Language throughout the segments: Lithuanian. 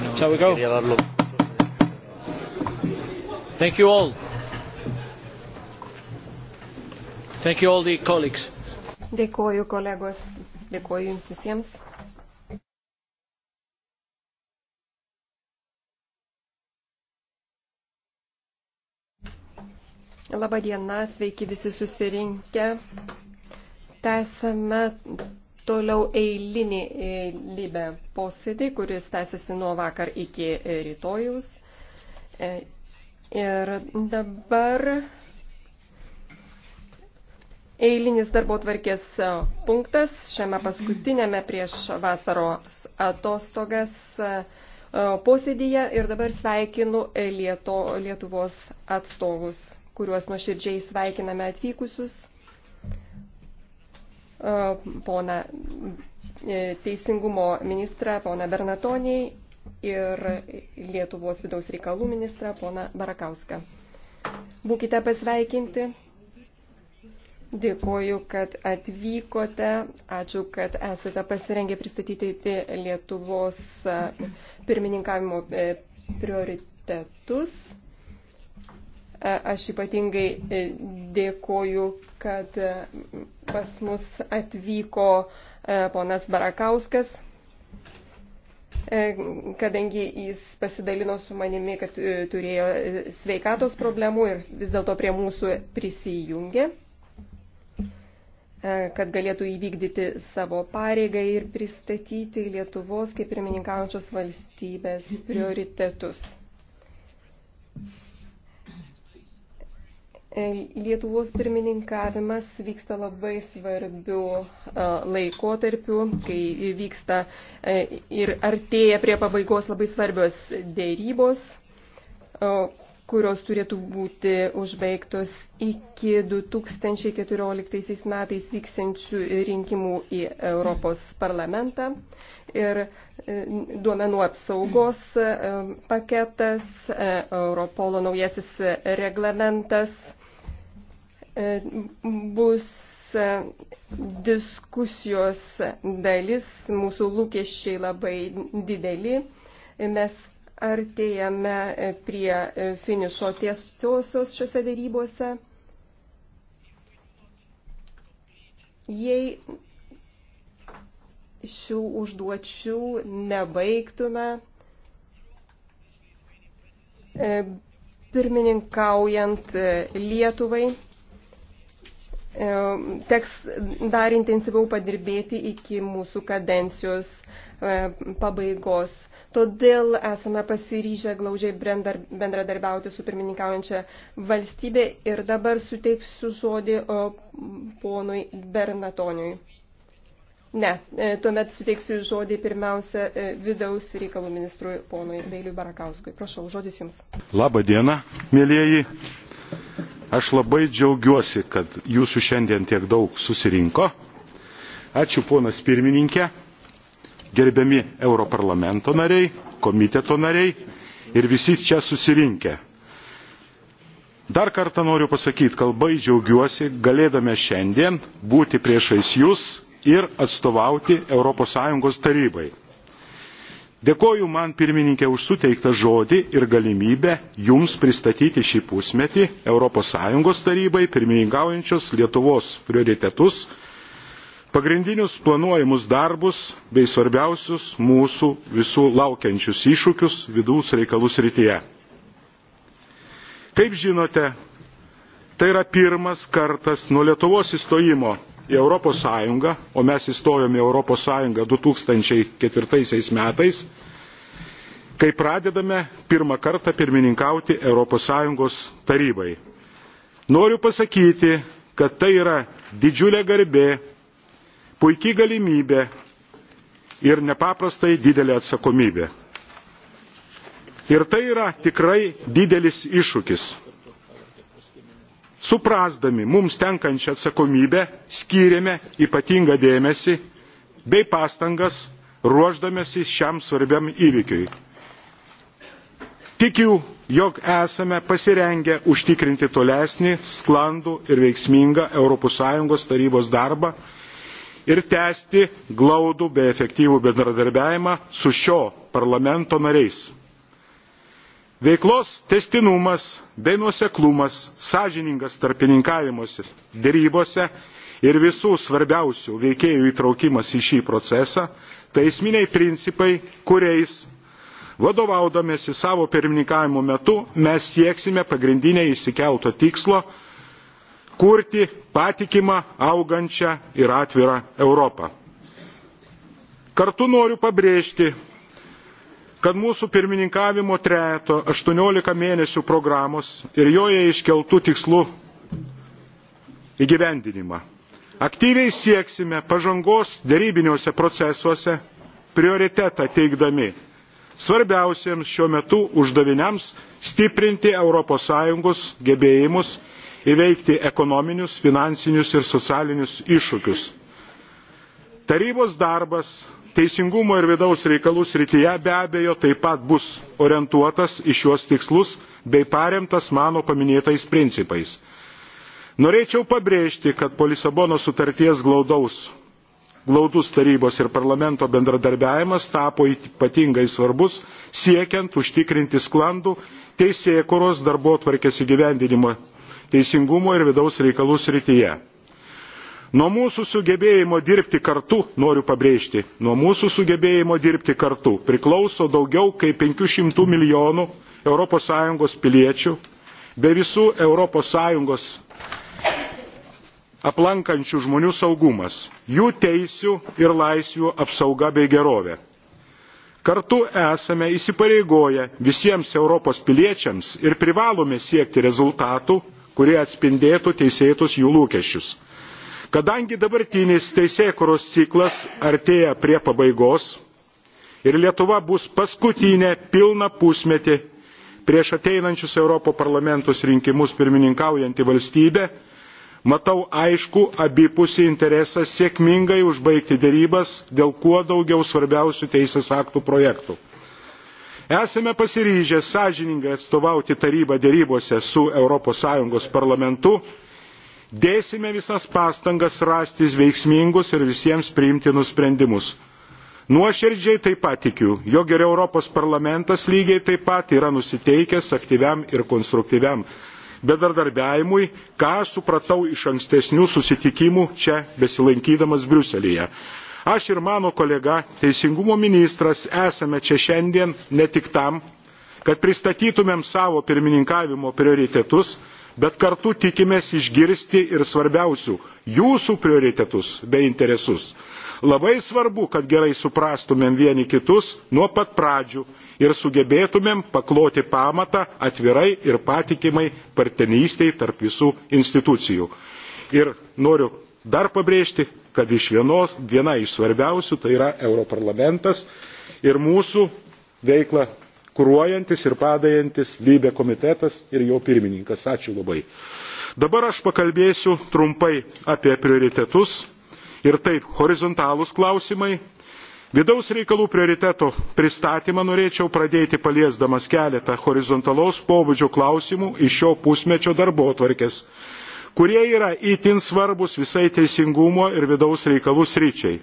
no Shall we go? quería darlo. Thank you all. Thank you all the colleagues. Dėkuoju kolegos, dėkuoju jums visiems. Labą dieną, sveiki visi susirinkę. Tęsame Toliau eilinį e, lybę posėdį, kuris tęsiasi nuo vakar iki e, rytojus. E, ir dabar eilinis darbo tvarkės punktas šiame paskutinėme prieš vasaros atostogas posėdyje ir dabar sveikinu Lieto, Lietuvos atstovus, kuriuos nuoširdžiai sveikiname atvykusius. E, pona e, teisingumo ministrą, pona Bernatonį ir Lietuvos vidaus reikalų ministrą, pona Barakauską. Būkite pasveikinti. Dėkuoju, kad atvykote. Ačiū, kad esate pasirengę pristatyti Lietuvos e, pirmininkavimo prioritetus. Aš ypatingai e, dėkoju, kad e, pas mus atvyko e, ponas Barakauskas, kadangi jis pasidalino su manimi, kad turėjo sveikatos problemų ir vis dėlto prie mūsų prisijungė, kad galėtų įvykdyti savo pareigą ir pristatyti Lietuvos kaip pirmininkaujančios valstybės prioritetus. Lietuvos pirmininkavimas vyksta labai svarbių e, laikotarpių, kai vyksta e, ir artėja prie pabaigos labai svarbios dėrybos, e, kurios turėtų būti užbaigtos iki 2014 metais vyksiančių rinkimų į Europos parlamentą. Ir duomenų apsaugos paketas, Europolo naujasis reglamentas bus e, diskusijos dalis, mūsų lūkesčiai labai dideli. Mes artėjame prie finišo tiesiosios šiuose darybose. Jei šių užduočių nebaigtume, e, pirmininkaujant Lietuvai, E, teks dar intensyviau padirbėti iki mūsų kadencijos e, pabaigos. Todėl esame pasiryžę glaudžiai bendradarbiauti su pirmininkaujančia valstybė ir dabar suteiksiu žodį ponui Bernatoniui. Ne, e, tuomet suteiksiu žodį pirmiausia vidaus reikalų ministrui ponui Beiliui Barakauskui. Prašau, žodis jums. Labą dieną, mėlyjeji. Aš labai džiaugiuosi, kad jūsų šiandien tiek daug susirinko. Ačiū ponas pirmininkė, gerbiami Europarlamento nariai, komiteto nariai ir visi čia susirinkę. Dar kartą noriu pasakyti, kalbai džiaugiuosi, galėdame šiandien būti priešais jūs ir atstovauti ES tarybai. Dėkoju man pirmininkė už suteiktą žodį ir galimybę jums pristatyti šį pusmetį ES tarybai pirmininkaujančios Lietuvos prioritetus, pagrindinius planuojamus darbus bei svarbiausius mūsų visų laukiančius iššūkius vidaus reikalų srityje. Kaip žinote, tai yra pirmas kartas nuo Lietuvos įstojimo į Europos Sąjungą, o mes įstojome į Europos Sąjungą 2004 metais, kai pradedame pirmą kartą pirmininkauti Europos Sąjungos tarybai. Noriu pasakyti, kad tai yra didžiulė garbė, puikiai galimybė ir nepaprastai didelė atsakomybė. Ir tai yra tikrai didelis iššūkis Suprasdami mums tenkančią atsakomybę, skyrėme ypatingą dėmesį bei pastangas ruoždamėsi šiam svarbiam įvykiui. Tikiu, jog esame pasirengę užtikrinti tolesnį, sklandų ir veiksmingą ES tarybos darbą ir tęsti glaudų bei efektyvų bendradarbiavimą su šio parlamento nariais. Veiklos testinumas bei nuoseklumas, sąžiningas tarpininkavimuose dėrybose ir visų svarbiausių veikėjų įtraukimas į šį procesą – tai esminiai principai, kuriais vadovaudomėsi savo pirmininkavimo metu mes sieksime pagrindinę įsikelto tikslo – kurti patikimą, augančią ir atvirą Europą. Kartu noriu pabrėžti, kad mūsų pirmininkavimo trejeto 18 mėnesių programos ir joje iškeltų tikslų įgyvendinimą. Aktyviai sieksime pažangos dėrybiniuose procesuose, prioritetą teikdami svarbiausiems šiuo metu uždaviniams stiprinti ES gebėjimus įveikti ekonominius, finansinius ir socialinius iššūkius. Tarybos darbas teisingumo ir vidaus reikalų srityje be abejo taip pat bus orientuotas į šiuos tikslus bei paremtas mano paminėtais principais. Norėčiau pabrėžti, kad po Lisabono sutarties glaudaus, glaudus tarybos ir parlamento bendradarbiavimas tapo ypatingai svarbus, siekiant užtikrinti sklandų teisėkuros darbo tvarkės įgyvendinimą teisingumo ir vidaus reikalų srityje nuo mūsų sugebėjimo dirbti kartu noriu pabrėžti nuo mūsų sugebėjimo dirbti kartu priklauso daugiau kaip penki šimtai milijonų europos sąjungos piliečių bei visų europos sąjungos aplankančių žmonių saugumas jų teisių ir laisvių apsauga bei gerovė. Kartu esame įsipareigoję visiems Europos piliečiams ir privalome siekti rezultatų, kurie atspindėtų teisėtus jų lūkesčius Kadangi dabartinis teisėkuros ciklas artėja prie pabaigos ir Lietuva bus paskutinė pilna pusmetį prieš ateinančius Europos parlamentus rinkimus pirmininkaujantį valstybę, matau aišku abipusį interesą sėkmingai užbaigti dėrybas dėl kuo daugiau svarbiausių teisės aktų projektų. Esame pasiryžę sąžiningai atstovauti tarybą dėrybose su ES parlamentu dėsime visas pastangas rasti veiksmingus ir visiems priimtinus sprendimus. Nuoširdžiai taip pat tikiu, jog ir Europos parlamentas lygiai taip pat yra nusiteikęs aktyviam ir konstruktyviam bedardarbiavimui, ką supratau iš ankstesnių susitikimų čia besilankydamas Briuselėje. Aš ir mano kolega Teisingumo ministras esame čia šiandien ne tik tam, kad pristatytumėm savo pirmininkavimo prioritetus, bet kartu tikimės išgirsti ir svarbiausių jūsų prioritetus bei interesus. Labai svarbu, kad gerai suprastumėm vieni kitus nuo pat pradžių ir sugebėtumėm pakloti pamatą atvirai ir patikimai partnerystiai tarp visų institucijų. Ir noriu dar pabrėžti, kad iš vienos, viena iš svarbiausių tai yra Europarlamentas ir mūsų veikla kūruojantis ir padajantis lybė komitetas ir jo pirmininkas. Ačiū labai. Dabar aš pakalbėsiu trumpai apie prioritetus ir taip horizontalūs klausimai. Vidaus reikalų prioriteto pristatymą norėčiau pradėti paliesdamas keletą horizontalaus pobūdžio klausimų iš šio pusmečio darbo atvarkės, kurie yra itin svarbus visai teisingumo ir vidaus reikalų sryčiai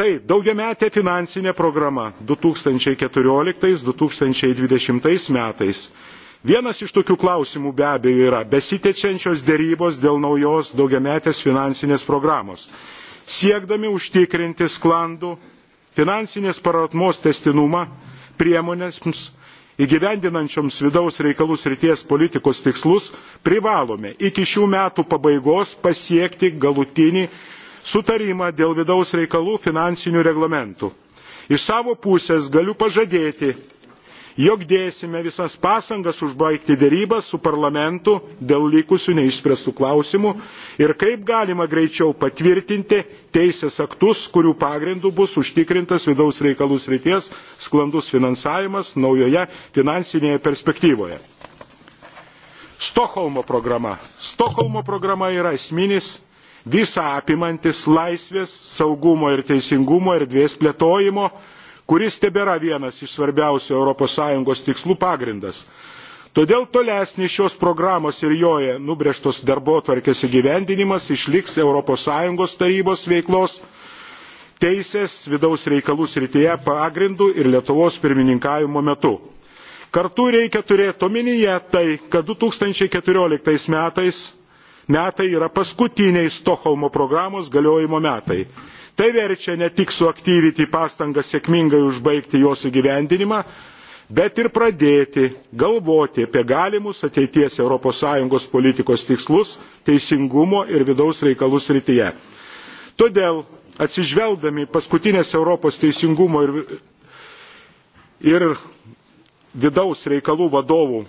Tai daugiametė finansinė programa 2014-2020 metais. Vienas iš tokių klausimų be abejo yra besitečiančios dėrybos dėl naujos daugiametės finansinės programos. Siekdami užtikrinti sklandų finansinės paramos testinumą priemonėms įgyvendinančioms vidaus reikalų srities politikos tikslus privalome iki šių metų pabaigos pasiekti galutinį sutarimą dėl vidaus reikalų finansinių reglamentų. Iš savo pusės galiu pažadėti, jog dėsime visas pasangas užbaigti dėrybas su parlamentu dėl likusių neišspręstų klausimų ir kaip galima greičiau patvirtinti teisės aktus, kurių pagrindų bus užtikrintas vidaus reikalų srities sklandus finansavimas naujoje finansinėje perspektyvoje. Stokholmo programa. Stokholmo programa yra esminis visą apimantis laisvės, saugumo ir teisingumo erdvės plėtojimo, kuris tebėra vienas iš svarbiausių ES tikslų pagrindas. Todėl tolesnis šios programos ir joje nubrėžtos darbo tvarkės įgyvendinimas išliks ES tarybos veiklos teisės vidaus reikalų srityje pagrindų ir Lietuvos pirmininkavimo metu. Kartu reikia turėti omenyje tai, kad 2014 metais metai yra paskutiniai Stokholmo programos galiojimo metai. Tai verčia ne tik suaktyvinti pastangą sėkmingai užbaigti jos įgyvendinimą, bet ir pradėti galvoti apie galimus ateities ES politikos tikslus teisingumo ir vidaus reikalų srityje. Todėl, atsižvelgdami paskutinės Europos teisingumo ir, ir vidaus reikalų vadovų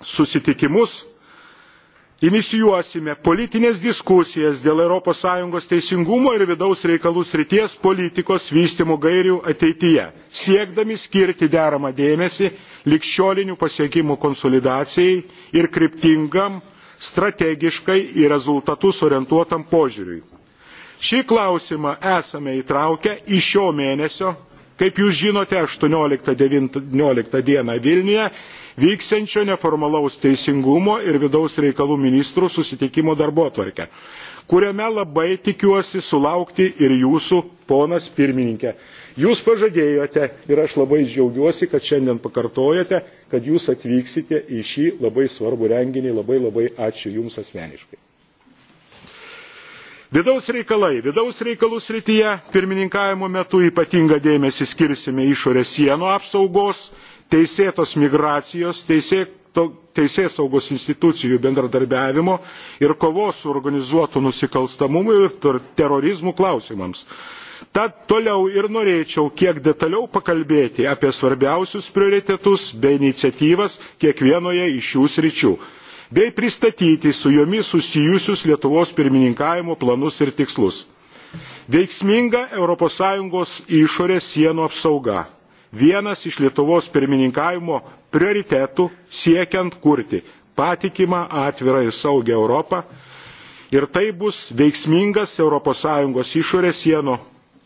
susitikimus, inicijuosime politines diskusijas dėl ES teisingumo ir vidaus reikalų srities politikos vystimo gairių ateityje, siekdami skirti deramą dėmesį likščiolinių pasiekimų konsolidacijai ir kryptingam, strategiškai į rezultatus orientuotam požiūriui. Šį klausimą esame įtraukę į šio mėnesio, kaip jūs žinote, 18-19 dieną Vilniuje vyksiančio neformalaus teisingumo ir vidaus reikalų ministrų susitikimo darbotvarkę, kuriame labai tikiuosi sulaukti ir jūsų, ponas pirmininkė. Jūs pažadėjote ir aš labai džiaugiuosi, kad šiandien pakartojate, kad jūs atvyksite į šį labai svarbų renginį. Labai labai ačiū Jums asmeniškai. Vidaus reikalai. Vidaus reikalų srityje pirmininkavimo metu ypatingą dėmesį skirsime išorės sienų apsaugos teisėtos migracijos, teisė, teisėsaugos institucijų bendradarbiavimo ir kovos su organizuotu nusikalstamumu ir terorizmu klausimams. Tad toliau ir norėčiau kiek detaliau pakalbėti apie svarbiausius prioritetus bei iniciatyvas kiekvienoje iš šių sričių bei pristatyti su jomis susijusius Lietuvos pirmininkavimo planus ir tikslus. Veiksminga ES išorės sienų apsauga vienas iš Lietuvos pirmininkavimo prioritetų siekiant kurti patikimą, atvirą ir saugią Europą. Ir tai bus veiksmingas ES išorės sienų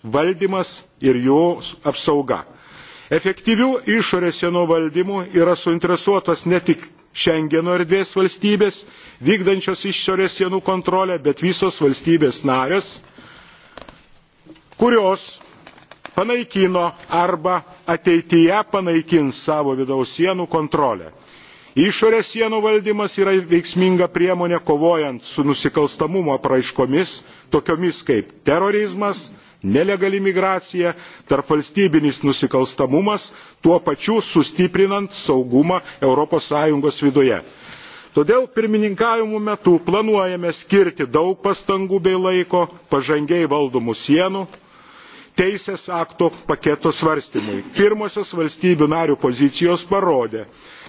valdymas ir jų apsauga. Efektyvių išorės sienų valdymų yra suinteresuotas ne tik Šengeno erdvės valstybės, vykdančios išorės sienų kontrolę, bet visos valstybės narės, kurios panaikino arba ateityje panaikins savo vidaus sienų kontrolę. Išorės sienų valdymas yra veiksminga priemonė kovojant su nusikalstamumo apraiškomis, tokiomis kaip terorizmas, nelegali migracija, tarpvalstybinis nusikalstamumas, tuo pačiu sustiprinant saugumą ES viduje. Todėl pirmininkavimų metu planuojame skirti daug pastangų bei laiko pažangiai valdomų sienų, teisės akto paketo svarstymui. Pirmosios valstybių narių pozicijos parodė,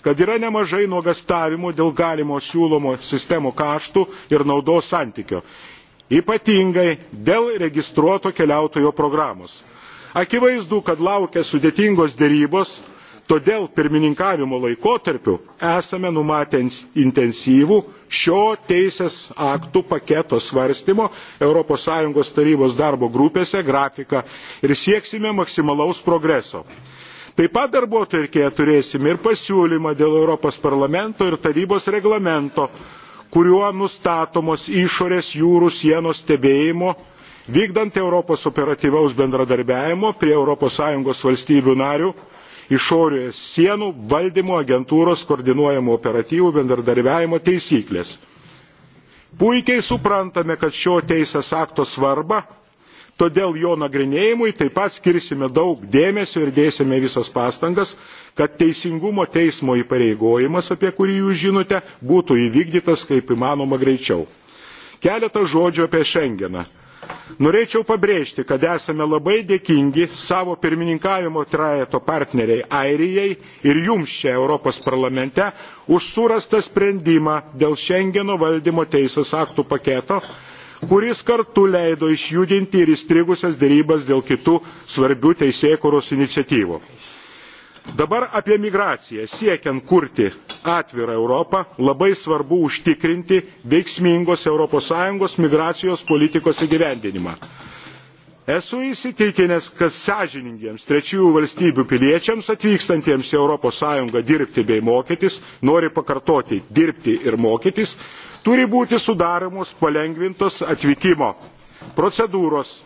kad yra nemažai nuogastavimų dėl galimo siūlomo sistemų kaštų ir naudos santykio, ypatingai dėl registruoto keliautojo programos. Akivaizdu, kad laukia sudėtingos dėrybos Todėl pirmininkavimo laikotarpiu esame numatę intensyvų šio teisės aktų paketo svarstymo ES tarybos darbo grupėse grafiką ir sieksime maksimalaus progreso. Taip pat darbuotojai turėsime ir pasiūlymą dėl Europos parlamento ir tarybos reglamento, kuriuo nustatomos išorės jūrų sienos stebėjimo, vykdant Europos operatyvaus bendradarbiavimo prie ES valstybių narių išorioje sienų valdymo agentūros koordinuojamo operatyvų bendradarbiavimo taisyklės. Puikiai suprantame, kad šio teisės akto svarba, todėl jo nagrinėjimui taip pat skirsime daug dėmesio ir dėsime visas pastangas, kad teisingumo teismo įpareigojimas, apie kurį jūs žinote, būtų įvykdytas kaip įmanoma greičiau. Keletą žodžių apie Šengeną. Norėčiau pabrėžti, kad esame labai dėkingi savo pirmininkavimo trajeto partneriai Airijai ir jums čia Europos parlamente už surastą sprendimą dėl Šengeno valdymo teisės aktų paketo, kuris kartu leido išjudinti ir įstrigusias dėrybas dėl kitų svarbių teisėkuros iniciatyvų. Dabar apie migraciją. Siekiant kurti atvirą Europą, labai svarbu užtikrinti veiksmingos ES migracijos politikos įgyvendinimą. Esu įsitikinęs, kad sąžiningiems trečiųjų valstybių piliečiams atvykstantiems į ES dirbti bei mokytis, nori pakartoti dirbti ir mokytis, turi būti sudaromos palengvintos atvykimo procedūros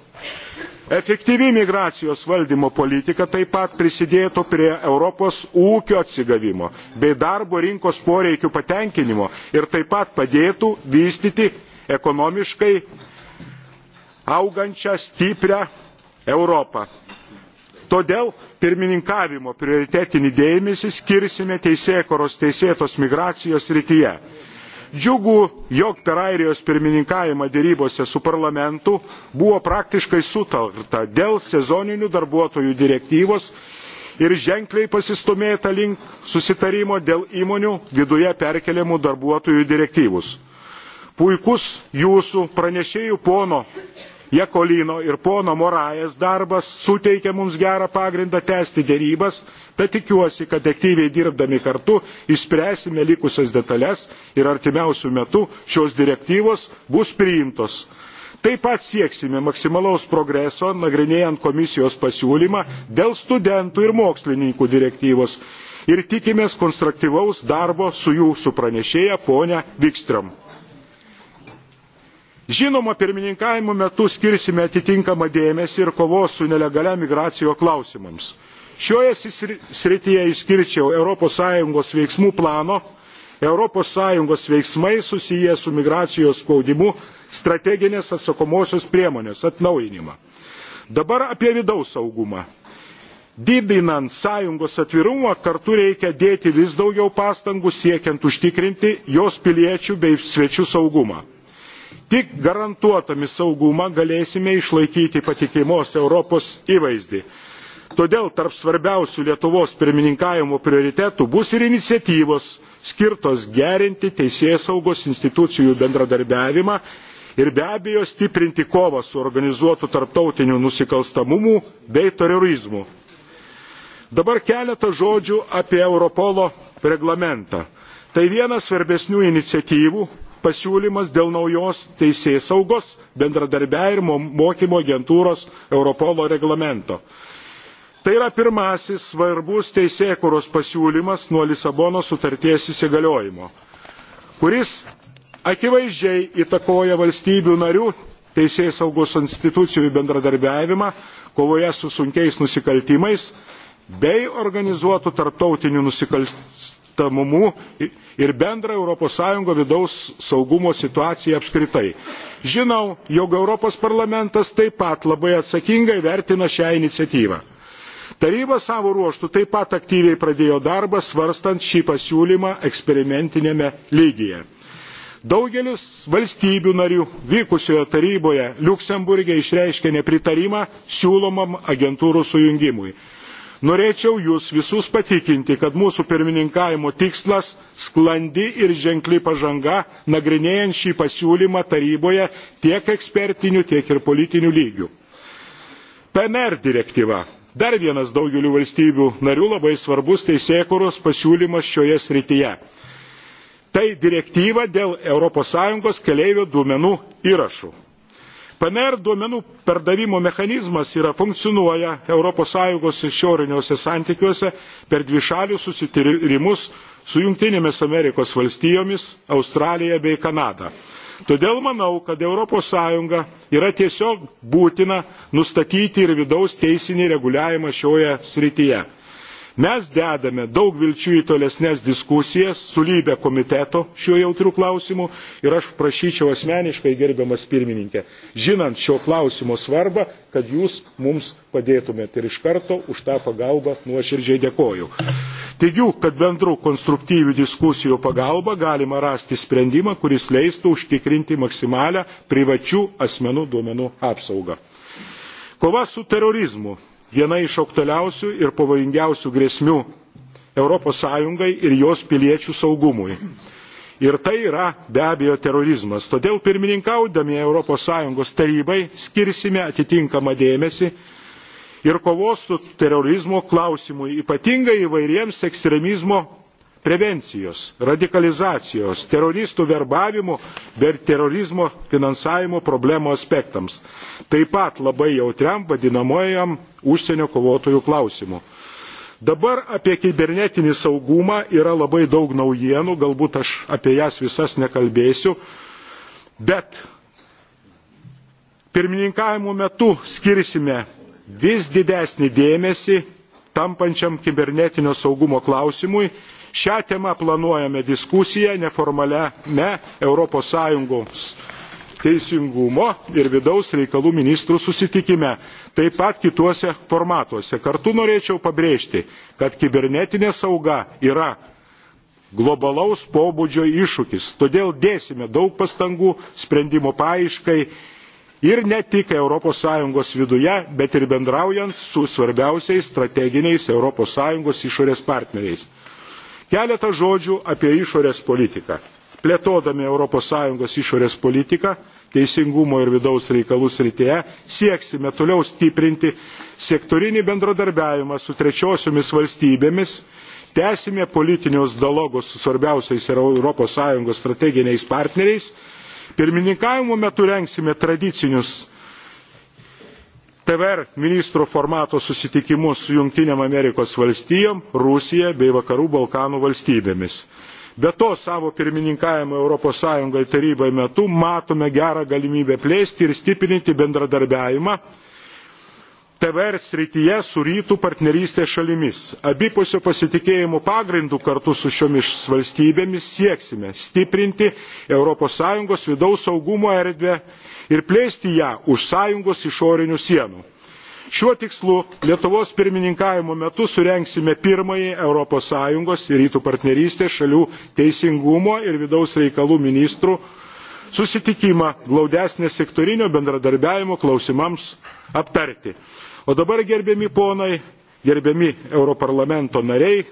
Efektyvi migracijos valdymo politika taip pat prisidėtų prie Europos ūkio atsigavimo bei darbo rinkos poreikių patenkinimo ir taip pat padėtų vystyti ekonomiškai augančią stiprią Europą. Todėl pirmininkavimo prioritetinį dėmesį skirsime teisėkoros teisėtos migracijos rytyje. Džiugu, jog per Airijos pirmininkavimą dėrybose su parlamentu buvo praktiškai sutarta dėl sezoninių darbuotojų direktyvos ir ženkliai pasistumėta link susitarimo dėl įmonių viduje perkeliamų darbuotojų direktyvus. Puikus jūsų pranešėjų pono Jekolino ir pono Morajas darbas suteikia mums gerą pagrindą tęsti dėrybas, tad tikiuosi, kad aktyviai dirbdami kartu išspręsime likusias detalės ir artimiausių metų šios direktyvos bus priimtos. Taip pat sieksime maksimalaus progreso, nagrinėjant komisijos pasiūlymą dėl studentų ir mokslininkų direktyvos ir tikimės konstruktyvaus darbo su jūsų pranešėja ponia Vikstram žinoma pirmininkavimo metu skirsime atitinkamą dėmesį ir kovos su nelegalia migracija klausimams. šioje srityje išskirčiau europos sąjungos veiksmų plano europos sąjungos veiksmai susiję su migracijos spaudimu strateginės atsakomosios priemonės atnaujinimą. dabar apie vidaus saugumą. didinant sąjungos atvirumą kartu reikia dėti vis daugiau pastangų siekiant užtikrinti jos piliečių bei svečių saugumą. Tik garantuotami saugumą galėsime išlaikyti patikimos Europos įvaizdį. Todėl tarp svarbiausių Lietuvos pirmininkavimo prioritetų bus ir iniciatyvos skirtos gerinti teisės saugos institucijų bendradarbiavimą ir be abejo stiprinti kovą su organizuotu tarptautiniu nusikalstamumu bei terorizmu. Dabar keletą žodžių apie Europolo reglamentą. Tai vienas svarbesnių iniciatyvų, pasiūlymas dėl naujos teisėjai saugos bendradarbiavimo mokymo agentūros Europolo reglamento. Tai yra pirmasis svarbus teisėkuros pasiūlymas nuo Lisabono sutarties įsigaliojimo, kuris akivaizdžiai įtakoja valstybių narių teisėjai saugos institucijų bendradarbiavimą kovoje su sunkiais nusikaltimais bei organizuotų tarptautinių nusikals atstamumu ir bendrą ES vidaus saugumo situaciją apskritai. Žinau, jog Europos parlamentas taip pat labai atsakingai vertina šią iniciatyvą. Taryba savo ruoštų taip pat aktyviai pradėjo darbą svarstant šį pasiūlymą eksperimentinėme lygyje. Daugelis valstybių narių vykusioje taryboje Luksemburgė išreiškė nepritarimą siūlomam agentūrų sujungimui. Norėčiau jūs visus patikinti, kad mūsų pirmininkavimo tikslas – sklandi ir ženkli pažanga, nagrinėjant šį pasiūlymą taryboje tiek ekspertinių, tiek ir politinių lygių. PMR direktyva dar vienas daugeliu valstybių narių labai svarbus teisėkuros pasiūlymas šioje srityje. Tai direktyva dėl ES keleivio duomenų įrašų. PNR duomenų perdavimo mechanizmas yra funkcionuoja ES išoriniuose santykiuose per dvišalius susitirimus su Junktinėmis Amerikos valstijomis, Australija bei Kanada. Todėl manau, kad ES yra tiesiog būtina nustatyti ir vidaus teisinį reguliavimą šioje srityje. Mes dedame daug vilčių į tolesnės diskusijas su lybė komiteto šiuo jautriu klausimu ir aš prašyčiau asmeniškai, gerbiamas pirmininkė, žinant šio klausimo svarbą, kad jūs mums padėtumėte ir iš karto už tą pagalbą nuoširdžiai dėkoju. Teigiu, kad bendrų konstruktyvių diskusijų pagalba galima rasti sprendimą, kuris leistų užtikrinti maksimalę privačių asmenų duomenų apsaugą. Kova su terorizmu viena iš aktualiausių ir pavojingiausių grėsmių ES ir jos piliečių saugumui. Ir tai yra be abejo terorizmas. Todėl pirmininkaudami ES tarybai skirsime atitinkamą dėmesį ir kovos su terorizmo klausimui, ypatingai įvairiems ekstremizmo prevencijos radikalizacijos teroristų verbavimo bei terorizmo finansavimo problemų aspektams taip pat labai jautriam vadinamajam užsienio kovotojų klausimui. dabar apie kibernetinį saugumą yra labai daug naujienų galbūt aš apie jas visas nekalbėsiu bet pirmininkavimo metu skirsime vis didesnį dėmesį tampančiam kibernetinio saugumo klausimui Šią temą planuojame diskusiją neformaliame ES teisingumo ir vidaus reikalų ministrų susitikime, taip pat kituose formatuose. Kartu norėčiau pabrėžti, kad kibernetinė sauga yra globalaus pobūdžio iššūkis, todėl dėsime daug pastangų sprendimo paaiškai ir ne tik ES viduje, bet ir bendraujant su svarbiausiais strateginiais ES išorės partneriais. Keletą žodžių apie išorės politiką. Plėtodami ES išorės politiką, teisingumo ir vidaus reikalų srityje sieksime toliau stiprinti sektorinį bendradarbiavimą su trečiosiomis valstybėmis, tęsime politinius dialogus su svarbiausiais ES strateginiais partneriais, pirmininkavimo metu rengsime tradicinius tvr ministrų formato susitikimus su jungtinėmis amerikos valstijomis rusija bei vakarų balkanų valstybėmis. be to savo pirmininkavimo europos sąjungai tarybai metu matome gerą galimybę plėsti ir stiprinti bendradarbiavimą tvr srityje su rytų partnerystės šalimis. abipusio pasitikėjimo pagrindu kartu su šiomis valstybėmis sieksime stiprinti europos sąjungos vidaus saugumo erdvę ir plėsti ją už sąjungos išorinių sienų. Šiuo tikslu Lietuvos pirmininkavimo metu surenksime pirmąjį ES ir rytų partnerystės šalių teisingumo ir vidaus reikalų ministrų susitikimą glaudesnė sektorinio bendradarbiavimo klausimams aptarti. O dabar gerbiami ponai, gerbiami Europarlamento nariai,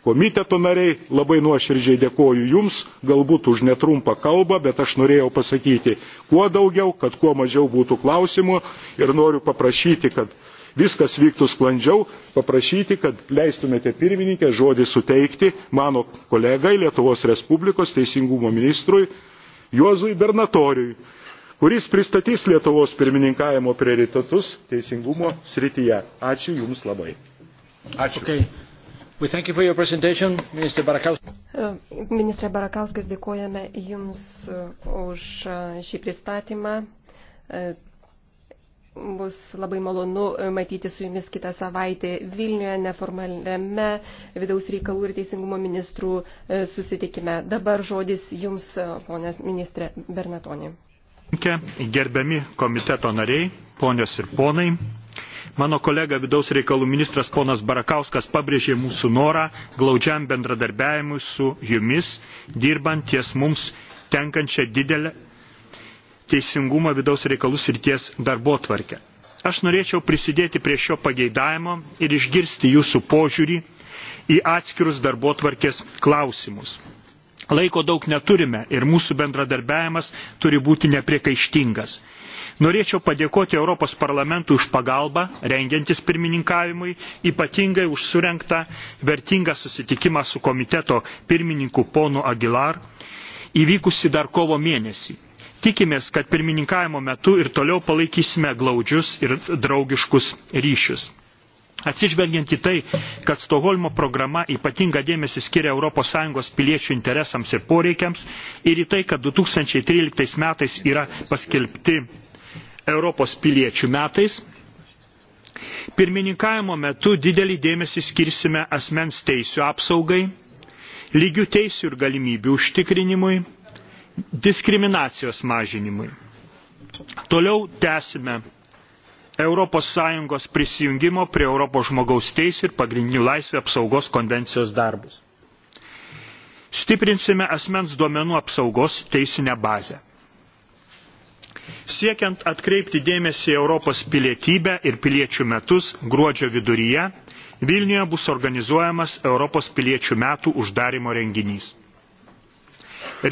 Komiteto nariai, labai nuoširdžiai dėkoju Jums, galbūt už netrumpą kalbą, bet aš norėjau pasakyti kuo daugiau, kad kuo mažiau būtų klausimų ir noriu paprašyti, kad viskas vyktų sklandžiau, paprašyti, kad leistumėte pirmininkę žodį suteikti mano kolegai Lietuvos Respublikos teisingumo ministrui Juozui Bernatoriui, kuris pristatys Lietuvos pirmininkavimo prioritetus teisingumo srityje. Ačiū Jums labai. Ačiū. Okay. We thank you for your presentation, Minister Barakauskas. E, Ministre Barakauskas, dėkojame Jums už šį pristatymą. E, bus labai malonu matyti su Jumis kitą savaitę Vilniuje neformaliame vidaus reikalų ir teisingumo ministrų e, susitikime. Dabar žodis Jums, ponės ministrė Bernatonė. Gerbiami komiteto nariai, ponios ir ponai mano kolega vidaus reikalų ministras ponas barakauskas pabrėžė mūsų norą glaudžiam bendradarbiavimui su jumis dirbant ties mums tenkančia didele teisingumo vidaus reikalų srities darbotvarke. Aš norėčiau prisidėti prie šio pageidavimo ir išgirsti jūsų požiūrį į atskirus darbotvarkės klausimus. Laiko daug neturime ir mūsų bendradarbiavimas turi būti nepriekaištingas. Norėčiau padėkoti Europos parlamentui už pagalbą, rengiantis pirmininkavimui, ypatingai už surenktą vertingą susitikimą su komiteto pirmininku ponu Aguilar, įvykusi dar kovo mėnesį. Tikimės, kad pirmininkavimo metu ir toliau palaikysime glaudžius ir draugiškus ryšius. Atsižvelgiant į tai, kad Stoholmo programa ypatinga dėmesį skiria ES piliečių interesams ir poreikiams ir į tai, kad 2013 metais yra paskelbti Europos piliečių metais. Pirmininkavimo metu didelį dėmesį skirsime asmens teisų apsaugai, lygių teisų ir galimybių užtikrinimui, diskriminacijos mažinimui. Toliau tęsime ES prisijungimo prie Europos žmogaus teisų ir pagrindinių laisvių apsaugos konvencijos darbus. Stiprinsime asmens duomenų apsaugos teisinę bazę. Siekiant atkreipti dėmesį Europos pilietybę ir piliečių metus gruodžio viduryje, Vilniuje bus organizuojamas Europos piliečių metų uždarimo renginys.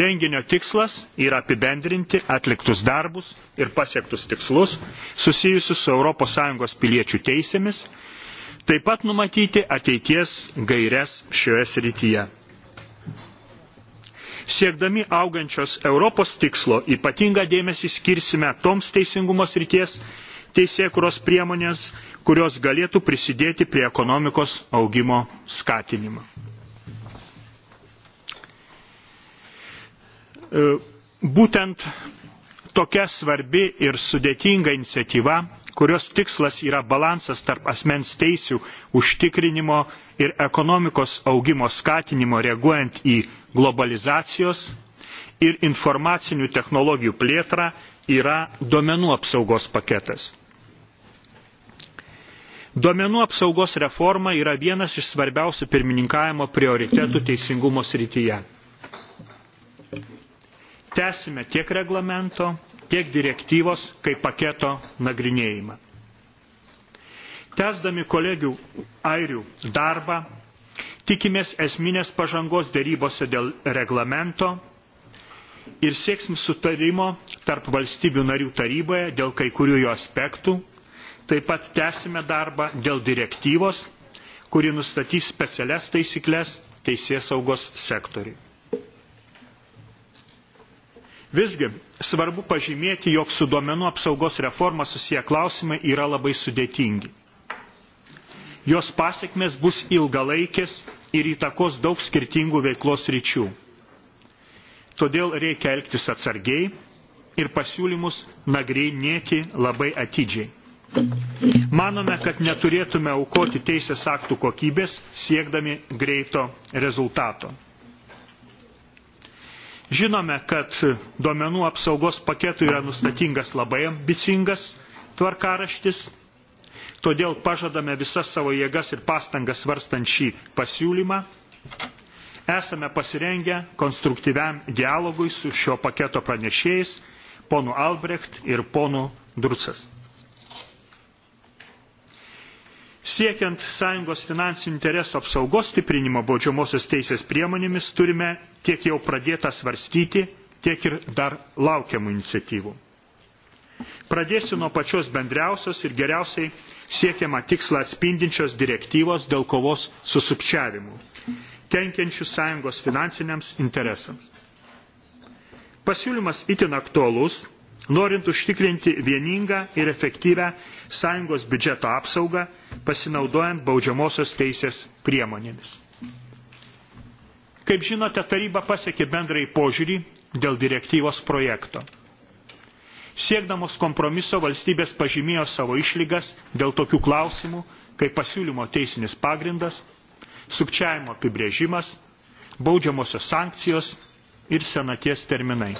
Renginio tikslas yra apibendrinti atliktus darbus ir pasiektus tikslus susijusius su ES piliečių teisėmis, taip pat numatyti ateities gairias šioje srityje siekdami augančios Europos tikslo ypatingą dėmesį skirsime toms teisingumo srities teisėkuros priemonės, kurios galėtų prisidėti prie ekonomikos augimo skatinimo. E, būtent tokia svarbi ir sudėtinga iniciatyva kurios tikslas yra balansas tarp asmens teisių užtikrinimo ir ekonomikos augimo skatinimo reaguojant į globalizacijos ir informacinių technologijų plėtrą, yra duomenų apsaugos paketas. Duomenų apsaugos reforma yra vienas iš svarbiausių pirmininkavimo prioritetų teisingumo srityje. Tęsime tiek reglamento, tiek direktyvos kaip paketo nagrinėjimą. Tesdami kolegių airių darbą, tikimės esminės pažangos dėrybose dėl reglamento ir sieksim sutarimo tarp valstybių narių taryboje dėl kai kurių jo aspektų, taip pat tęsime darbą dėl direktyvos, kuri nustatys specialias taisyklės teisėsaugos sektoriui. Visgi svarbu pažymėti, jog su duomenų apsaugos reforma susiję klausimai yra labai sudėtingi. Jos pasiekmes bus ilgalaikės ir įtakos daug skirtingų veiklos ryčių. Todėl reikia elgtis atsargiai ir pasiūlymus nagrinėti labai atidžiai. Manome, kad neturėtume aukoti teisės aktų kokybės siekdami greito rezultato. Žinome, kad duomenų apsaugos paketui yra nustatingas labai ambicingas tvarkaraštis, todėl pažadame visas savo jėgas ir pastangas varstant šį pasiūlymą. Esame pasirengę konstruktyviam dialogui su šio paketo pranešėjais, ponu Albrecht ir ponu Drucas. Siekiant sąjungos finansinių interesų apsaugos stiprinimo baudžiamosios teisės priemonėmis turime tiek jau pradėtą svarstyti, tiek ir dar laukiamų iniciatyvų. Pradėsiu nuo pačios bendriausios ir geriausiai siekiamą tikslą atspindinčios direktyvos dėl kovos su sukčiavimu, kenkiančių sąjungos finansiniams interesams. Pasiūlymas itin aktuolus norint užtikrinti vieningą ir efektyvę sąjungos biudžeto apsaugą, pasinaudojant baudžiamosios teisės priemonėmis. Kaip žinote, taryba pasiekė bendrai požiūrį dėl direktyvos projekto. Siekdamos kompromiso valstybės pažymėjo savo išlygas dėl tokių klausimų, kaip pasiūlymo teisinis pagrindas, sukčiavimo apibrėžimas, baudžiamosios sankcijos ir senaties terminai.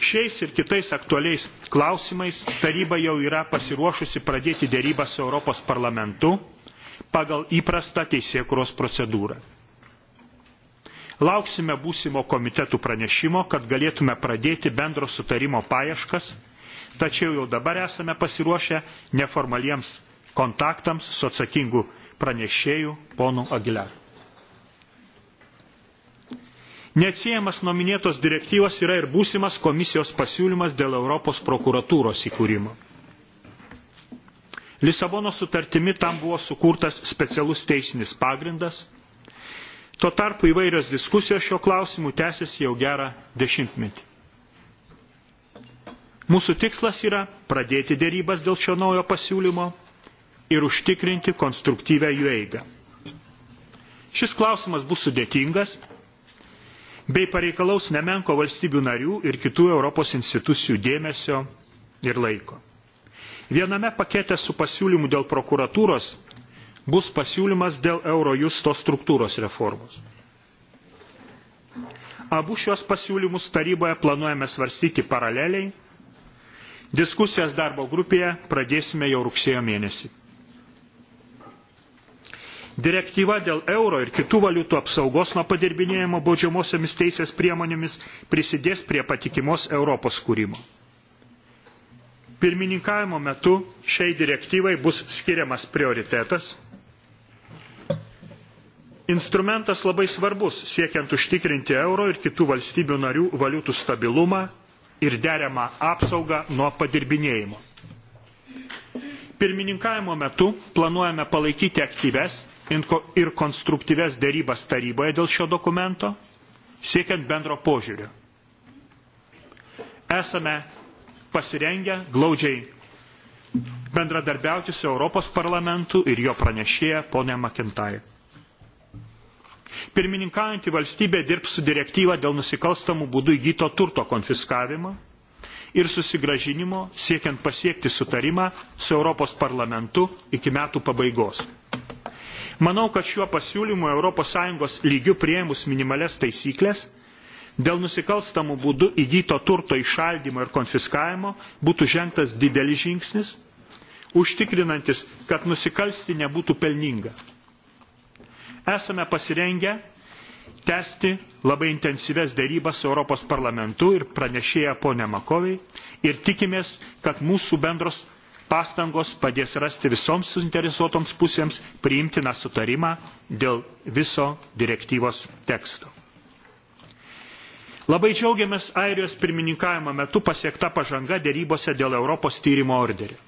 Šiais ir kitais aktualiais klausimais taryba jau yra pasiruošusi pradėti dėrybą su Europos parlamentu pagal įprastą teisėkuros procedūrą. Lauksime būsimo komitetų pranešimo, kad galėtume pradėti bendro sutarimo paieškas, tačiau jau dabar esame pasiruošę neformaliems kontaktams su atsakingu pranešėju ponu Aguilar. Neatsiejamas nuo minėtos direktyvos yra ir būsimas komisijos pasiūlymas dėl Europos prokuratūros įkūrimo. Lisabono sutartimi tam buvo sukurtas specialus teisinis pagrindas. Tuo tarpu įvairios diskusijos šio klausimu tęsiasi jau gerą dešimtmetį. Mūsų tikslas yra pradėti dėrybas dėl šio naujo pasiūlymo ir užtikrinti konstruktyvę jų eigą. Šis klausimas bus sudėtingas bei pareikalaus nemenko valstybių narių ir kitų Europos institucijų dėmesio ir laiko. Viename pakete su pasiūlymu dėl prokuratūros bus pasiūlymas dėl Eurojusto struktūros reformos. Abu šios pasiūlymus taryboje planuojame svarstyti paraleliai. Diskusijas darbo grupėje pradėsime jau rugsėjo mėnesį. Direktyva dėl euro ir kitų valiutų apsaugos nuo padirbinėjimo baudžiamosiomis teisės priemonėmis prisidės prie patikimos Europos kūrimo. Pirmininkavimo metu šiai direktyvai bus skiriamas prioritetas. Instrumentas labai svarbus siekiant užtikrinti euro ir kitų valstybių narių valiutų stabilumą ir deramą apsaugą nuo padirbinėjimo pirmininkavimo metu planuojame palaikyti aktyves ir konstruktyves dėrybas taryboje dėl šio dokumento, siekiant bendro požiūrio. Esame pasirengę glaudžiai bendradarbiauti su Europos parlamentu ir jo pranešėja ponė Makintai. Pirmininkaujantį valstybę dirbs su direktyva dėl nusikalstamų būdų įgyto turto konfiskavimo ir susigražinimo siekiant pasiekti sutarimą su Europos parlamentu iki metų pabaigos. Manau, kad šiuo pasiūlymu ES lygių prieimus minimales taisyklės dėl nusikalstamų būdų įgyto turto išaldymo ir konfiskavimo būtų žengtas didelis žingsnis, užtikrinantis, kad nusikalsti nebūtų pelninga. Esame pasirengę tęsti labai intensyves dėrybas su Europos parlamentu ir pranešėja ponė Makoviai ir tikimės, kad mūsų bendros pastangos padės rasti visoms suinteresuotoms pusėms priimtiną sutarimą dėl viso direktyvos teksto. Labai džiaugiamės Airijos pirmininkavimo metu pasiekta pažanga dėrybose dėl Europos tyrimo orderio.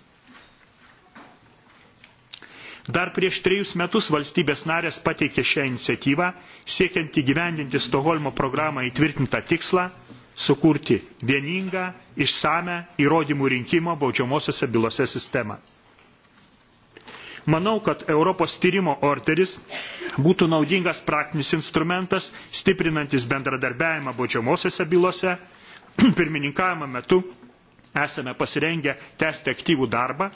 Dar prieš trejus metus valstybės narės pateikė šią iniciatyvą, siekiant įgyvendinti Stoholmo programą įtvirtintą tikslą sukurti vieningą, išsame įrodymų rinkimo baudžiamosiose bylose sistemą. Manau, kad Europos tyrimo orderis būtų naudingas praktinis instrumentas, stiprinantis bendradarbiavimą baudžiamosiose bylose. Pirmininkavimo metu esame pasirengę tęsti aktyvų darbą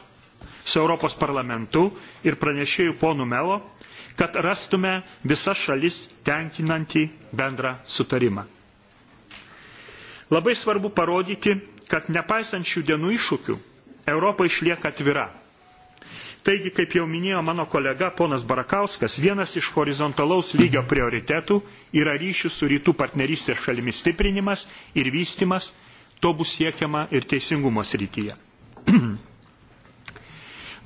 su Europos parlamentu ir pranešėjų ponu Melo, kad rastume visas šalis tenkinantį bendrą sutarimą. Labai svarbu parodyti, kad nepaisant šių dienų iššūkių, Europa išlieka atvira. Taigi, kaip jau minėjo mano kolega ponas Barakauskas, vienas iš horizontalaus lygio prioritetų yra ryšių su rytų partnerystės šalimis stiprinimas ir vystimas, to bus siekiama ir teisingumo srityje.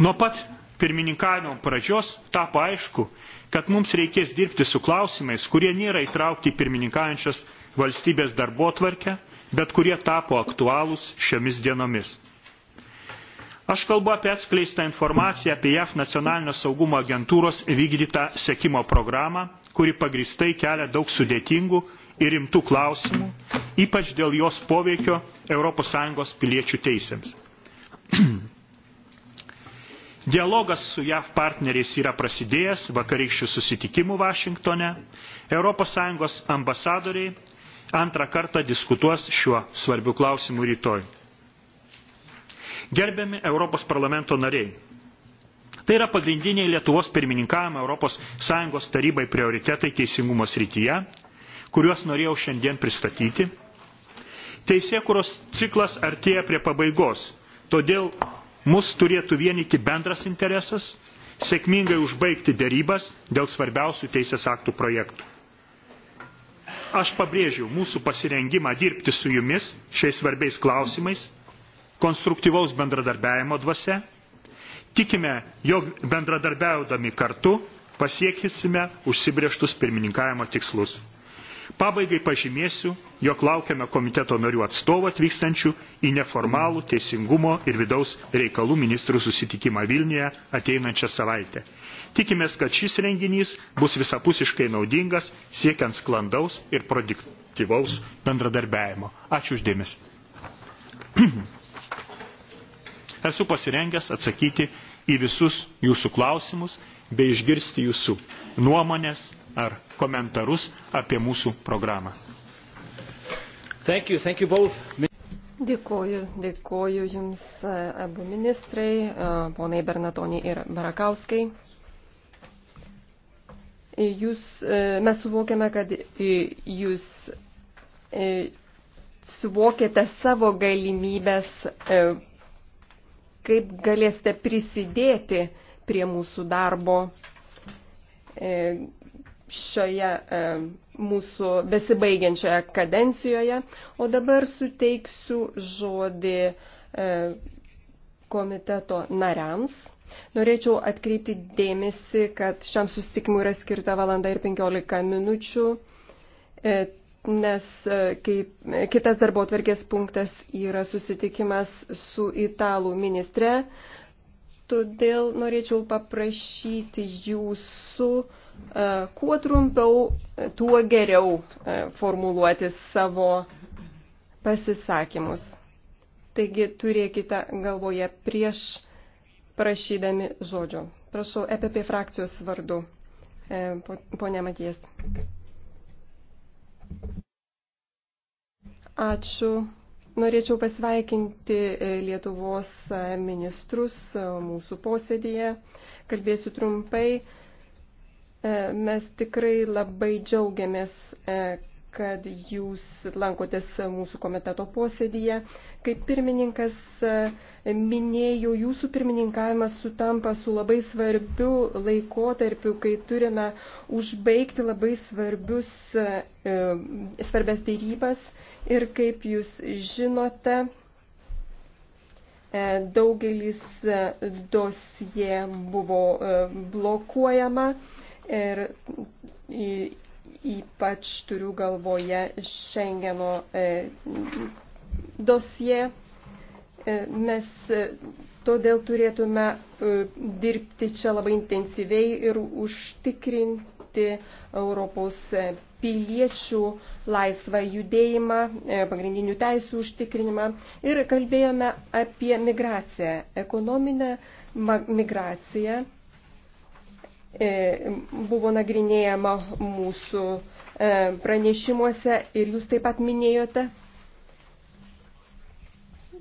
Nuo pat pirmininkavimo pradžios tapo aišku, kad mums reikės dirbti su klausimais, kurie nėra įtraukti į pirmininkaujančios valstybės darbo tvarkę, bet kurie tapo aktualūs šiomis dienomis. Aš kalbu apie atskleistą informaciją apie JAF nacionalinio saugumo agentūros vykdytą sekimo programą, kuri pagristai kelia daug sudėtingų ir rimtų klausimų, ypač dėl jos poveikio ES piliečių teisėms. Dialogas su JAV partneriais yra prasidėjęs vakarykščių susitikimų Vašingtone. ES ambasadoriai antrą kartą diskutuos šiuo svarbiu klausimu rytoj. Gerbiami Europos parlamento nariai, tai yra pagrindiniai Lietuvos pirmininkavimo Europos Sąjungos tarybai prioritetai teisingumo srityje, kuriuos norėjau šiandien pristatyti. Teisėkuros ciklas artėja prie pabaigos, todėl mus turėtų vienyti bendras interesas sėkmingai užbaigti dėrybas dėl svarbiausių teisės aktų projektų aš pabrėžiau mūsų pasirengimą dirbti su jumis šiais svarbiais klausimais konstruktyvaus bendradarbiavimo dvasia. Tikime, jog bendradarbiaudami kartu pasiekisime užsibrieštus pirmininkavimo tikslus. Pabaigai pažymėsiu, jog laukiame komiteto narių atstovų atvykstančių į neformalų teisingumo ir vidaus reikalų ministrų susitikimą Vilniuje ateinančią savaitę. Tikimės, kad šis renginys bus visapusiškai naudingas, siekiant sklandaus ir produktyvaus bendradarbiajimo. Ačiū uždėmesi. Esu pasirengęs atsakyti į visus jūsų klausimus bei išgirsti jūsų nuomonės ar komentarus apie mūsų programą. Thank you, thank you both. Dėkuoju, dėkuoju Jums e, abu ministrai, e, ponai Bernatoniai ir Barakauskai. E, jūs, e, mes suvokiame, kad e, jūs suvokėte savo galimybės, kaip galėsite prisidėti prie mūsų darbo šioje mūsų besibaigiančioje kadencijoje. O dabar suteiksiu žodį komiteto nariams. Norėčiau atkreipti dėmesį, kad šiam susitikimui yra skirta valanda ir 15 minučių, e, nes e, kaip, e, kitas darbo tvarkės punktas yra susitikimas su italų ministre. Todėl norėčiau paprašyti jūsų, kuo trumpiau, tuo geriau formuluoti savo pasisakymus. Taigi turėkite galvoje prieš prašydami žodžio. Prašau, EPP frakcijos vardu, e, ponia Matijas. Ačiū. Norėčiau pasveikinti e, Lietuvos e, ministrus mūsų posėdėje. Kalbėsiu trumpai. Mes tikrai labai džiaugiamės, kad jūs lankotės mūsų komiteto posėdyje. Kaip pirmininkas minėjo, jūsų pirmininkavimas sutampa su labai svarbiu laikotarpiu, kai turime užbaigti labai svarbius, e, svarbės dėrybas. Ir kaip jūs žinote, e, daugelis dosie buvo e, blokuojama ir ypač turiu galvoje Šengeno e, dosie. E, mes e, todėl turėtume dirbti čia labai intensyviai ir užtikrinti Europos piliečių laisvą judėjimą, pagrindinių teisų užtikrinimą ir kalbėjome apie migraciją, ekonominę migraciją E, buvo nagrinėjama mūsų e, pranešimuose ir jūs taip pat minėjote.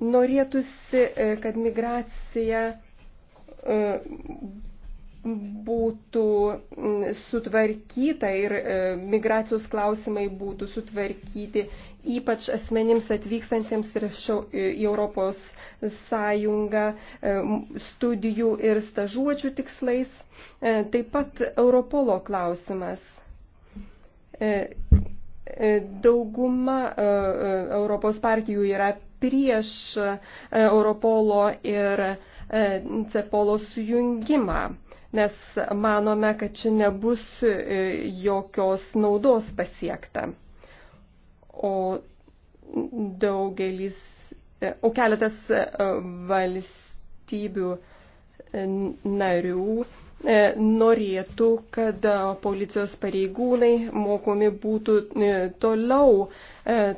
Norėtųsi, e, kad migracija būtų sutvarkyta ir migracijos klausimai būtų sutvarkyti ypač asmenims atvykstantiems ir šio, į Europos sąjungą e, studijų ir stažuočių tikslais. E, taip pat Europolo klausimas. E, dauguma Europos partijų yra prieš Europolo ir Cepolo sujungimą, nes manome, kad čia nebus jokios naudos pasiekta o daugelis, e, o keletas e, valstybių e, narių norėtų, kad policijos pareigūnai mokomi būtų toliau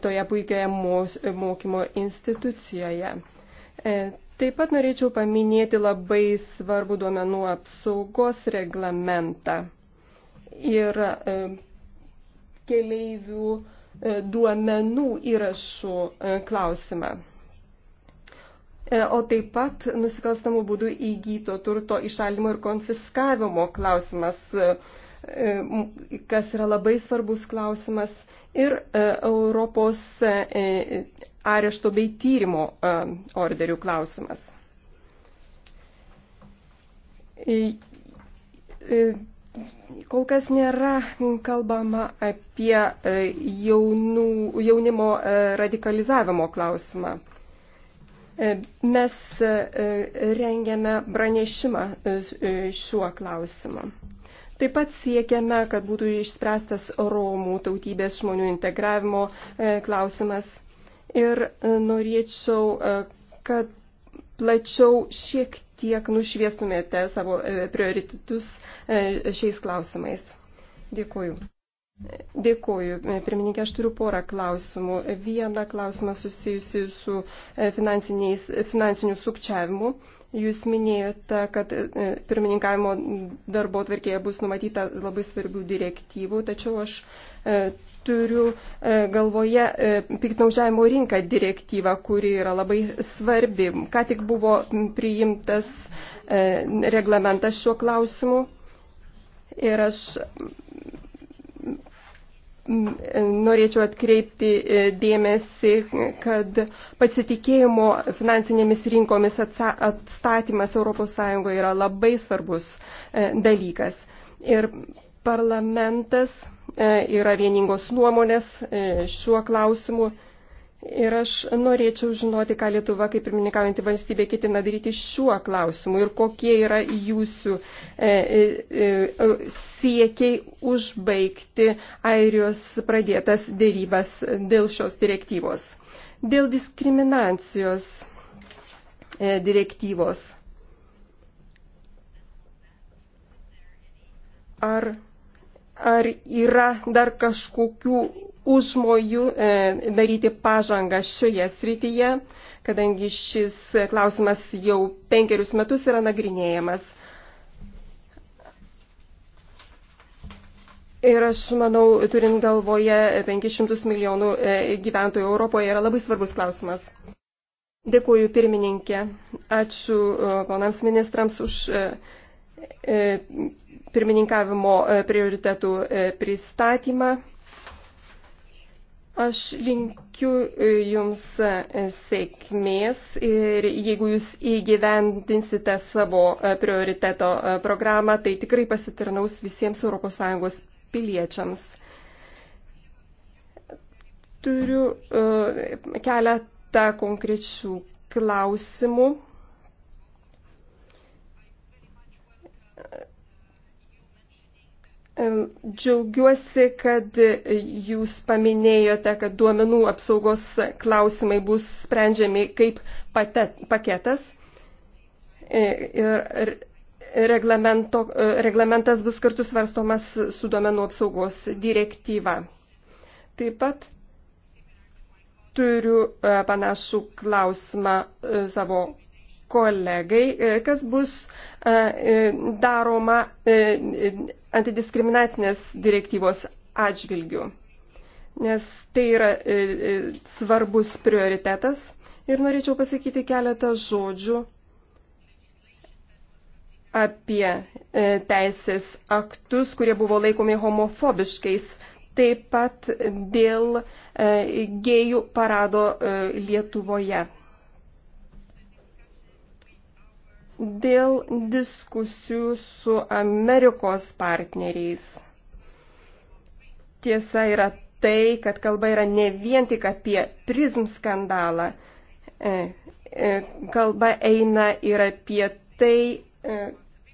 toje puikioje mokymo institucijoje. Taip pat norėčiau paminėti labai svarbų duomenų apsaugos reglamentą ir keleivių E, duomenų įrašų e, klausimą. E, o taip pat nusikalstamų būdų įgyto turto išalimo ir konfiskavimo klausimas, kas yra labai svarbus klausimas, ir Europos arešto bei tyrimo orderių klausimas Kol kas nėra kalbama apie e, jaunų, jaunimo e, radikalizavimo klausimą. E, mes rengiame pranešimą šiuo klausimu. Taip pat siekiame, kad būtų išspręstas Romų tautybės žmonių integravimo klausimas. Ir norėčiau, kad plačiau šiek tiek nušviestumėte savo e, prioritetus e, šiais klausimais. Dėkuoju. Dėkuoju. Pirmininkė, aš turiu porą klausimų. Vieną klausimą susijusi su e, finansiniu sukčiavimu. Jūs minėjote, kad pirmininkavimo darbo tvarkėje bus numatyta labai svarbių direktyvų, tačiau aš E, turiu e, galvoje e, piknaužiavimo rinką direktyvą, kuri yra labai svarbi. Ką tik buvo priimtas reglamentas šiuo klausimu ir aš norėčiau atkreipti dėmesį, kad pasitikėjimo finansinėmis rinkomis atstatymas ES yra labai svarbus dalykas. Ir parlamentas e, yra vieningos nuomonės e, šiuo klausimu. Ir aš norėčiau žinoti, ką Lietuva, kaip pirmininkaujanti valstybė, ketina daryti šiuo klausimu ir kokie yra jūsų e, e, e siekiai užbaigti Airijos pradėtas dėrybas dėl šios direktyvos. Dėl diskriminacijos e, direktyvos. Ar ar yra dar kažkokių užmojų e, daryti pažangą šioje srityje, kadangi šis klausimas jau penkerius metus yra nagrinėjamas. Ir aš manau, turint galvoje 500 milijonų e, gyventojų Europoje, yra labai svarbus klausimas. Dėkuoju pirmininkė. Ačiū e, ponams ministrams už e, E, pirmininkavimo e, prioritetų e, pristatymą. Aš linkiu Jums sėkmės ir jeigu Jūs įgyvendinsite savo prioriteto programą, tai tikrai pasitarnaus visiems ES piliečiams. Turiu keletą konkrečių klausimų. Džiaugiuosi, kad jūs paminėjote, kad duomenų apsaugos klausimai bus sprendžiami kaip patet, paketas e, ir reglamentas bus kartu svarstomas su duomenų apsaugos direktyva. Taip pat turiu e, panašų klausimą e, savo kolegai, e, kas bus e, e, daroma antidiskriminacinės direktyvos atžvilgių. Nes tai yra svarbus prioritetas ir norėčiau pasakyti keletą žodžių apie teisės aktus, kurie buvo laikomi homofobiškais, taip pat dėl gėjų parado Lietuvoje. dėl diskusijų su Amerikos partneriais. Tiesa yra tai, kad kalba yra ne vien tik apie prizm skandalą. E, e, kalba eina ir apie tai, e,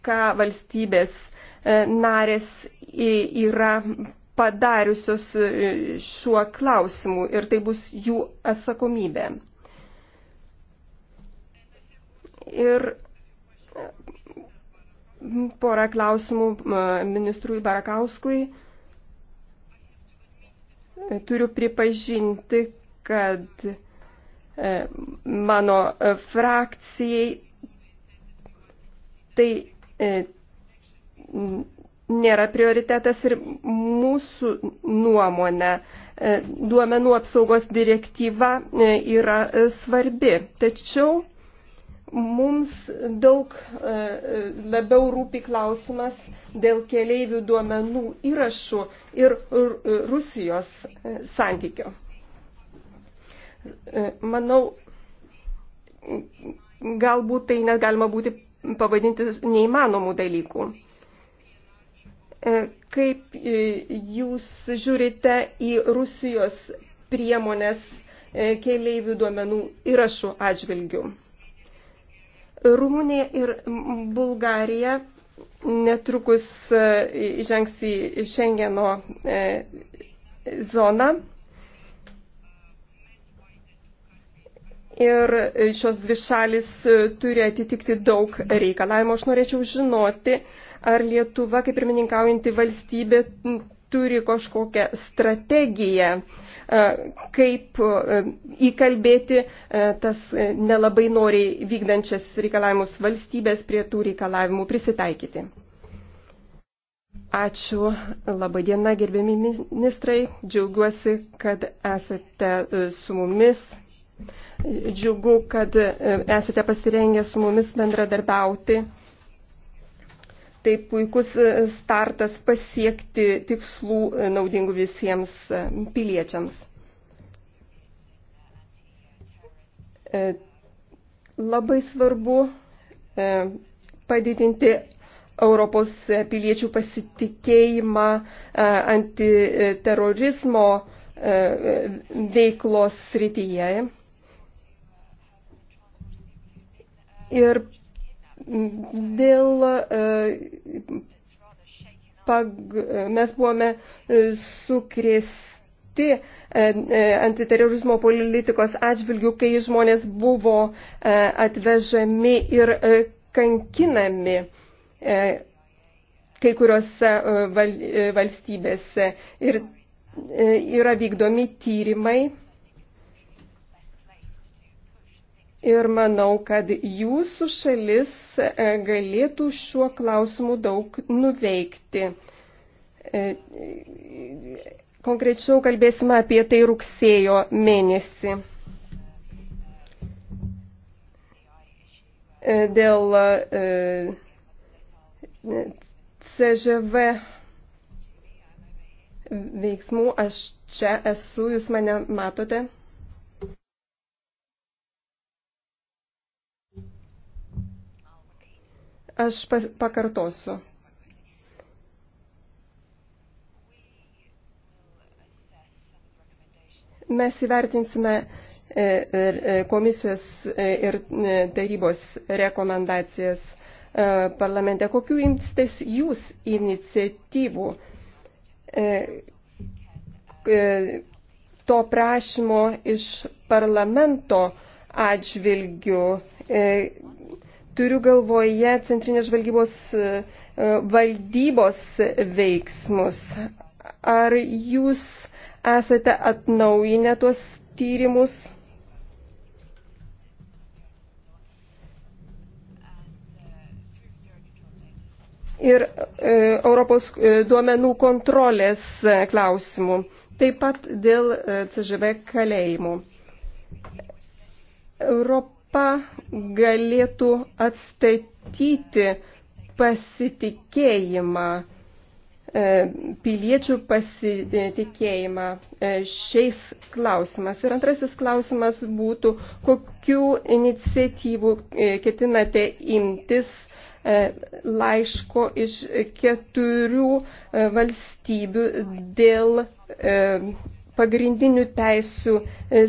ką valstybės narės yra padariusios šiuo klausimu ir tai bus jų atsakomybė. Ir Porą klausimų e, ministrui Barakauskui. Turiu pripažinti, kad e, mano e, frakcijai tai nėra prioritetas ir mūsų nuomonė. Duomenų apsaugos direktyva yra svarbi. Tačiau Mums daug e, e, labiau rūpi klausimas dėl keleivių duomenų įrašų ir e, Rusijos santykio. Manau, galbūt tai net galima būti pavadinti neįmanomų dalykų. Kaip jūs žiūrite į Rusijos priemonės keleivių duomenų įrašų atžvilgių? Rumunija ir Bulgarija netrukus e, žengs į Šengeno e, zoną. Ir šios dvi šalis e, turi atitikti daug reikalavimo. Aš norėčiau žinoti, ar Lietuva, kaip pirmininkaujanti valstybė, turi kažkokią strategiją uh, E, kaip e, įkalbėti e, tas nelabai noriai vykdančias reikalavimus valstybės prie tų reikalavimų prisitaikyti. Ačiū, labai diena, gerbiami ministrai, džiaugiuosi, kad esate su mumis. Džiugu, kad esate pasirengę su mumis bendradarbiauti. Tai puikus e, startas pasiekti tikslų e, naudingų visiems e, piliečiams. Labai svarbu padidinti Europos piliečių pasitikėjimą antiterorizmo veiklos srityje. Ir Dėl e, pag, mes buvome e, sukrėsti e, antiterorizmo politikos atžvilgių, kai žmonės buvo atvežami ir kankinami kai kuriuose valstybėse. Ir yra vykdomi tyrimai Ir manau, kad jūsų šalis e, galėtų šiuo klausimu daug nuveikti. E, konkrečiau kalbėsime apie tai rugsėjo mėnesį. E, dėl CŽV veiksmų aš čia esu, jūs mane matote. Aš pakartosiu. Mes įvertinsime e, e, e, komisijos ir tarybos rekomendacijas parlamente. Kokiu imtis jūs iniciatyvų to prašymo iš parlamento atžvilgių Turiu galvoje centrinės žvalgybos e, e, valdybos veiksmus. Ar jūs esate atnaujinę tuos tyrimus? ir e, Europos duomenų kontrolės klausimų, taip pat dėl CŽV kalėjimų. Europ Europa galėtų atstatyti pasitikėjimą, e, piliečių pasitikėjimą e, šiais klausimas. Ir antrasis klausimas būtų, kokių iniciatyvų e, ketinate imtis laiško iš keturių valstybių dėl pagrindinių teisių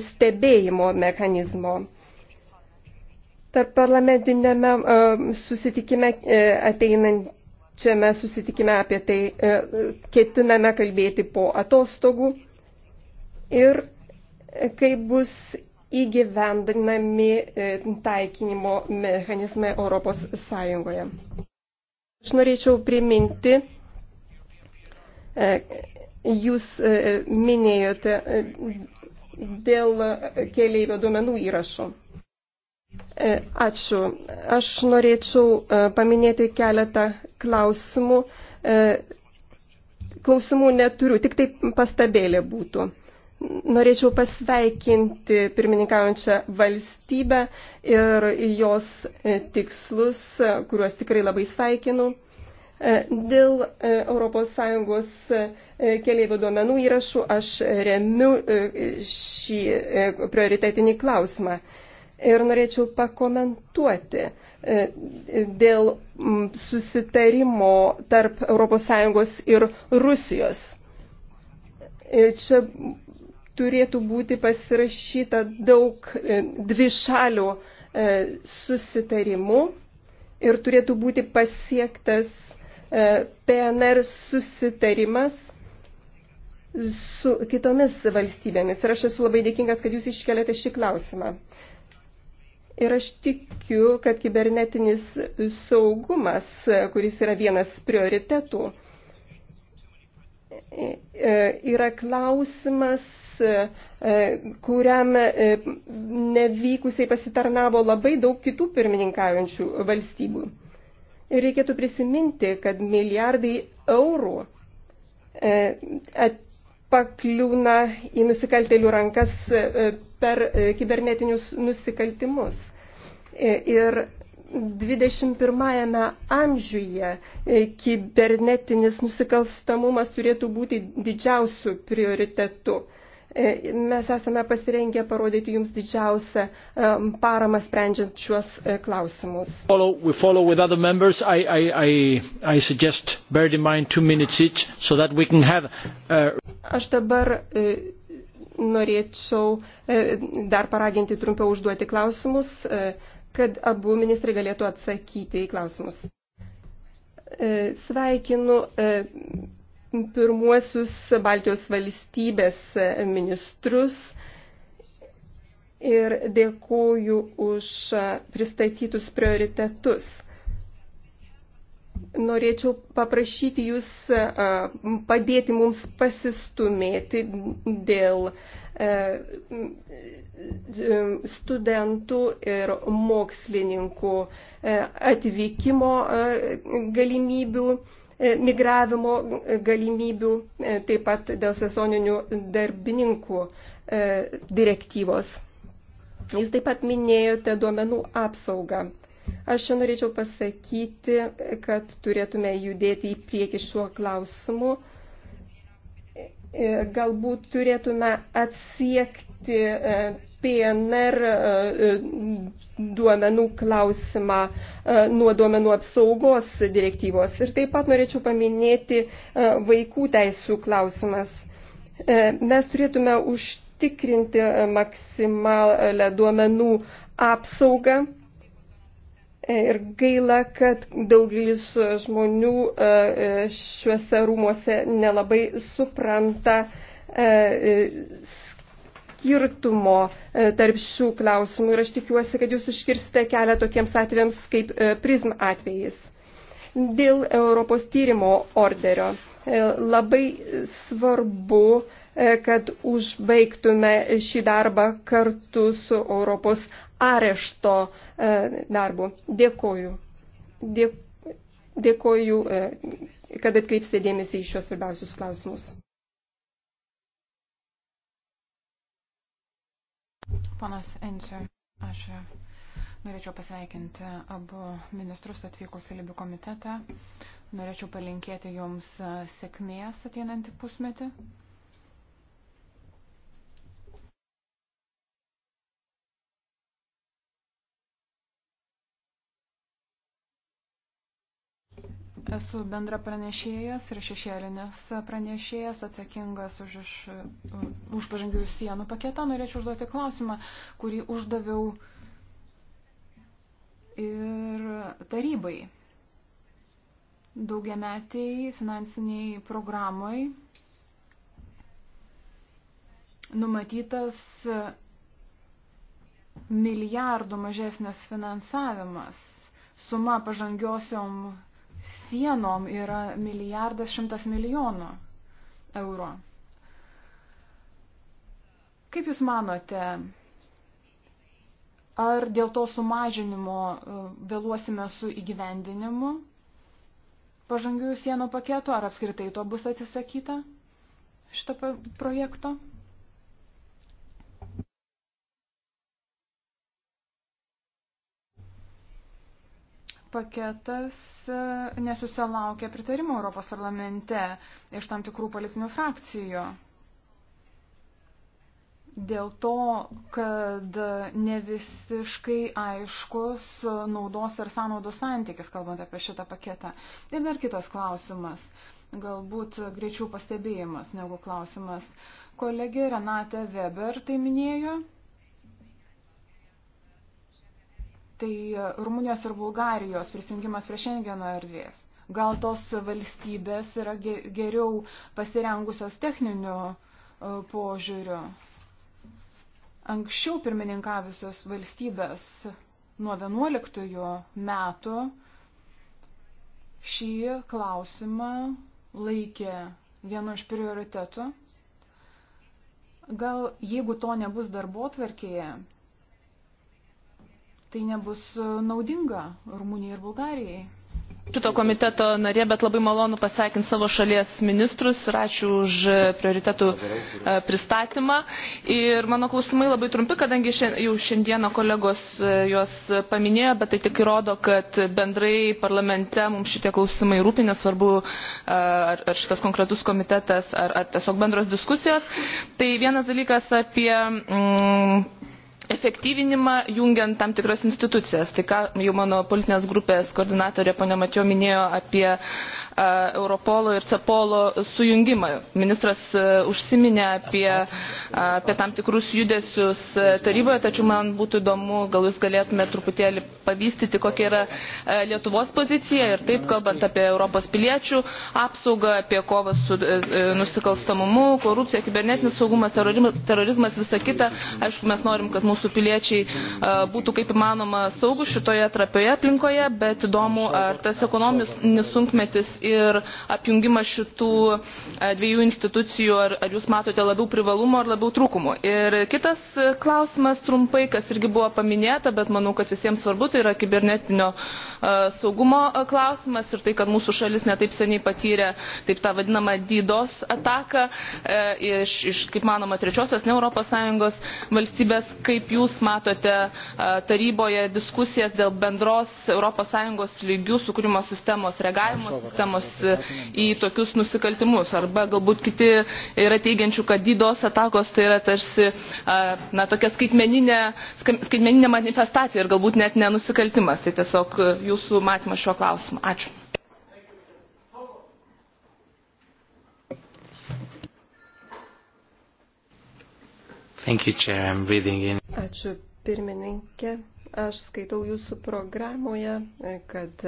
stebėjimo mechanizmo tarp parlamentinėme e, susitikime e, ateinančiame susitikime apie tai e, ketiname kalbėti po atostogų ir kaip bus įgyvendinami taikinimo mechanizmai Europos Sąjungoje. Aš norėčiau priminti, jūs minėjote dėl keleivio duomenų įrašo. E, ačiū. Aš norėčiau e, paminėti keletą klausimų. E, klausimų neturiu, tik tai pastabėlė būtų. Norėčiau pasveikinti pirmininkaujančią valstybę ir jos tikslus, kuriuos tikrai labai sveikinu. Dėl ES keliaivių duomenų įrašų aš remiu šį prioritetinį klausimą ir norėčiau pakomentuoti e, dėl susitarimo tarp ES ir Rusijos. E, čia turėtų būti pasirašyta daug e, dvišalių susitarimų ir turėtų būti pasiektas PNR susitarimas su kitomis valstybėmis. Ir aš esu labai dėkingas, kad jūs iškeliate šį klausimą. Ir aš tikiu, kad kibernetinis saugumas, kuris yra vienas prioritetų, yra klausimas, kuriam e, nevykusiai pasitarnavo labai daug kitų pirmininkaujančių valstybių. Ir reikėtų prisiminti, kad milijardai eurų e, pakliūna į nusikaltelių rankas e, per e, kibernetinius nusikaltimus. E, ir 21 amžiuje kibernetinis nusikalstamumas turėtų būti didžiausių prioritetų. E, mes esame pasirengę parodyti jums didžiausią e, paramą sprendžiant šiuos e, klausimus. Follow, we follow with other members. I, I, I, I suggest bear in mind two minutes each so that we can have. Uh... Aš dabar norėčiau dar paraginti trumpiau užduoti klausimus, kad abu ministrai galėtų atsakyti į klausimus. Sveikinu pirmuosius Baltijos valstybės ministrus ir dėkuoju už pristatytus prioritetus. Norėčiau paprašyti Jūs padėti mums pasistumėti dėl studentų ir mokslininkų atvykimo galimybių E, migravimo galimybių, e, taip pat dėl sezoninių darbininkų e, direktyvos. Jūs taip pat minėjote duomenų apsaugą. Aš čia norėčiau pasakyti, kad turėtume judėti į priekį šiuo klausimu galbūt turėtume atsiekti e, PNR e, e, duomenų klausimą nuo duomenų apsaugos direktyvos. Ir taip pat norėčiau paminėti vaikų teisų klausimas. Mes turėtume užtikrinti maksimalę duomenų apsaugą E, ir gaila, kad daugelis žmonių e, e, šiuose rūmuose nelabai supranta skirtumo tarp šių klausimų ir aš tikiuosi, kad jūs užkirsite kelią tokiems atvejams kaip prizm atvejais. Dėl Europos tyrimo orderio labai svarbu, kad užbaigtume šį darbą kartu su Europos arešto e, darbu. Dėkoju. Dėkoju, e, kad atkreipsite dėmesį į šios svarbiausius klausimus. Panas Enčia, aš norėčiau pasveikinti abu ministrus atvykus į Libių komitetą. Norėčiau palinkėti jums sėkmės ateinantį pusmetį. Esu bendra pranešėjas ir šešėlinės pranešėjas atsakingas už, iš, už pažangių sienų paketą. Norėčiau užduoti klausimą, kurį uždaviau ir tarybai. Daugiametiai finansiniai programai numatytas milijardų mažesnis finansavimas. Suma pažangiosiom sienom yra milijardas šimtas milijonų eurų. Kaip Jūs manote, ar dėl to sumažinimo e, vėluosime su įgyvendinimu pažangiųjų sienų paketo, ar apskritai to bus atsisakyta šito projekto? paketas e, nesusilaukė pritarimo Europos parlamente iš tam tikrų politinių frakcijų. Dėl to, kad ne visiškai aiškus naudos ir sąnaudos santykis, kalbant apie šitą paketą. Ir dar kitas klausimas, galbūt greičiau pastebėjimas negu klausimas. Kolegė Renate Weber tai minėjo. tai e, Rumunijos ir Bulgarijos prisijungimas prie Šengeno erdvės. Gal tos valstybės yra geriau pasirengusios techniniu e, požiūriu. Anksčiau pirmininkavusios valstybės nuo 11 metų šį klausimą laikė vienu iš prioritetų. Gal jeigu to nebus darbo tvarkėje, tai nebus e, naudinga Rumunijai ir Bulgarijai šito komiteto narė, bet labai malonu pasveikinti savo šalies ministrus ir ačiū už e, prioritetų e, pristatymą. Ir mano klausimai labai trumpi, kadangi jau šiandieną kolegos juos paminėjo, bet tai tik įrodo, kad bendrai parlamente mums šitie klausimai rūpi, nesvarbu ar, ar šitas konkretus komitetas, ar, ar tiesiog bendros diskusijos. Tai vienas dalykas apie mm, efektyvinimą jungiant tam tikras institucijas tai ką jau mano politinės grupės koordinatorė ponia matjo minėjo apie E, Europolo ir Cepolo sujungimą. Ministras e, užsiminė apie, e, apie tam tikrus judesius taryboje, tačiau man būtų įdomu, gal jūs galėtume truputėlį pavystyti, kokia yra Lietuvos pozicija ir taip kalbant apie Europos piliečių apsaugą, apie kovą su nusikalstamumu, korupcija, kibernetinis saugumas, terorizmas, visa kita. Aišku, mes norim, kad mūsų piliečiai būtų kaip įmanoma saugus šitoje trapioje aplinkoje, bet įdomu, ar tas ekonominis sunkmetis ir apjungimas šitų e, dviejų institucijų, ar, ar jūs matote labiau privalumų ar labiau trūkumų. Ir kitas e, klausimas trumpai, kas irgi buvo paminėta, bet manau, kad visiems svarbu, tai yra kibernetinio e, saugumo klausimas ir tai, kad mūsų šalis netaip seniai patyrė taip tą vadinamą dydos ataką iš, iš kaip manoma, trečiosios ne Europos Sąjungos valstybės. Kaip jūs matote taryboje diskusijas dėl bendros Europos Sąjungos lygių sukūrimo sistemos, reagavimo sistemos? orientuojamos į tokius nusikaltimus. Arba galbūt kiti yra teigiančių, kad dydos atakos tai yra tarsi na, tokia skaitmeninė, skaitmeninė manifestacija ir galbūt net nenusikaltimas. Tai tiesiog jūsų matymas šio klausimo. Ačiū. Thank you, Chair. I'm reading in. Ačiū pirmininkė. Aš skaitau jūsų programoje, kad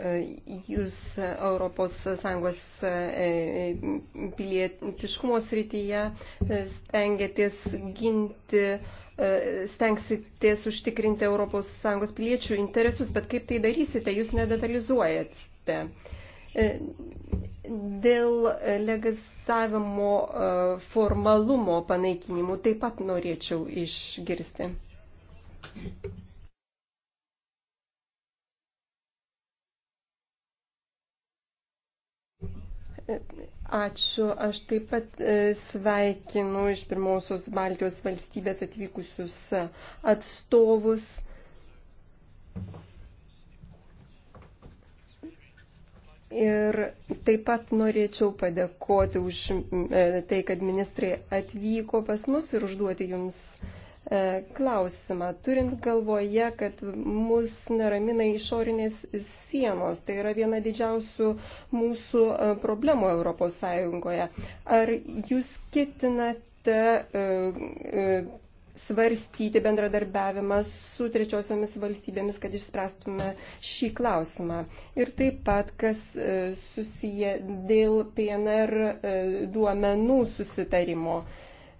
jūs ES e, e, pilietiškumo srityje stengiatės ginti, e, stengsitės užtikrinti ES piliečių interesus, bet kaip tai darysite, jūs nedetalizuojate. Dėl legalizavimo formalumo panaikinimų taip pat norėčiau išgirsti. Thank you. Ačiū. Aš taip pat e, sveikinu iš pirmosios Baltijos valstybės atvykusius atstovus. Ir taip pat norėčiau padėkoti už e, tai, kad ministrai atvyko pas mus ir užduoti jums E, klausimą, turint galvoje, kad mus neramina išorinės sienos, tai yra viena didžiausių mūsų e, problemų Europos Sąjungoje. Ar jūs ketinate e, svarstyti bendradarbiavimą su trečiosiomis valstybėmis, kad išspręstume šį klausimą. Ir taip pat, kas susiję dėl PNR duomenų susitarimo.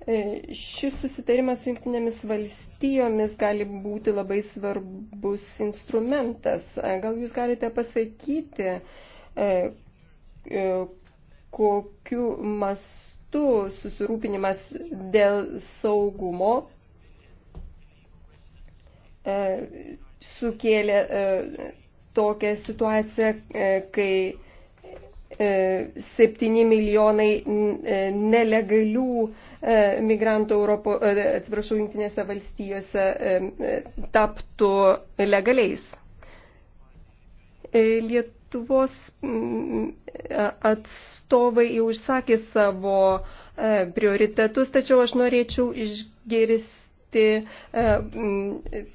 E, šis susitarimas su jungtinėmis valstijomis gali būti labai svarbus instrumentas. E, gal jūs galite pasakyti, e, kokiu mastu susirūpinimas dėl saugumo sukėlė tokią situaciją, kai 7 milijonai nelegalių E, migrantų Europo, e, atsiprašau, jungtinėse valstijose e, taptų legaliais. Lietuvos atstovai jau išsakė savo prioritetus, tačiau aš norėčiau išgirsti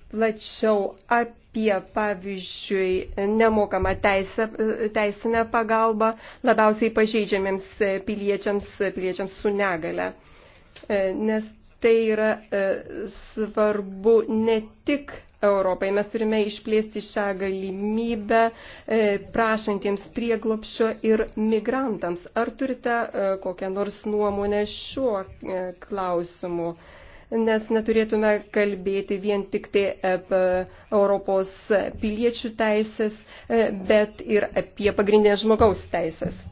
plačiau apie, pavyzdžiui, nemokamą teisę, teisinę pagalbą labiausiai pažeidžiamiems piliečiams, piliečiams su negale. E, nes tai yra e, svarbu ne tik Europai. Mes turime išplėsti šią galimybę e, prašantiems prieglopščio ir migrantams. Ar turite kokią nors nuomonę šiuo klausimu? Nes neturėtume kalbėti vien tik tai apie Europos piliečių teisės, bet ir apie pagrindinės žmogaus teisės.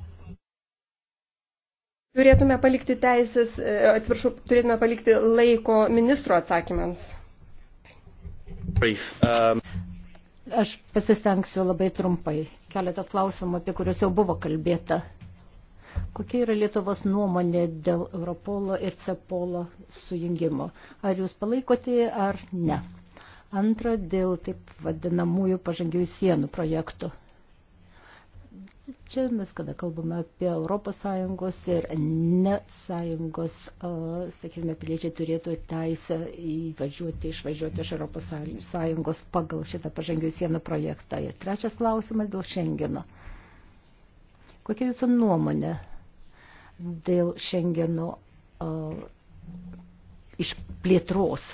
Turėtume palikti teisės, e, atsiprašau, turėtume palikti laiko ministro atsakymams. Um, Aš pasistengsiu labai trumpai. Keletas klausimų, apie kuriuos jau buvo kalbėta. Kokia yra Lietuvos nuomonė dėl Europolo ir Cepolo sujungimo? Ar jūs palaikote, ar ne? Antra, dėl taip vadinamųjų pažangių sienų projektų. Čia mes kada kalbame apie Europos Sąjungos ir ne Sąjungos, sakykime, piliečiai turėtų teisę įvažiuoti, išvažiuoti iš Europos Sąjungos pagal šitą pažangių sienų projektą. Ir trečias klausimas dėl Šengeno. Kokia jūsų nuomonė dėl Šengeno išplėtros,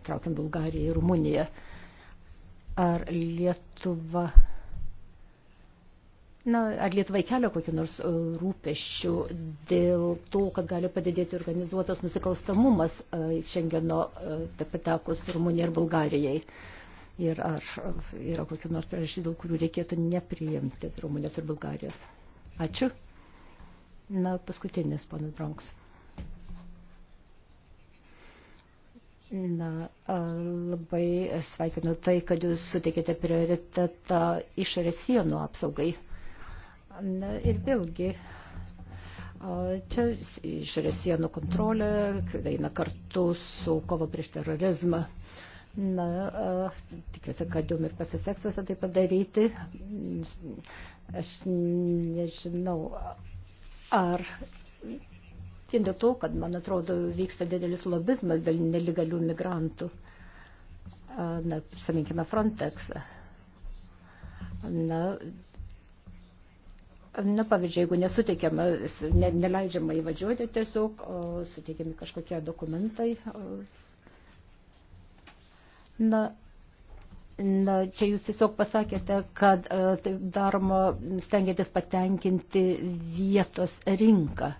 įtraukiant Bulgariją ir Rumuniją? Ar Lietuva Na, ar Lietuvai kelia kokiu nors e, rūpeščių dėl to, kad gali padidėti organizuotas nusikalstamumas e, Šengeno e, patekus Rumunijai ir Bulgarijai? Ir ar yra kokiu nors priežasčių, dėl kurių reikėtų nepriimti Rumunijos ir Bulgarijos? Ačiū. Na, paskutinis, ponas Bronks. Na, labai sveikinu tai, kad jūs suteikėte prioritetą išorės sienų apsaugai. Na, ir vėlgi, čia išorės sienų kontrolė eina kartu su kovo prieš terorizmą. Na, tikiuosi, kad jums ir pasiseks visą tai padaryti. Aš nežinau, ar vien dėl to, kad, man atrodo, vyksta didelis lobizmas dėl neligalių migrantų. Na, prisiminkime Frontexą. Na, Na, pavyzdžiui, jeigu nesuteikiama, ne, neleidžiama įvažiuoti tiesiog, o, suteikiami kažkokie dokumentai. O, na, na, čia jūs tiesiog pasakėte, kad o, e, taip daroma, stengiatės patenkinti vietos rinką.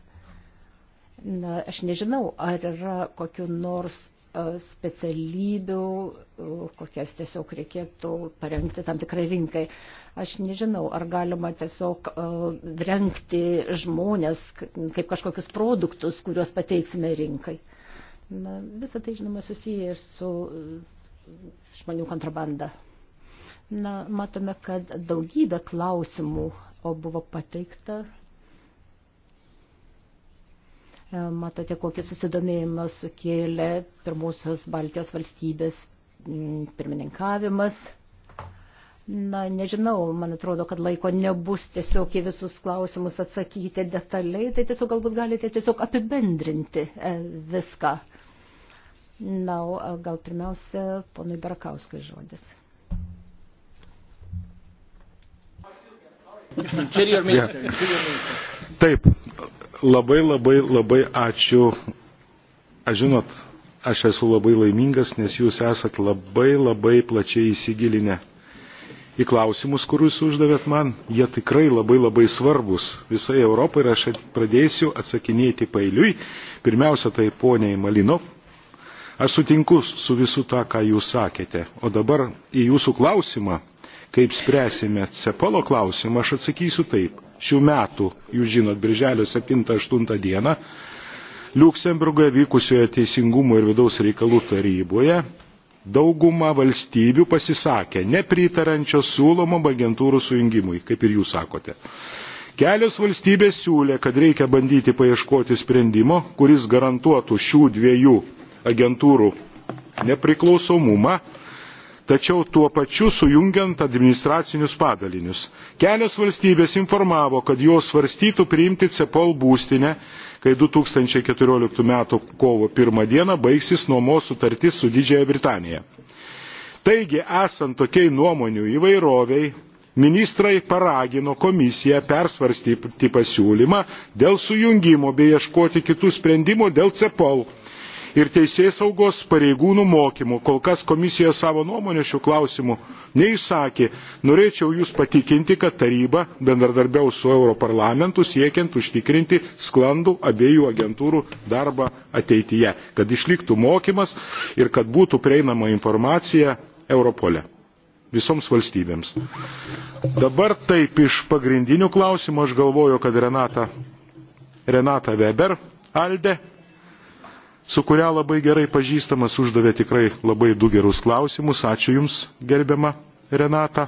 Na, aš nežinau, ar yra kokiu nors E, specialybių, e, kokias tiesiog reikėtų parengti tam tikrai rinkai. Aš nežinau, ar galima tiesiog e, rengti žmonės kaip kažkokius produktus, kuriuos pateiksime rinkai. Na, visa tai, žinoma, susiję ir su žmonių kontrabanda. Na, matome, kad daugybė klausimų buvo pateikta E, matote, kokį susidomėjimą sukėlė pirmosios Baltijos valstybės pirmininkavimas. Na, nežinau, man atrodo, kad laiko nebus tiesiog į visus klausimus atsakyti detaliai, tai tiesiog galbūt galite tiesiog apibendrinti e, viską. Na, e, gal pirmiausia, ponui Barakauskui žodis. Taip, labai labai labai ačiū. Aš žinot, aš esu labai laimingas, nes jūs esat labai labai plačiai įsigilinę į klausimus, kuriuos uždavėt man. Jie tikrai labai labai svarbus visai Europai ir aš pradėsiu atsakinėti pailiui. Pirmiausia, tai poniai Malinov. Aš sutinku su visu tą, ką jūs sakėte. O dabar į jūsų klausimą, kaip spręsime Cepolo klausimą, aš atsakysiu taip šių metų, jūs žinot, birželio 7-8 dieną, Liuksemburgoje vykusioje Teisingumo ir vidaus reikalų taryboje dauguma valstybių pasisakė nepritarančios siūlomam agentūrų sujungimui, kaip ir jūs sakote. Kelios valstybės siūlė, kad reikia bandyti paieškoti sprendimo, kuris garantuotų šių dviejų agentūrų nepriklausomumą tačiau tuo pačiu sujungiant administracinius padalinius. Kelios valstybės informavo, kad jos svarstytų priimti CEPOL būstinę, kai 2014 m. kovo 1 d. baigsis nuomos sutartis su Didžiaja Britanija. Taigi, esant tokiai nuomonių įvairoviai, ministrai paragino komisiją persvarstyti pasiūlymą dėl sujungimo bei ieškoti kitų sprendimų dėl CEPOL ir teisėsaugos pareigūnų mokymų. Kol kas komisija savo nuomonę šių klausimų neįsakė. Norėčiau Jūs patikinti, kad taryba bendradarbiaus su Europarlamentu siekiant užtikrinti sklandų abiejų agentūrų darbą ateityje, kad išliktų mokymas ir kad būtų prieinama informacija Europole visoms valstybėms. Dabar taip iš pagrindinių klausimų aš galvoju, kad Renata, Renata Weber, Alde su kuria labai gerai pažįstamas uždavė tikrai labai du gerus klausimus. Ačiū Jums, gerbiama Renata.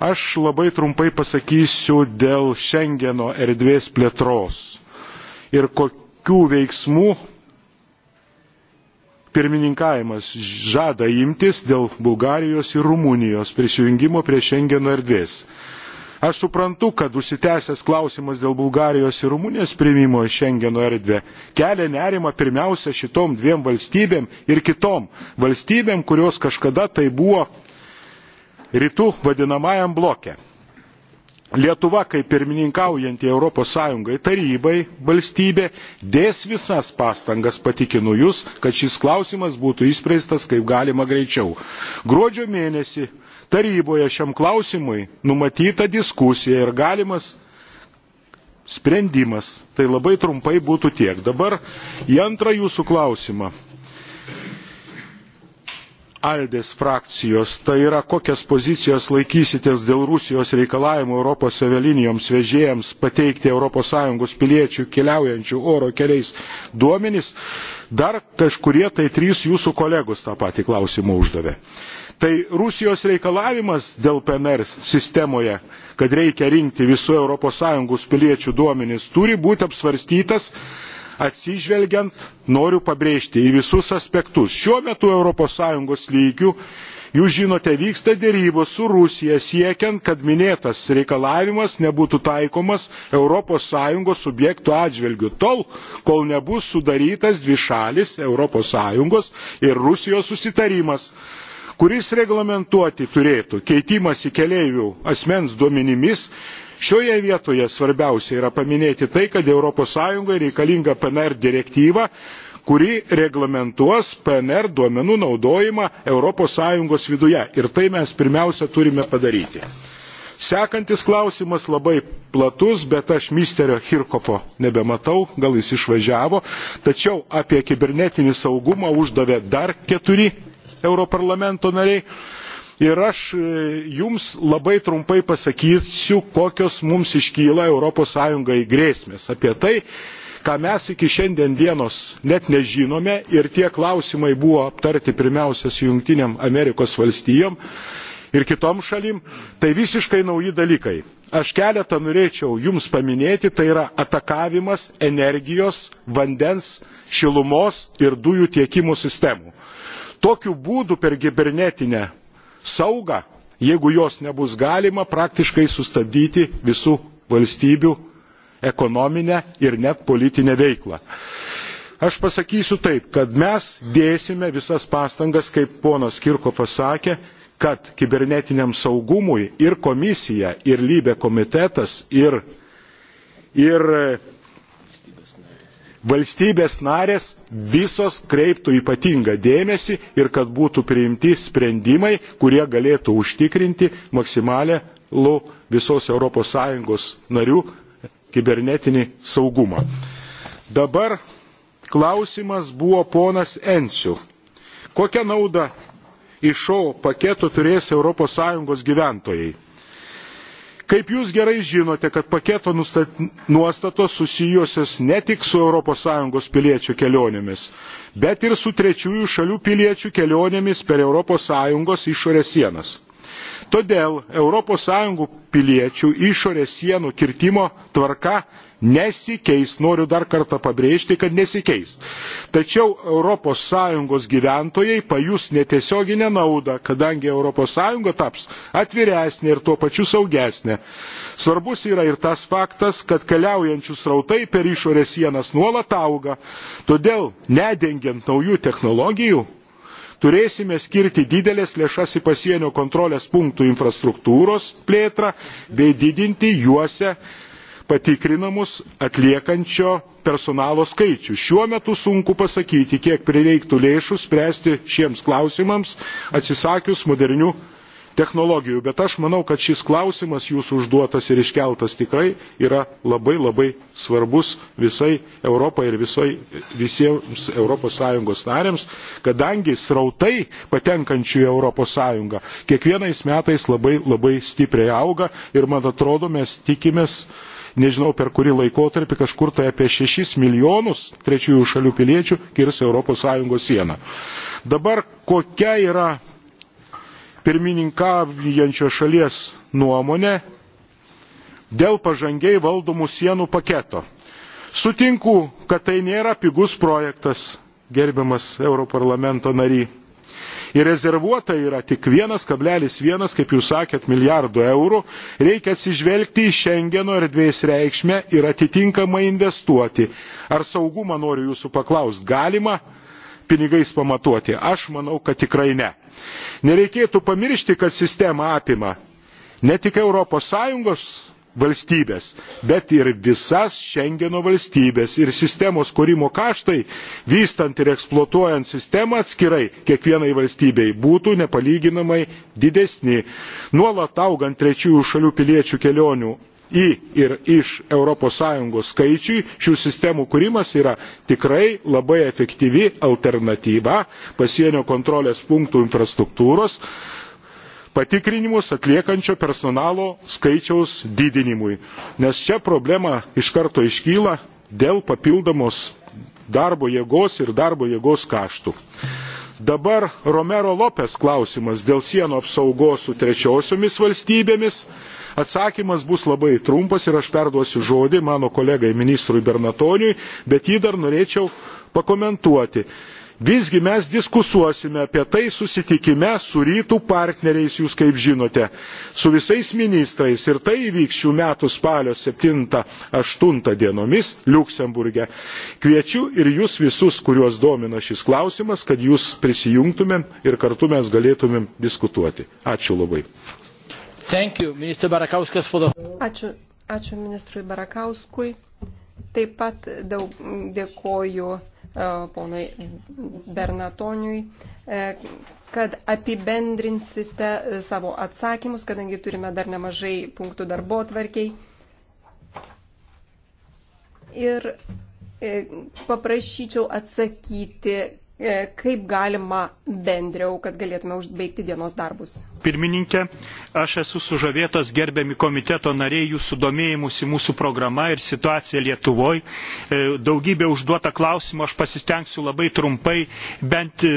Aš labai trumpai pasakysiu dėl Šengeno erdvės plėtros ir kokių veiksmų pirmininkavimas žada imtis dėl Bulgarijos ir Rumunijos prisijungimo prie Šengeno erdvės. Aš suprantu, kad užsitęsęs klausimas dėl Bulgarijos ir Rumunijos priimimo į Šengeno erdvę kelia nerima pirmiausia šitom dviem valstybėm ir kitom valstybėm, kurios kažkada tai buvo rytų vadinamajam blokė. Lietuva, kaip pirmininkaujantį ES tarybai valstybė, dės visas pastangas, patikinu Jūs, kad šis klausimas būtų įspreistas kaip galima greičiau. Gruodžio mėnesį taryboje šiam klausimui numatyta diskusija ir galimas sprendimas. Tai labai trumpai būtų tiek. Dabar į antrą jūsų klausimą. Aldės frakcijos, tai yra kokias pozicijas laikysitės dėl Rusijos reikalavimų Europos avialinijoms vežėjams pateikti ES piliečių keliaujančių oro keliais duomenys, dar kažkurie tai trys jūsų kolegos tą patį klausimą uždavė. Tai Rusijos reikalavimas dėl PNR sistemoje, kad reikia rinkti visų ES piliečių duomenys, turi būti apsvarstytas atsižvelgiant, noriu pabrėžti, į visus aspektus. Šiuo metu ES lygių, jūs žinote, vyksta dėrybos su Rusija siekiant, kad minėtas reikalavimas nebūtų taikomas ES subjektų atžvilgių tol, kol nebus sudarytas dvišalis ES ir Rusijos susitarimas kuris reglamentuoti turėtų keitimąsi keleivių asmens duomenimis šioje vietoje svarbiausia yra paminėti tai kad europos sąjungai reikalinga pnr direktyva kuri reglamentuos pnr duomenų naudojimą europos sąjungos viduje ir tai mes pirmiausia turime padaryti. sekantis klausimas labai platus bet aš misterio hirkofo nebematau gal jis išvažiavo tačiau apie kibernetinį saugumą uždavė dar keturi europarlamento nariai. Ir aš e, jums labai trumpai pasakysiu, kokios mums iškyla ES grėsmės. Apie tai, ką mes iki šiandien dienos net nežinome ir tie klausimai buvo aptarti pirmiausia su Junktiniam Amerikos valstijom ir kitom šalim, tai visiškai nauji dalykai. Aš keletą norėčiau jums paminėti, tai yra atakavimas energijos, vandens, šilumos ir dujų tiekimo sistemų tokiu būdu per kibernetinę saugą, jeigu jos nebus galima, praktiškai sustabdyti visų valstybių ekonominę ir net politinę veiklą. Aš pasakysiu taip, kad mes dėsime visas pastangas, kaip ponas Kirkofas sakė, kad kibernetiniam saugumui ir komisija, ir lybė komitetas, ir, ir valstybės narės visos kreiptų ypatingą dėmesį ir kad būtų priimti sprendimai, kurie galėtų užtikrinti maksimalę lų visos ES narių kibernetinį saugumą. Dabar klausimas buvo ponas Enciu. Kokią naudą iš šio paketo turės ES gyventojai? Kaip jūs gerai žinote, kad paketo nuostatos susijusios ne tik su ES piliečių kelionėmis, bet ir su trečiųjų šalių piliečių kelionėmis per ES išorės sienas. Todėl ES piliečių išorės sienų kirtimo tvarka Nesikeis, noriu dar kartą pabrėžti, kad nesikeis. Tačiau ES gyventojai pajus netiesioginę naudą, kadangi ES taps atviresnė ir tuo pačiu saugesnė. Svarbus yra ir tas faktas, kad keliaujančių srautai per išorės sienas nuolat auga, todėl nedengiant naujų technologijų turėsime skirti didelės lėšas į pasienio kontrolės punktų infrastruktūros plėtrą bei didinti juose patikrinamus atliekančio personalo skaičių. Šiuo metu sunku pasakyti, kiek prireiktų lėšų spręsti šiems klausimams atsisakius modernių technologijų, bet aš manau, kad šis klausimas jūsų užduotas ir iškeltas tikrai yra labai labai svarbus visai Europai ir visai, visiems ES narėms, kadangi srautai patenkančių į ES kiekvienais metais labai labai stipriai auga ir man atrodo mes tikimės nežinau per kurį laikotarpį kažkur tai apie 6 milijonus trečiųjų šalių piliečių kirs ES sieną. Dabar kokia yra pirmininkaujančio šalies nuomonė dėl pažangiai valdomų sienų paketo. Sutinku, kad tai nėra pigus projektas, gerbiamas Europarlamento nary ir rezervuota yra tik 1,1, kaip jūs sakėt, milijardų eurų, reikia atsižvelgti į Šengeno erdvės reikšmę ir atitinkamai investuoti. Ar saugumą noriu jūsų paklausti, galima? pinigais pamatuoti. Aš manau, kad tikrai ne. Nereikėtų pamiršti, kad sistema apima ne tik Europos Sąjungos valstybės, bet ir visas Šengeno valstybės ir sistemos kūrimo kaštai, vystant ir eksploatuojant sistemą atskirai kiekvienai valstybei, būtų nepalyginamai didesni. Nuolat augant trečiųjų šalių piliečių kelionių į ir iš ES skaičiui šių sistemų kūrimas yra tikrai labai efektyvi alternatyva pasienio kontrolės punktų infrastruktūros patikrinimus atliekančio personalo skaičiaus didinimui nes čia problema iš karto iškyla dėl papildomos darbo jėgos ir darbo jėgos kaštų. Dabar Romero Lopes klausimas dėl sienų apsaugos su trečiosiomis valstybėmis. Atsakymas bus labai trumpas ir aš perduosiu žodį mano kolegai ministrui Bernatoniui, bet jį dar norėčiau pakomentuoti. Visgi mes diskusuosime apie tai susitikime su rytų partneriais, jūs kaip žinote, su visais ministrais ir tai įvyks šių metų spalio 7-8 dienomis Luksemburgė. Kviečiu ir jūs visus, kuriuos domina šis klausimas, kad jūs prisijungtumėm ir kartu mes galėtumėm diskutuoti. Ačiū labai. Thank you, Minister Barakauskas, for the... Ačiū, ačiū ministrui Barakauskui. Taip pat daug dėkoju. E, ponui Bernatoniui, e, kad apibendrinsite e, savo atsakymus, kadangi turime dar nemažai punktų darbo tvarkiai. Ir paprašyčiau atsakyti, kaip galima bendriau, kad galėtume užbaigti dienos darbus pirmininke aš esu sužavėtas gerbiami komiteto nariai jūsų domėjimusi mūsų programa ir situacija lietuvoj e, daugybė užduota klausimų aš pasistengsiu labai trumpai bent e,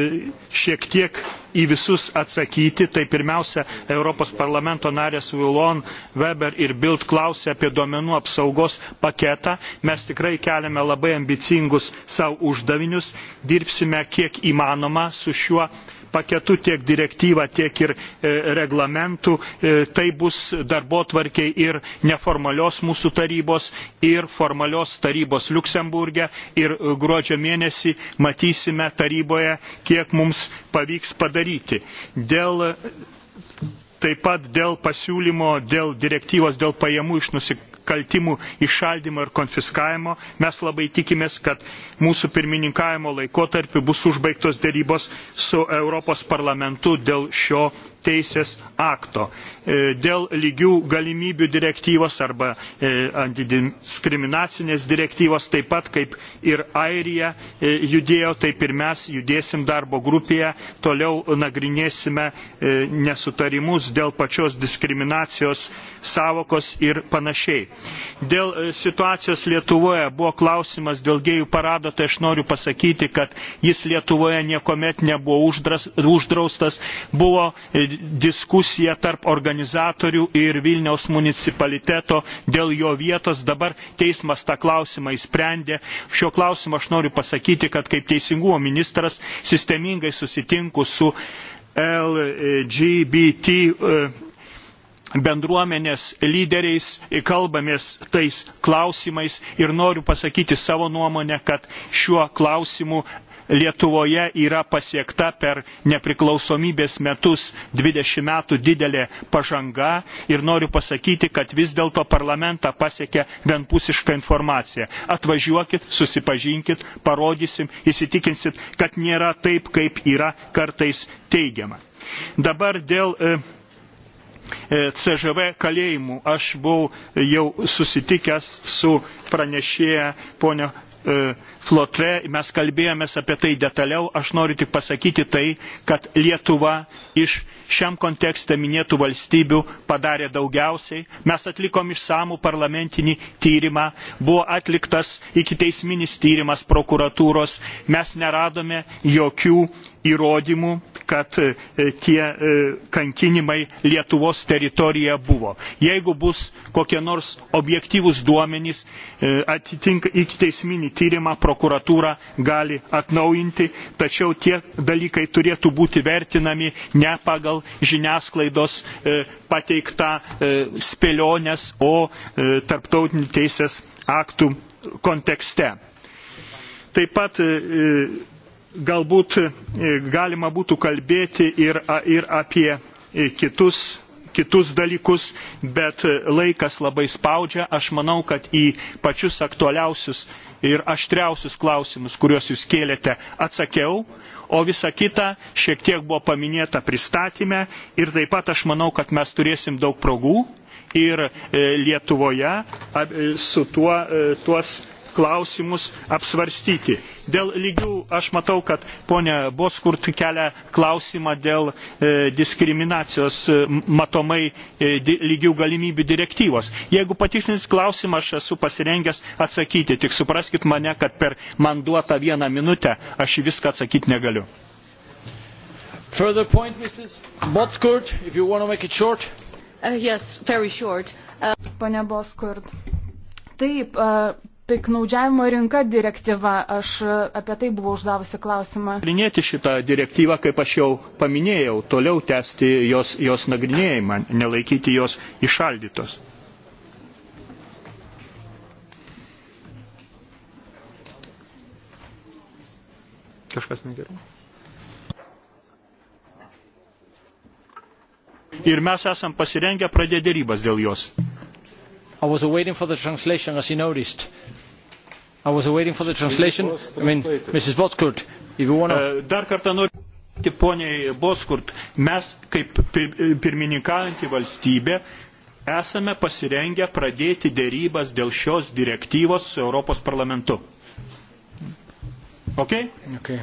šiek tiek į visus atsakyti tai pirmiausia europos parlamento narės vilon weber ir bild klausė apie duomenų apsaugos paketą mes tikrai keliame labai ambicingus sau uždavinius dirbsime kiek įmanoma su šiuo paketu, tiek direktyva, tiek ir e, reglamentu. E, tai bus darbo tvarkiai ir neformalios mūsų tarybos, ir formalios tarybos Luksemburgė. Ir e, gruodžio mėnesį matysime taryboje, kiek mums pavyks padaryti. Dėl Taip pat dėl pasiūlymo, dėl direktyvos, dėl pajamų iš nusik nusikaltimų išaldymo ir konfiskavimo. Mes labai tikimės, kad mūsų pirmininkavimo laikotarpiu bus užbaigtos dėrybos su Europos parlamentu dėl šio teisės akto e, dėl lygių galimybių direktyvos arba e, antidiskriminacinės direktyvos, taip pat kaip ir Airija e, judėjo, taip ir mes judėsim darbo grupėje, toliau nagrinėsime nesutarimus dėl pačios diskriminacijos savokos ir panašiai. Dėl situacijos Lietuvoje buvo klausimas dėl gėjų parado, tai aš noriu pasakyti, kad jis Lietuvoje niekuomet nebuvo uždraustas, buvo diskusija tarp organizatorių ir Vilniaus municipaliteto dėl jo vietos. Dabar teismas tą klausimą įsprendė. Šio klausimo aš noriu pasakyti, kad kaip teisingumo ministras sistemingai susitinku su LGBT e, bendruomenės lyderiais, kalbamės tais klausimais ir noriu pasakyti savo nuomonę, kad šiuo klausimu Lietuvoje yra pasiekta per nepriklausomybės metus 20 metų didelė pažanga ir noriu pasakyti, kad vis dėlto parlamentą pasiekė vienpusiška informacija. Atvažiuokit, susipažinkit, parodysim, įsitikinsit, kad nėra taip, kaip yra kartais teigiama. Dabar dėl e, e, CŽV kalėjimų aš buvau jau susitikęs su pranešėja ponio e, flotre, mes kalbėjomės apie tai detaliau, aš noriu tik pasakyti tai, kad Lietuva iš šiam kontekste minėtų valstybių padarė daugiausiai. Mes atlikom išsamų parlamentinį tyrimą, buvo atliktas iki teisminis tyrimas prokuratūros, mes neradome jokių įrodymų, kad e, tie e, kankinimai Lietuvos teritorija buvo. Jeigu bus kokie nors objektyvūs duomenys, e, atitinka iki teisminį tyrimą prokuratūra gali atnaujinti, tačiau tie dalykai turėtų būti vertinami ne pagal žiniasklaidos e, pateiktą e, spėlionės, o e, tarptautinių teisės aktų kontekste. Taip pat galbūt galima būtų kalbėti ir, ir apie kitus, kitus dalykus, bet laikas labai spaudžia. Aš manau, kad į pačius aktualiausius ir aštriausius klausimus, kuriuos jūs kėlėte, atsakiau, o visa kita šiek tiek buvo paminėta pristatymė ir taip pat aš manau, kad mes turėsim daug progų ir e, Lietuvoje e, su tuo, e, tuos klausimus apsvarstyti. Dėl lygių aš matau, kad ponia Boskurt kelia klausimą dėl e, diskriminacijos e, matomai e, di, lygių galimybių direktyvos. Jeigu patiksins klausimą, aš esu pasirengęs atsakyti. Tik supraskit mane, kad per man duotą vieną minutę aš į viską atsakyti negaliu. Further point, Mrs. Boskurt, if you want to make it short. Uh, yes, very short. Uh... Pane Boskurt. Taip, uh, piknaudžiavimo rinka direktyva. Aš apie tai buvau uždavusi klausimą. Nagrinėti šitą direktyvą, kaip aš jau paminėjau, toliau tęsti jos, jos nagrinėjimą, nelaikyti jos išaldytos. Kažkas negerai. ir mes esam pasirengę pradėti derybas dėl jos. I was waiting for the translation as you noticed. I was waiting for the translation. I mean, Mrs. Botskurt, if you want to... Uh, dar kartą noriu pasakyti poniai Boskurt, mes kaip pirmininkaujantį valstybę esame pasirengę pradėti dėrybas dėl šios direktyvos su Europos parlamentu. Okay? Okay.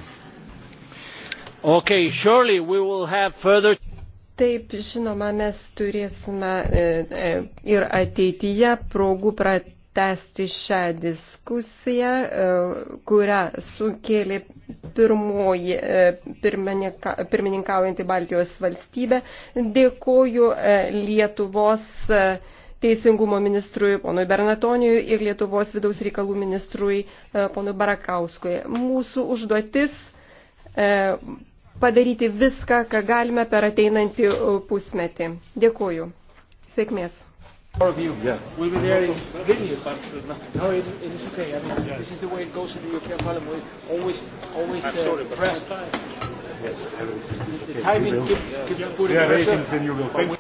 Okay, surely we will have further... Taip, žinoma, mes turėsime e, e, ir ateityje progų prat tęsti šią diskusiją, e, kurią sukėlė pirmoji e, pirmininkaujanti Baltijos valstybė. Dėkoju e, Lietuvos teisingumo ministrui ponui Bernatoniui ir Lietuvos vidaus reikalų ministrui ponui Barakauskui. Mūsų užduotis padaryti viską, ką galime per ateinantį pusmetį. Dėkoju. Sėkmės. Four of you. Yeah. We'll be there in Vilnius. No, it, it is okay. I mean, yes. this is the way it goes in the European Parliament. We always, always I'm uh, sorry, but press. Yes, everything is okay. The timing keeps keep, keep yes. putting yeah, pressure. Then you will pay.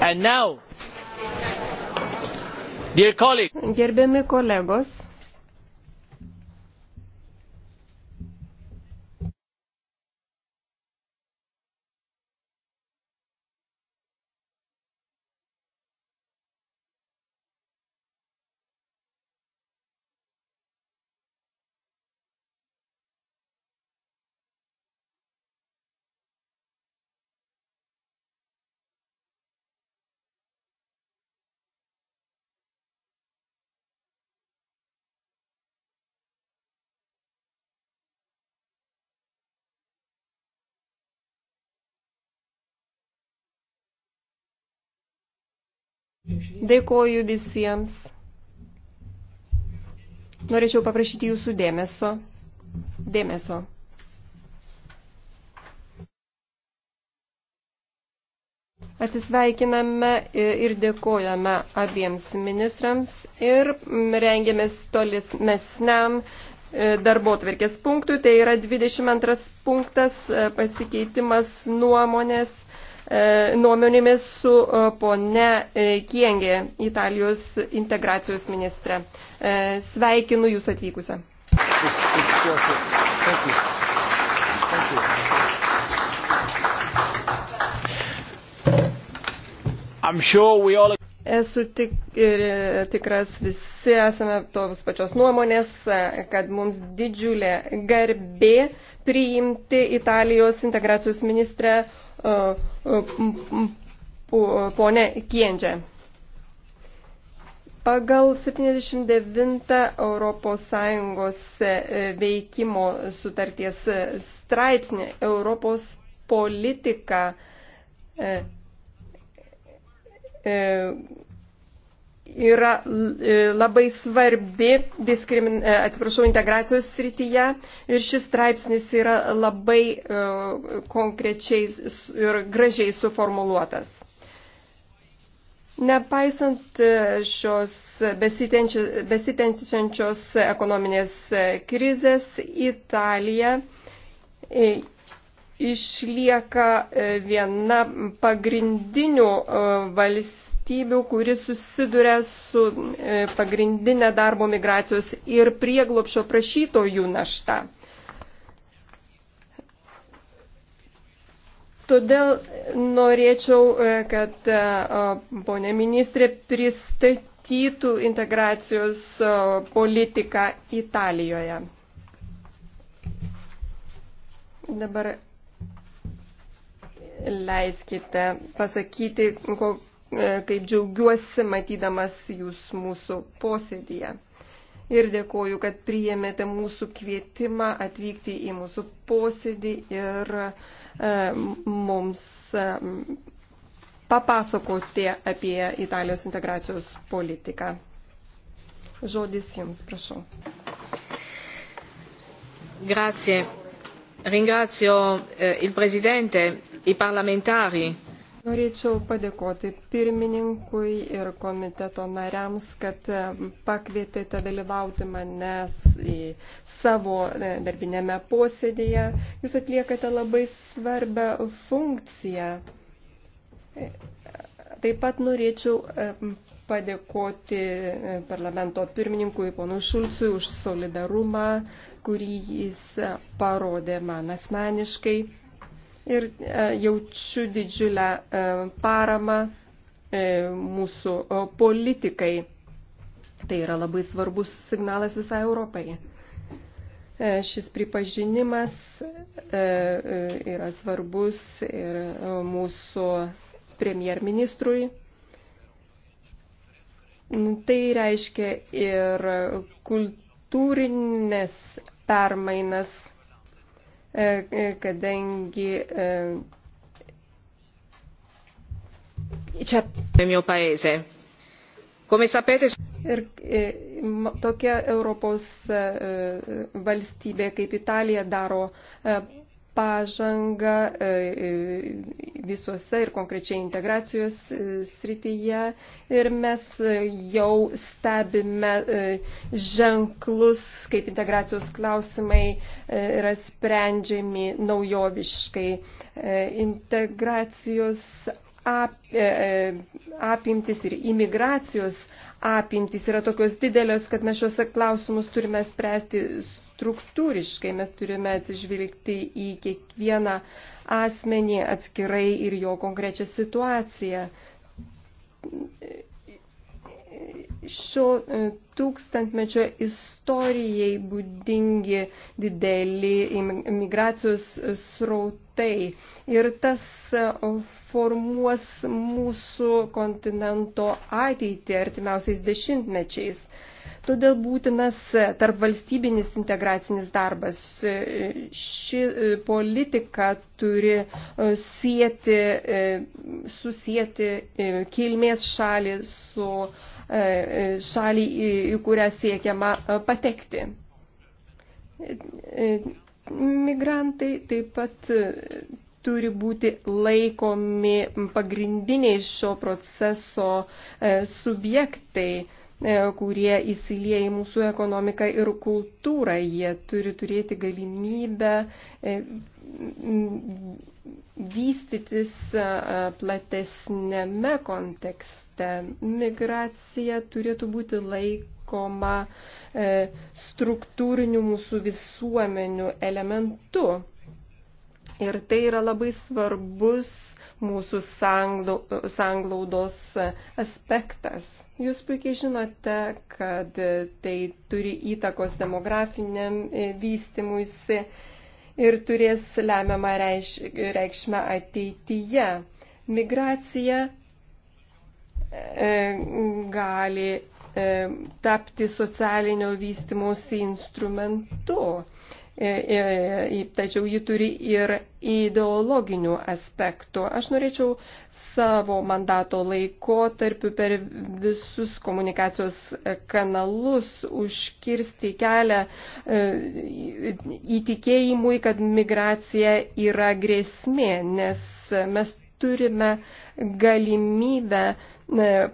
And now Gerbiami kolegos, Dėkoju visiems. Norėčiau paprašyti jūsų dėmesio. Dėmesio. Atsisveikiname ir dėkojame abiems ministrams ir rengiamės tolimesniam e, darbo tvarkės punktui. Tai yra 22 punktas e, pasikeitimas nuomonės E, nuomonėmis su e, pone Kiengė, Italijos integracijos ministre. E, sveikinu Jūs atvykusią. Sure all... Esu tik, ir, tikras, visi esame tos pačios nuomonės, kad mums didžiulė garbė priimti Italijos integracijos ministrę E, ponė Kiendžia. Pagal 79 ES veikimo sutarties straipsnį Europos politika e, e, yra e, labai svarbi diskrimin, e, atsiprašau, integracijos srityje ir šis straipsnis yra labai e, konkrečiai ir gražiai suformuluotas. Nepaisant šios besitenčiančios ekonominės krizės, Italija išlieka viena pagrindinių valstybių valstybių, kuris susiduria su e, pagrindinė darbo migracijos ir prieglopšio prašytojų našta. Todėl norėčiau, e, kad e, ponė ministrė pristatytų integracijos politiką Italijoje. Dabar leiskite pasakyti, E, kaip džiaugiuosi matydamas jūs mūsų posėdėje. Ir dėkoju, kad priėmėte mūsų kvietimą atvykti į mūsų posėdį ir e, mums e, papasakoti apie Italijos integracijos politiką. Žodis jums, prašau. Grazie. Ringrazio eh, il Presidente, i parlamentari Norėčiau padėkoti pirmininkui ir komiteto nariams, kad e, pakvietėte dalyvauti manęs į savo e, darbinėme posėdėje. Jūs atliekate labai svarbę funkciją. E, taip pat norėčiau padėkoti parlamento pirmininkui ponui Šulcui už solidarumą, kurį jis parodė man asmeniškai ir e, jaučiu didžiulę e, paramą e, mūsų politikai. Tai yra labai svarbus signalas visai Europai. Šis pripažinimas yra svarbus ir mūsų premjerministrui. Tai reiškia ir kultūrinės permainas E, e, kadangi e, čia. Ir tokia Europos valstybė kaip Italija daro pažangą e, e, visuose ir konkrečiai integracijos e, srityje ir mes jau stebime ženklus, kaip integracijos klausimai yra sprendžiami naujoviškai. Integracijos apimtis ir imigracijos apimtis yra tokios didelės, kad mes šiuose klausimus turime spręsti struktūriškai. Mes turime atsižvilgti į kiekvieną asmenį atskirai ir jo konkrečią situaciją. Šio e, tūkstantmečio istorijai būdingi dideli imigracijos srautai ir tas e, formuos mūsų kontinento ateitį artimiausiais dešimtmečiais. Todėl būtinas tarp valstybinis integracinis darbas. Ši politika turi e, sieti, e, susieti e, kilmės šalį su šalį, į kurią siekiama patekti. Migrantai taip pat turi būti laikomi pagrindiniai šio proceso subjektai E, kurie įsilieja į mūsų ekonomiką ir kultūrą. Jie turi turėti galimybę e, vystytis e, platesnėme kontekste. Migracija turėtų būti laikoma struktūriniu mūsų visuomenių elementu. Ir tai yra labai svarbus mūsų sanglaudos aspektas. Jūs puikiai žinote, kad tai turi įtakos demografiniam e, vystimuisi ir turės lemiamą reikšmę ateityje. Migracija e, gali e, tapti socialinio vystimosi instrumentu E, e, tačiau ji turi ir ideologinių aspektų. Aš norėčiau savo mandato laikotarpiu per visus komunikacijos kanalus užkirsti kelią e, įtikėjimui, kad migracija yra grėsmė, nes mes turime galimybę e,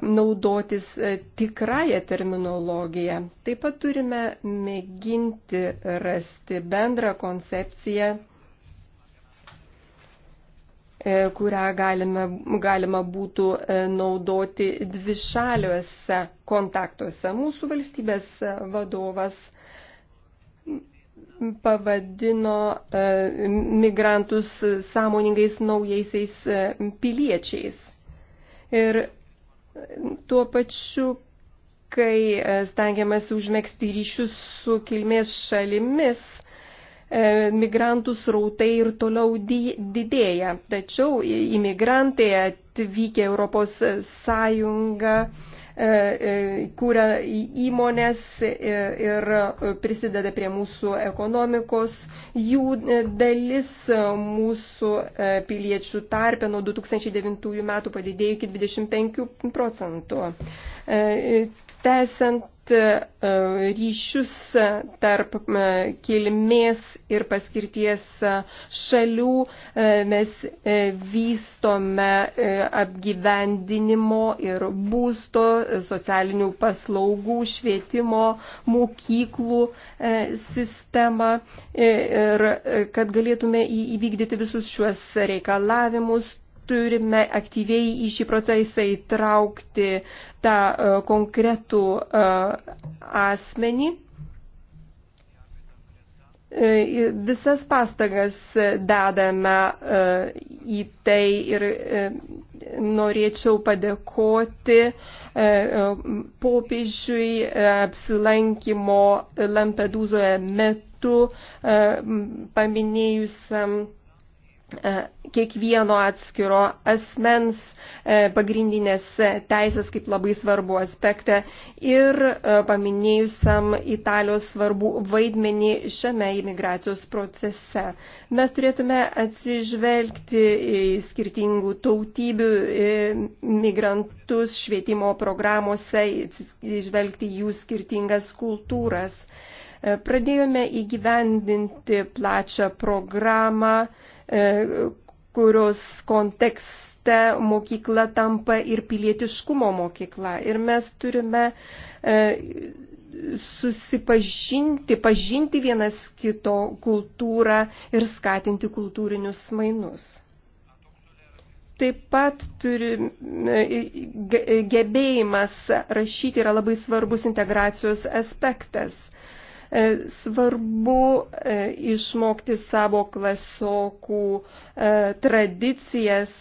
naudotis e, tikrąją terminologiją. Taip pat turime mėginti rasti bendrą koncepciją, e, kurią galime, galima būtų naudoti dvišaliuose kontaktuose. Mūsų valstybės vadovas pavadino e, migrantus sąmoningais naujaisiais e, piliečiais. Ir tuo pačiu, kai e, stengiamasi užmėgsti ryšius su kilmės šalimis, migrantų srautai ir toliau didėja. Tačiau imigrantai atvykę Europos Sąjungą E, e, kūrė įmonės e, ir prisideda prie mūsų ekonomikos. Jų dalis mūsų piliečių tarpė nuo 2009 metų padidėjo iki 25 procentų. Tęsiant E, ryšius tarp kilmės ir paskirties šalių e, mes e, vystome apgyvendinimo ir būsto, socialinių paslaugų, švietimo, mokyklų sistemą ir kad galėtume įvykdyti visus šiuos reikalavimus, turime aktyviai į šį procesą įtraukti tą e, konkretų e, asmenį. E, visas pastagas dedame į tai ir norėčiau padėkoti popiežiui apsilankimo Lampedūzoje metu paminėjusiam E, kiekvieno atskiro asmens e, pagrindinės teisės kaip labai svarbu aspektą ir e, paminėjusiam Italijos svarbu vaidmenį šiame imigracijos procese. Mes turėtume atsižvelgti į skirtingų tautybių migrantus švietimo programuose, atsižvelgti jų skirtingas kultūras. Pradėjome įgyvendinti plačią programą, E, kurios kontekste mokykla tampa ir pilietiškumo mokykla. Ir mes turime e, susipažinti, pažinti vienas kito kultūrą ir skatinti kultūrinius mainus taip pat turi e, gebėjimas rašyti yra labai svarbus integracijos aspektas. E, svarbu e, išmokti savo klasokų e, tradicijas,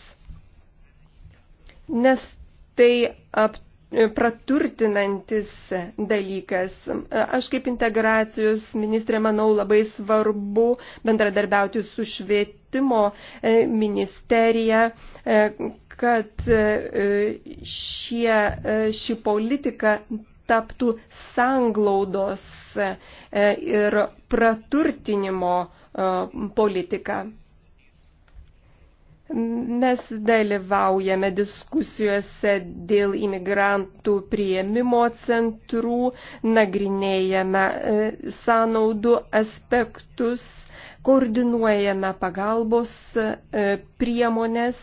nes tai aptarnauja praturtinantis dalykas. Aš kaip integracijos ministrė manau labai svarbu bendradarbiauti su švietimo ministerija, kad šie, ši politika taptų sanglaudos e, ir praturtinimo e, politika. Mes dalyvaujame diskusijose dėl imigrantų prieimimo centrų, nagrinėjame e, sąnaudų aspektus, koordinuojame pagalbos priemonės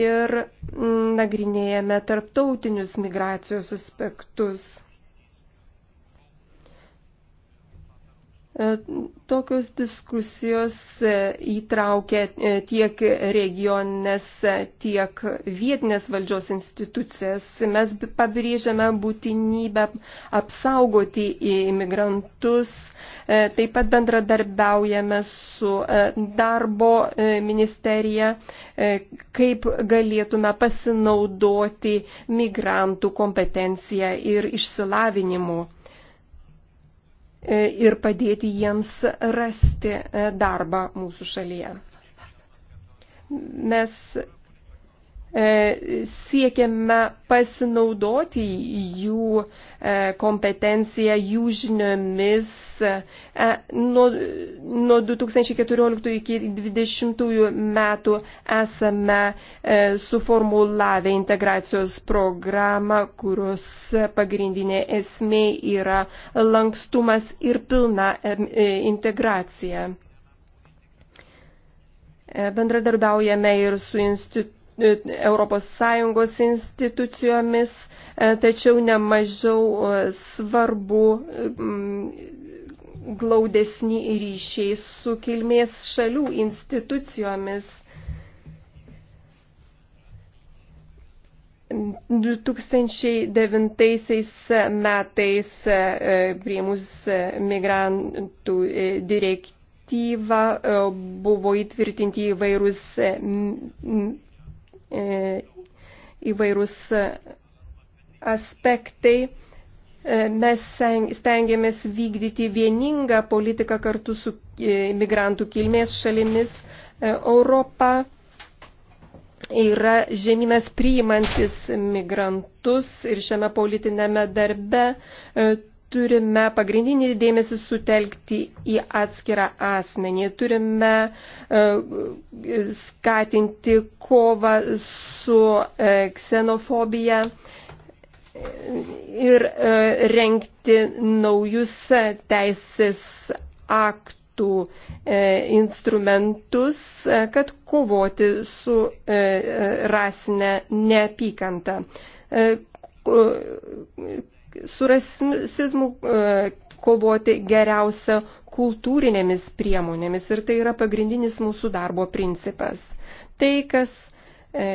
ir mm, nagrinėjame tarptautinius migracijos aspektus. E, tokios diskusijos e, įtraukia e, tiek regionės, tiek vietinės valdžios institucijas. Mes pabrėžiame būtinybę apsaugoti imigrantus, taip pat bendradarbiaujame su darbo ministerija, kaip galėtume pasinaudoti migrantų kompetenciją ir išsilavinimu E, ir padėti jiems rasti e, darbą mūsų šalyje. Mes E, siekiame pasinaudoti jų e, kompetenciją, jų žiniomis. E, nuo, nuo 2014 iki 2020 metų esame suformulavę integracijos programą, kurios pagrindinė esmė yra lankstumas ir pilna integracija. Bendradarbiaujame ir su institutu ES institucijomis, e, tačiau nemažiau e, svarbu mm, glaudesni ryšiai su kilmės šalių institucijomis. 2009 metais e, priimus migrantų direktyvą buvo įtvirtinti įvairūs E, įvairūs aspektai. E, mes stengiamės vykdyti vieningą politiką kartu su e, migrantų kilmės šalimis. Europa yra žemynas priimantis migrantus ir šiame politinėme darbe turime pagrindinį dėmesį sutelkti į atskirą asmenį, turime e, skatinti kovą su e, ksenofobija ir e, renkti naujus teisės aktų instrumentus, kad kovoti su rasinė neapykanta su rasizmu e, kovoti geriausia kultūrinėmis priemonėmis ir tai yra pagrindinis mūsų darbo principas. Tai, kas e,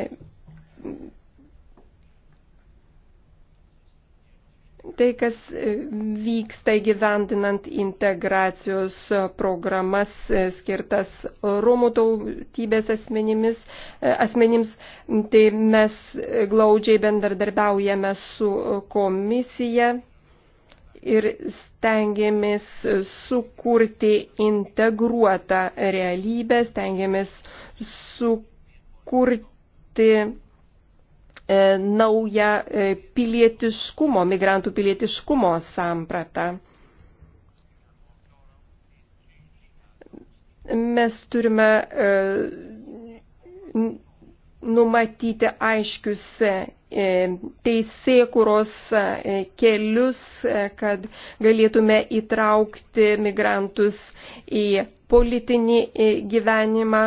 tai, kas e, vyksta įgyvendinant integracijos e, programas e, skirtas Romų tautybės asmenimis, asmenims, tai mes glaudžiai bendradarbiaujame su komisija ir stengiamės sukurti integruotą realybę, stengiamės sukurti E, naują e, pilietiškumo, migrantų pilietiškumo sampratą. Mes turime e, numatyti aiškius teisėkuros kelius, kad galėtume įtraukti migrantus į politinį gyvenimą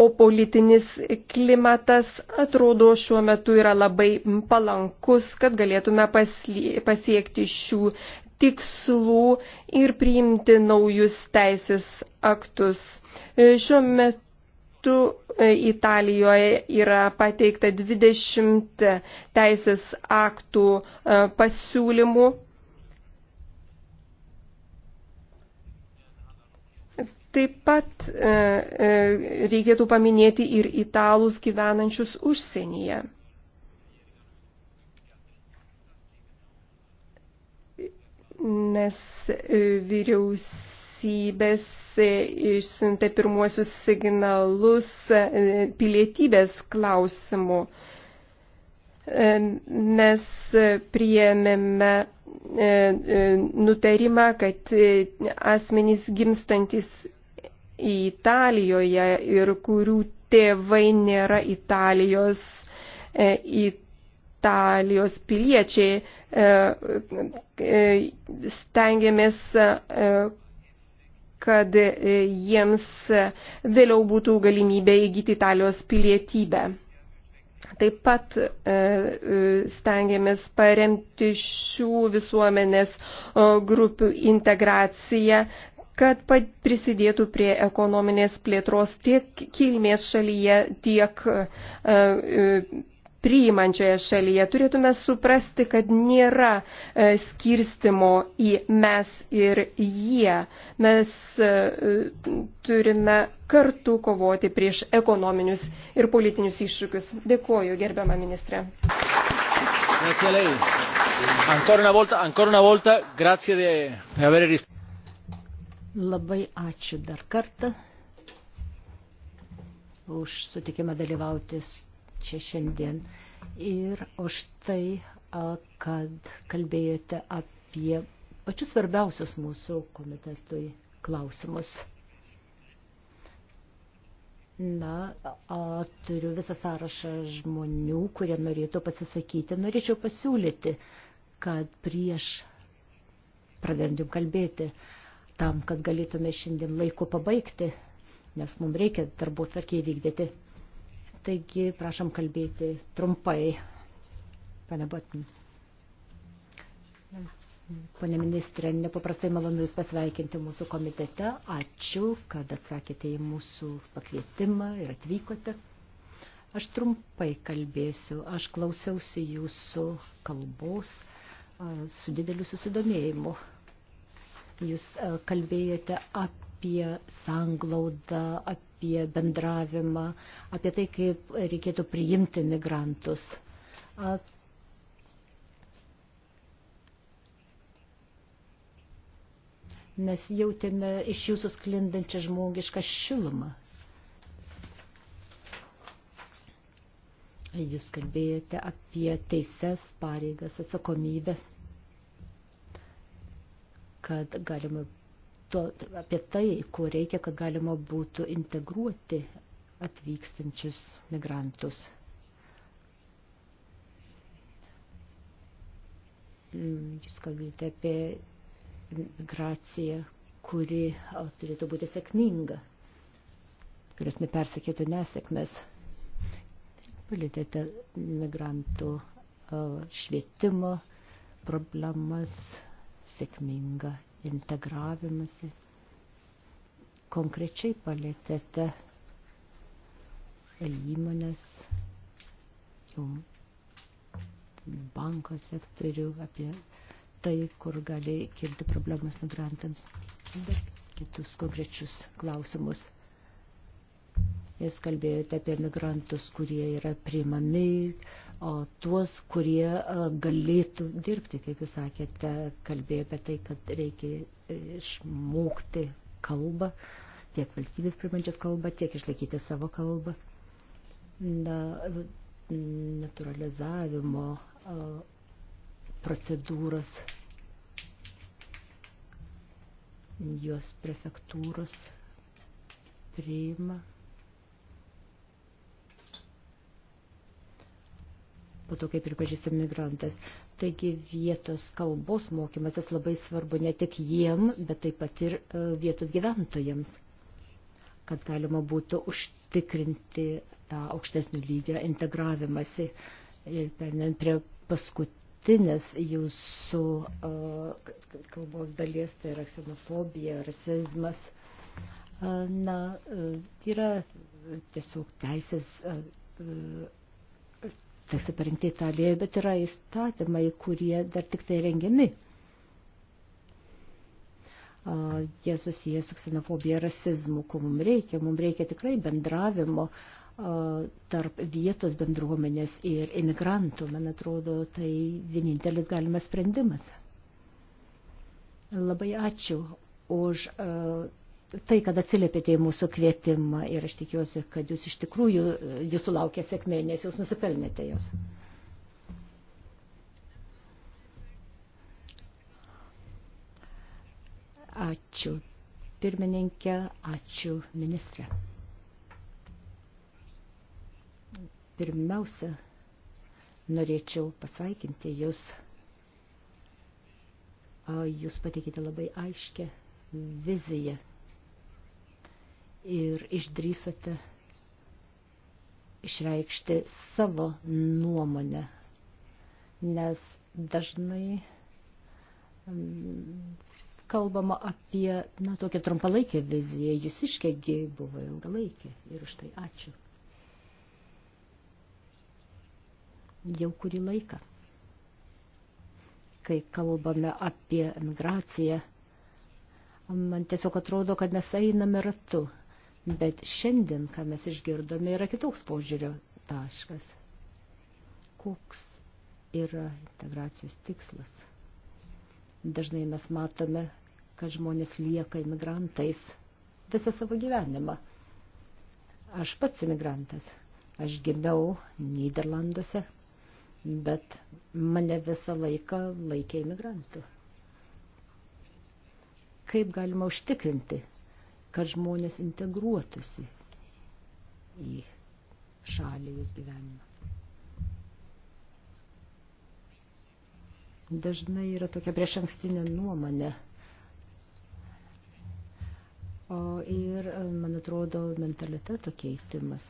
o politinis klimatas atrodo šiuo metu yra labai palankus, kad galėtume pasiekti šių tikslų ir priimti naujus teisės aktus. Šiuo metu e, Italijoje yra pateikta 20 teisės aktų e, pasiūlymų Taip pat e, e, reikėtų paminėti ir italus gyvenančius užsienyje. Nes e, vyriausybės išsiuntė pirmuosius signalus pilietybės klausimų, nes priėmėme nutarimą, kad asmenys gimstantis Italijoje ir kurių tėvai nėra Italijos, e, Italijos piliečiai. E, e, stengiamės, kad jiems vėliau būtų galimybė įgyti Italijos pilietybę. Taip pat stengiamės paremti šių visuomenės grupių integraciją kad prisidėtų prie ekonominės plėtros tiek kilmės šalyje, tiek e, e, priimančioje šalyje. Turėtume suprasti, kad nėra e, skirstimo į mes ir jie. Mes turime kartu kovoti prieš ekonominius ir politinius iššūkius. Dėkuoju, gerbiama ministrė. Grazie a lei. Ancora una volta, ancora una volta, grazie di avere risposto. Labai ačiū dar kartą už sutikimą dalyvautis čia šiandien ir už tai, kad kalbėjote apie pačius svarbiausius mūsų komitetui klausimus. Na, a, turiu visą sąrašą žmonių, kurie norėtų pasisakyti. Norėčiau pasiūlyti, kad prieš pradedant jums kalbėti, tam, kad galėtume šiandien laiku pabaigti, nes mums reikia darbų tvarkiai vykdyti. Taigi, prašom kalbėti trumpai. Pane Botin. Pane ministrė, nepaprastai malonu Jūs pasveikinti mūsų komitete. Ačiū, kad atsakėte į mūsų pakvietimą ir atvykote. Aš trumpai kalbėsiu. Aš klausiausi Jūsų kalbos su dideliu susidomėjimu. Jūs e, kalbėjote apie sanglaudą, apie bendravimą, apie tai, kaip reikėtų priimti migrantus. Mes jautėme iš jūsų sklindančią žmogišką šilumą. Jūs kalbėjote apie teises, pareigas, atsakomybę kad galima to, apie tai, ko reikia, kad galima būtų integruoti atvykstančius migrantus. Mm, jūs kalbėjote apie migraciją, kuri turėtų būti sėkminga, kurios nepersakytų nesėkmės. Palėtėte migrantų švietimo problemas, sėkmingą integravimąsi. Konkrečiai palėtėte įmonės, jau banko sektorių, apie tai, kur gali kilti problemas migrantams, dar kitus konkrečius klausimus. Jūs kalbėjote apie migrantus, kurie yra priimami, tuos, kurie galėtų dirbti, kaip jūs sakėte, kalbėjo apie tai, kad reikia išmokti kalbą, tiek valstybės primančias kalbą, tiek išlaikyti savo kalbą. Na, naturalizavimo procedūros, jos prefektūros priima po to, kai pripažįsta migrantas. Taigi vietos kalbos mokymasis labai svarbu ne tik jiem, bet taip pat ir e, vietos gyventojams, kad galima būtų užtikrinti tą aukštesnių lygio integravimąsi. Ir pernant prie paskutinės jūsų e, kalbos dalies, tai yra ksenofobija, rasizmas. E, na, yra tiesiog teisės tekstai parengti Italijoje, bet yra įstatymai, kurie dar tik tai rengiami. Uh, jie susiję su ksenofobija, rasizmu, ko mums reikia. Mums reikia tikrai bendravimo uh, tarp vietos bendruomenės ir imigrantų. Man atrodo, tai vienintelis galimas sprendimas. Labai ačiū už uh, tai, kad atsiliepėte į mūsų kvietimą ir aš tikiuosi, kad jūs iš tikrųjų, jūsų laukia sėkmė, nes jūs nusipelnėte jos. Ačiū pirmininkė, ačiū ministrė. Pirmiausia, norėčiau pasveikinti jūs. Jūs pateikite labai aiškę viziją ir išdrysote išreikšti savo nuomonę, nes dažnai mm, kalbama apie, na, tokią trumpalaikę viziją, jūs iškėgi buvo ilgalaikė ir už tai ačiū. Jau kurį laiką, kai kalbame apie migraciją, man tiesiog atrodo, kad mes einame ratu Bet šiandien, ką mes išgirdome, yra kitoks požiūrio taškas. Koks yra integracijos tikslas? Dažnai mes matome, kad žmonės lieka imigrantais visą savo gyvenimą. Aš pats imigrantas. Aš gimiau Niderlanduose, bet mane visą laiką laikė imigrantų. Kaip galima užtikrinti, kad žmonės integruotųsi į šalį jūs gyvenimą. Dažnai yra tokia prieš ankstinė nuomonė. O ir, man atrodo, mentaliteto keitimas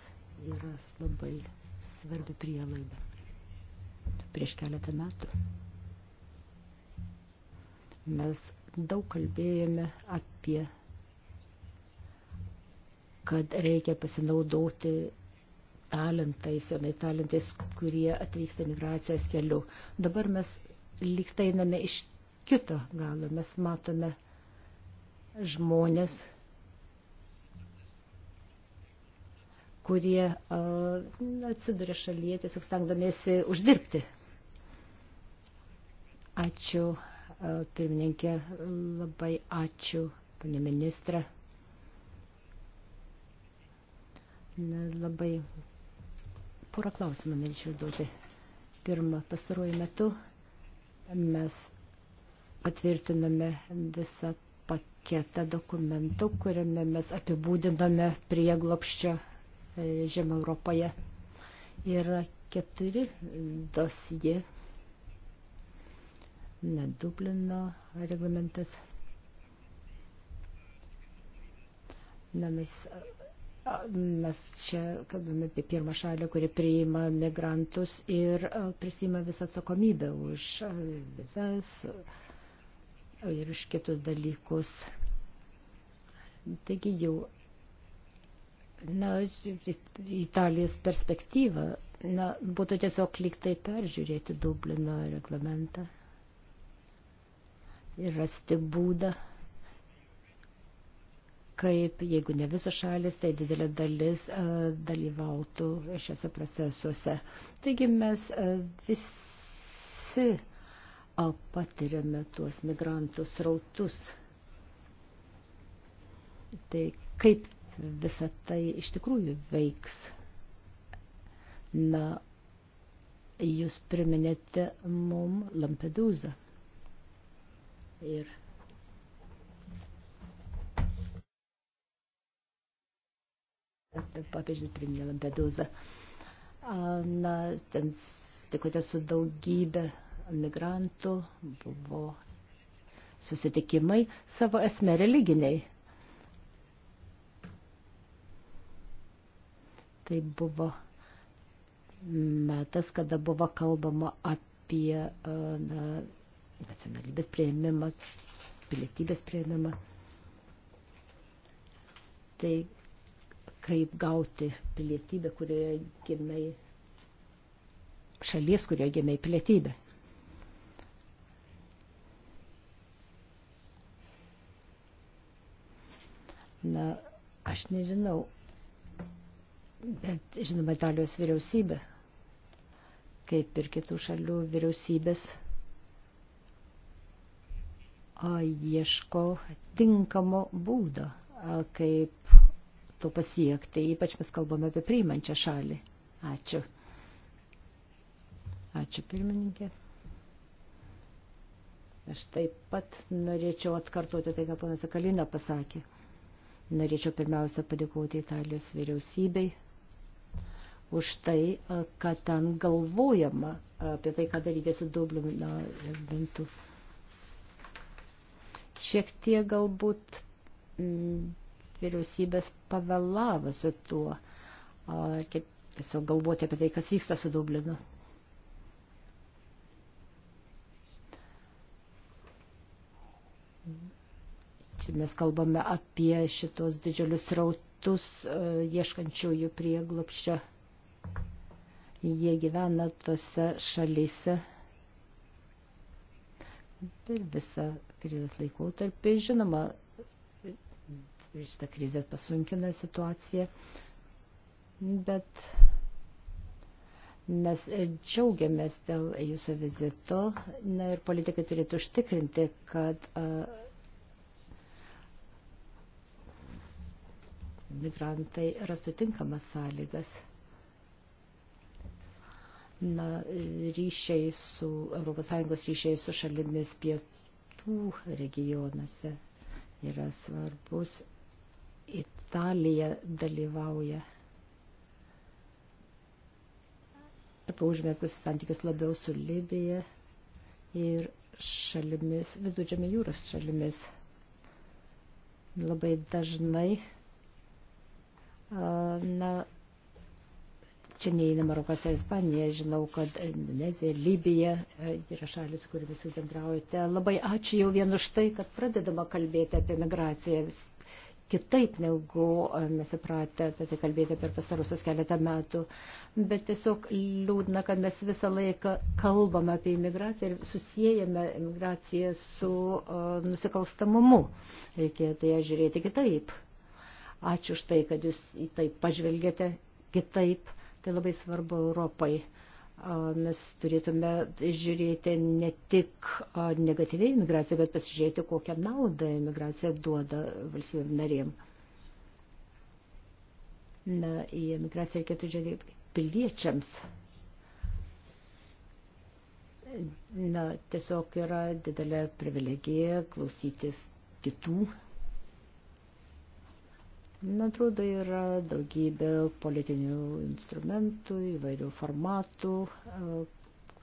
yra labai svarbi prielaida. Prieš keletą metų mes daug kalbėjome apie kad reikia pasinaudoti talentais, jaunai talentais, kurie atvyksta migracijos keliu. Dabar mes lygtai einame iš kito galo, mes matome žmonės, kurie uh, atsiduria šalyje tiesiog stengdamiesi uždirbti. Ačiū, uh, pirmininkė, labai ačiū, panė ministra. labai porą klausimų norėčiau duoti. Pirma, pastaruoju metu mes patvirtiname visą paketą dokumentų, kuriame mes apibūdiname prieglopščio žemę Europoje. Yra keturi dosijai ne Dublino reglamentas. Na, mes Mes čia kalbame apie pirmą šalį, kuri priima migrantus ir prisima visą atsakomybę už vizas ir už kitus dalykus. Taigi jau, na, Italijos perspektyva, na, būtų tiesiog liktai peržiūrėti Dublino reglamentą ir rasti būdą kaip, jeigu ne visos šalis, tai didelė dalis e, dalyvautų šiuose procesuose. Taigi mes e, visi e, patiriame tuos migrantų srautus. Tai kaip visa tai iš tikrųjų veiks? Na, jūs priminėte mum Lampedūzą. Ir papiežis priminė Lampedūzą. Na, ten stikote su daugybė migrantų, buvo susitikimai savo esmė religiniai. Tai buvo metas, kada buvo kalbama apie na, nacionalybės prieimimą, pilietybės prieimimą. Tai kaip gauti pilietybę, kurioje gimei šalies, kurioje gimei pilietybę. Na, aš nežinau, bet žinoma, Italijos vyriausybė, kaip ir kitų šalių vyriausybės, ieško tinkamo būdo, kaip to pasiekti, ypač mes kalbame apie priimančią šalį. Ačiū. Ačiū pirmininkė. Aš taip pat norėčiau atkartoti tai, ką ponas Akalina pasakė. Norėčiau pirmiausia padėkoti Italijos vyriausybei už tai, kad ten galvojama apie tai, ką daryti su Dublino bentu. Šiek tiek galbūt. Mm, vyriausybės pavėlavo su tuo, kaip tiesiog galvoti apie tai, kas vyksta su Dublinu. Čia mes kalbame apie šitos didžiulius rautus e, ieškančiųjų prieglopščio. Jie gyvena tose šalyse per visą krizės laikotarpį. Žinoma, šitą krizę pasunkina situaciją, bet mes džiaugiamės dėl jūsų vizito na, ir politikai turėtų užtikrinti, kad a, migrantai rastų tinkamas sąlygas na, ryšiai su ES ryšiai su šalimis pietų regionuose yra svarbus Italija dalyvauja. Arba užmėsgusi santykius labiau su Libija ir šalimis, viduržėme jūros šalimis. Labai dažnai, na, čia neįna Marokas ir Ispanija, žinau, kad Indonezija, Libija yra šalis, kuriomis jūs bendraujate. Labai ačiū jau vien už tai, kad pradedama kalbėti apie migraciją kitaip, negu e, mes įpratę apie tai kalbėti per pastarusius keletą metų. Bet tiesiog liūdna, kad mes visą laiką kalbame apie imigraciją ir susijęjame imigraciją su uh, nusikalstamumu. Reikėtų tai ją žiūrėti kitaip. Ačiū už tai, kad jūs į tai pažvelgėte kitaip. Tai labai svarbu Europai. Uh, mes turėtume žiūrėti ne tik negatyviai imigraciją, bet pasižiūrėti, kokią naudą imigracija duoda valstybėm narėm. Na, į imigraciją reikėtų žiūrėti piliečiams. Na, tiesiog yra didelė privilegija klausytis kitų Man atrodo, yra daugybė politinių instrumentų, įvairių formatų, e,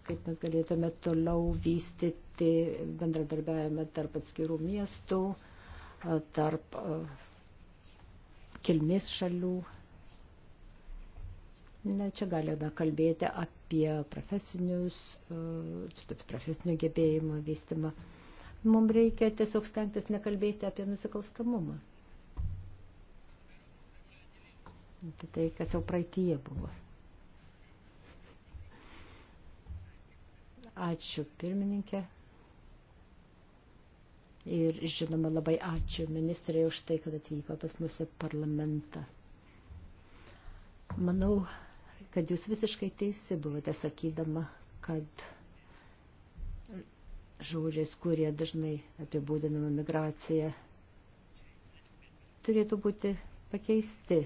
kaip mes galėtume toliau vystyti bendradarbiavimą tarp atskirų miestų, e, tarp e, kilmės šalių. Na, čia galime kalbėti apie profesinius, profesinių gebėjimų vystimą. Mums reikia tiesiog stengtis nekalbėti apie nusikalstamumą. Tai, tai, kas jau praeitie buvo. Ačiū pirmininkė. Ir žinoma, labai ačiū ministrė už tai, kad atvyko pas mūsų parlamentą. Manau, kad jūs visiškai teisi buvote sakydama, kad žodžiais, kurie dažnai apibūdinama migracija, turėtų būti pakeisti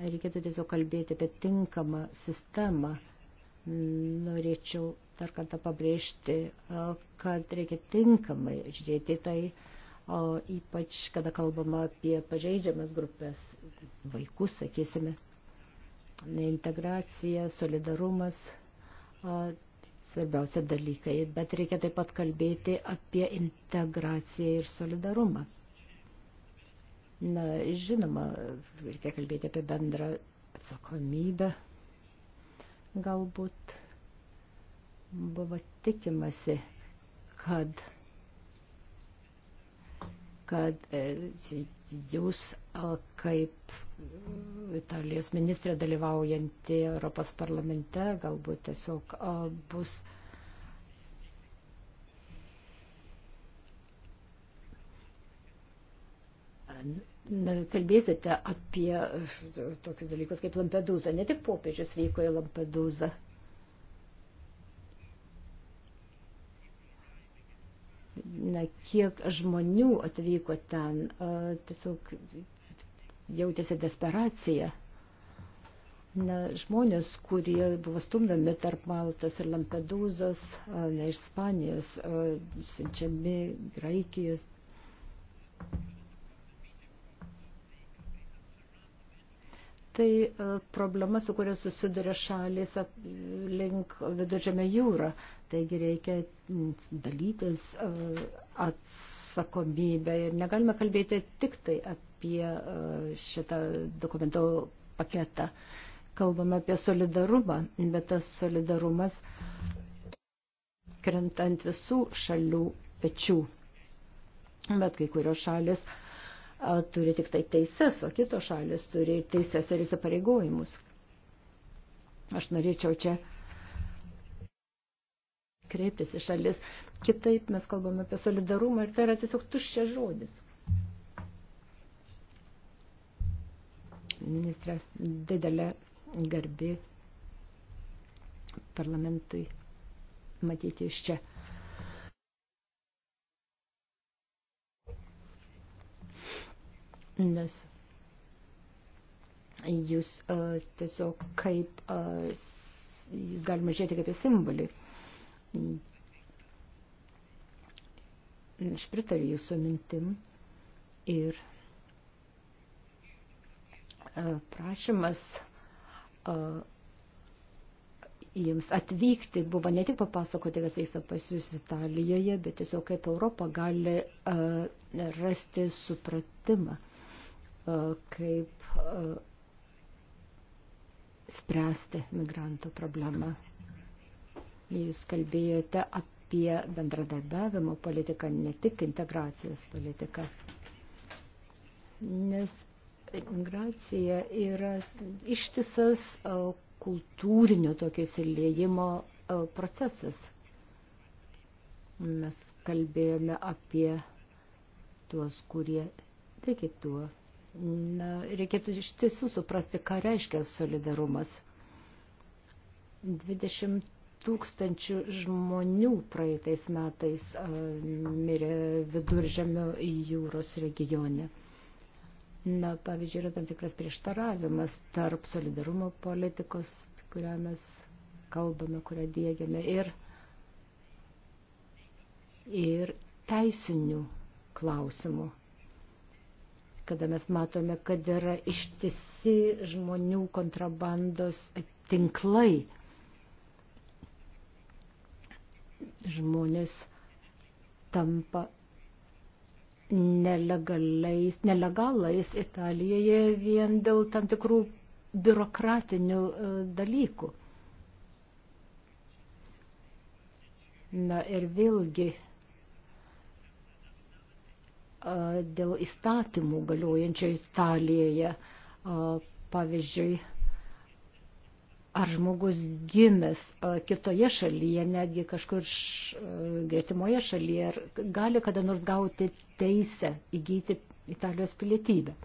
Reikėtų tiesiog kalbėti apie tinkamą sistemą. Norėčiau dar kartą pabrėžti, kad reikia tinkamai žiūrėti tai, o ypač, kada kalbama apie pažeidžiamas grupės, vaikus, sakysime, integracija, solidarumas, svarbiausia dalykai, bet reikia taip pat kalbėti apie integraciją ir solidarumą. Na, žinoma, reikia kalbėti apie bendrą atsakomybę. Galbūt buvo tikimasi, kad, kad e, jūs kaip Italijos ministrė dalyvaujanti Europos parlamente galbūt tiesiog bus uh, kalbėsite apie tokius dalykus kaip Lampedusa. Ne tik popiežius vyko į Lampedusą. Na, kiek žmonių atvyko ten, tiesiog jautėsi desperacija. Na, žmonės, kurie buvo stumdami tarp Maltos ir Lampedūzos, ne Ispanijos, siunčiami Graikijos. Thank you. tai e, problema, su kuria susiduria šalis link viduržėme jūrą. Taigi reikia dalytis e, atsakomybę ir negalime kalbėti tik tai apie e, šitą dokumento paketą. Kalbame apie solidarumą, bet tas solidarumas krenta ant visų šalių pečių. Bet kai kurios šalis uh, turi tik tai teises, o kitos šalis turi teises ir įsipareigojimus. Aš norėčiau čia kreiptis į šalis. Kitaip mes kalbame apie solidarumą ir tai yra tiesiog tuščias žodis. Ministrė, didelė garbi parlamentui matyti iš čia. nes jūs uh, tiesiog kaip, uh, jūs galima žiūrėti kaip į simbolį. Aš pritariu jūsų mintim ir uh, prašymas uh, jums atvykti buvo ne tik papasakoti, kas vyksta pas jūs Italijoje, bet tiesiog kaip Europą gali uh, rasti supratimą. E, kaip e, spręsti migrantų problemą. Jūs kalbėjote apie bendradarbiavimo politiką, ne tik integracijos politiką. Nes migracija yra ištisas e, kultūrinio tokio įsiliejimo procesas. Mes kalbėjome apie tuos, kurie tiki tuo reikėtų iš tiesų suprasti, ką reiškia solidarumas. 20 tūkstančių žmonių praeitais metais mirė viduržemio jūros regione. Na, pavyzdžiui, yra tam tikras prieštaravimas tarp solidarumo politikos, kurią mes kalbame, kurią dėgiame, ir, ir teisinių klausimų kada mes matome, kad yra ištisi žmonių kontrabandos tinklai. Žmonės tampa nelegaliais, nelegalais Italijoje vien dėl tam tikrų biurokratinių e, dalykų. Na ir vėlgi dėl įstatymų galiojančio Italijoje. Pavyzdžiui, ar žmogus gimęs kitoje šalyje, netgi kažkur š, gretimoje šalyje, ar gali kada nors gauti teisę įgyti Italijos pilietybę.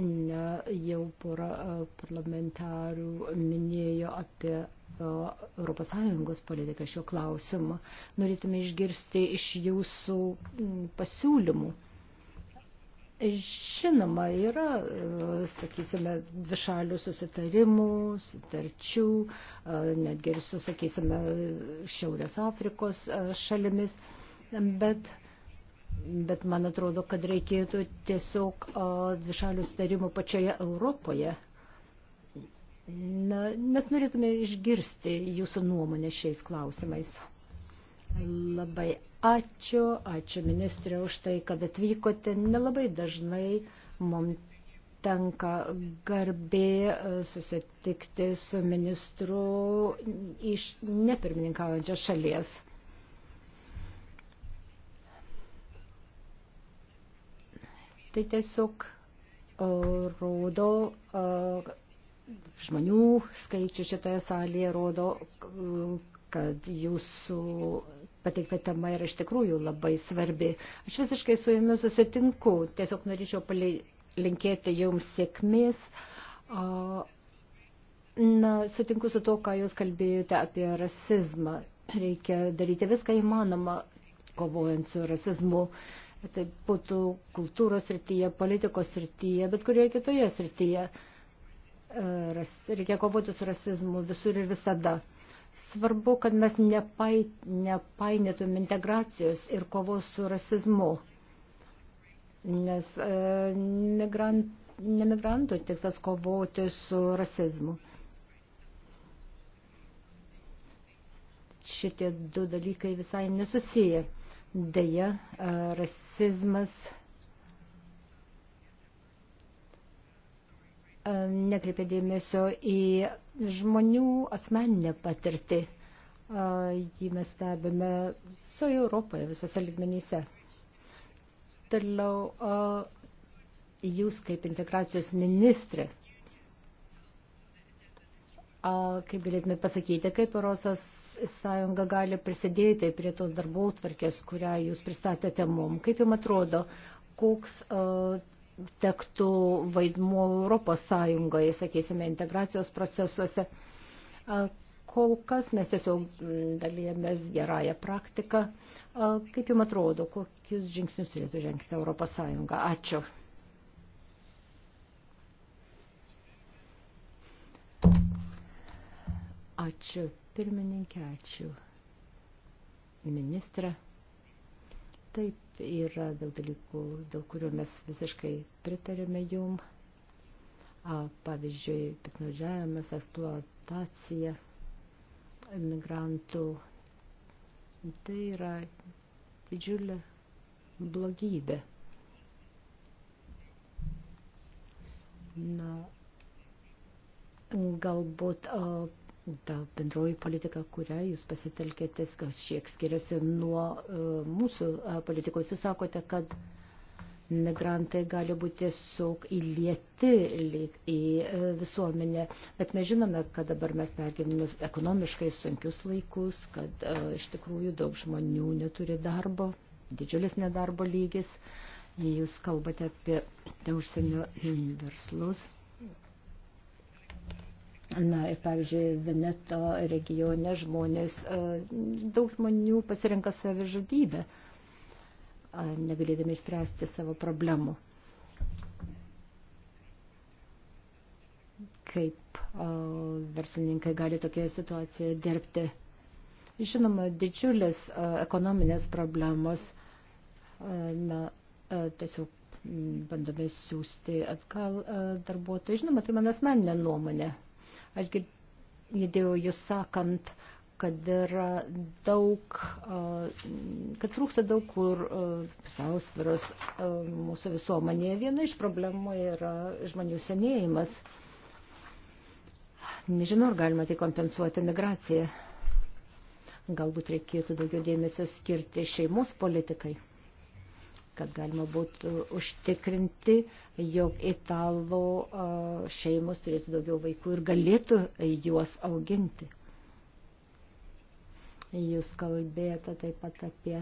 Na, jau pora parlamentarų minėjo apie ES politiką šiuo klausimu. Norėtume išgirsti iš jūsų pasiūlymų. Žinoma, yra, sakysime, dvišalių susitarimų, sutarčių, netgi ir su, sakysime, Šiaurės Afrikos šalimis, bet Bet man atrodo, kad reikėtų tiesiog dvišalių starimų pačioje Europoje. Na, mes norėtume išgirsti jūsų nuomonę šiais klausimais. Labai ačiū, ačiū ministrė už tai, kad atvykote. Nelabai dažnai mums tenka garbė susitikti su ministru iš nepirmininkaujančios šalies. Tai tiesiog e, rodo e, žmonių skaičių šitoje salėje, rodo, e, kad jūsų pateikta tema yra iš tikrųjų labai svarbi. Aš visiškai su jumis susitinku, tiesiog norėčiau palinkėti jums sėkmės. Na, sutinku su to, ką jūs kalbėjote apie rasizmą. Reikia daryti viską įmanomą, kovojant su rasizmu. Uh, Tai būtų kultūros srityje, politikos srityje, bet kurioje kitoje srityje. E, reikia kovoti su rasizmu visur ir visada. Svarbu, kad mes nepai, nepainėtum integracijos ir kovos su rasizmu. Nes e, migrant, nemigrantų tikslas kovoti su rasizmu. Šitie du dalykai visai nesusiję. Deja, rasizmas nekreipia dėmesio į žmonių asmeninę patirtį. Jį mes stebime visoje Europoje, visose ligmenyse. Toliau, jūs kaip integracijos ministrė, kaip galėtume pasakyti, kaip Eurosas sąjunga gali prisidėti prie tos darbų tvarkės, kurią jūs pristatėte mum. Kaip jums atrodo, koks e, tektų vaidmuo Europos Sąjungoje, sakysime, integracijos procesuose. E, kol kas mes tiesiog mm, dalyjamės gerąją praktiką. E, kaip jums atrodo, kokius žingsnius turėtų žengti Europos Sąjunga? Ačiū. Ačiū Pirmininkė, ačiū. Ministra. Taip, yra daug dalykų, dėl kurių mes visiškai pritarėme jum. A, pavyzdžiui, piknaudžiavimas, eksploatacija migrantų. Tai yra didžiulė blogybė. Na, galbūt o, ta bendroji politika, kurią jūs pasitelkėte, šiek skiriasi nuo e, mūsų e, politikos. Jūs sakote, kad migrantai gali būti tiesiog įlieti į e, visuomenę, bet mes žinome, kad dabar mes pergyvename ekonomiškai sunkius laikus, kad iš tikrųjų daug žmonių neturi darbo, didžiulis nedarbo lygis. Jūs kalbate apie užsienio verslus, Na ir pavyzdžiui, Veneto regione žmonės, e, daug žmonių pasirenka savižudybę, e, negalėdami spręsti savo problemų. Kaip e, verslininkai gali tokioje situacijoje dirbti? Žinoma, didžiulės ekonominės problemos, na, tiesiog bandome siūsti atgal darbuotojai. Žinoma, tai mano asmeninė nuomonė. Aš girdėjau jūs sakant, kad yra daug, kad trūksta daug kur pusiausviros mūsų visuomenėje. Viena iš problemų yra žmonių senėjimas. Nežinau, ar galima tai kompensuoti migraciją. Galbūt reikėtų daugiau dėmesio skirti šeimos politikai kad galima būtų užtikrinti, jog italų šeimos turėtų daugiau vaikų ir galėtų juos auginti. Jūs kalbėjote taip pat apie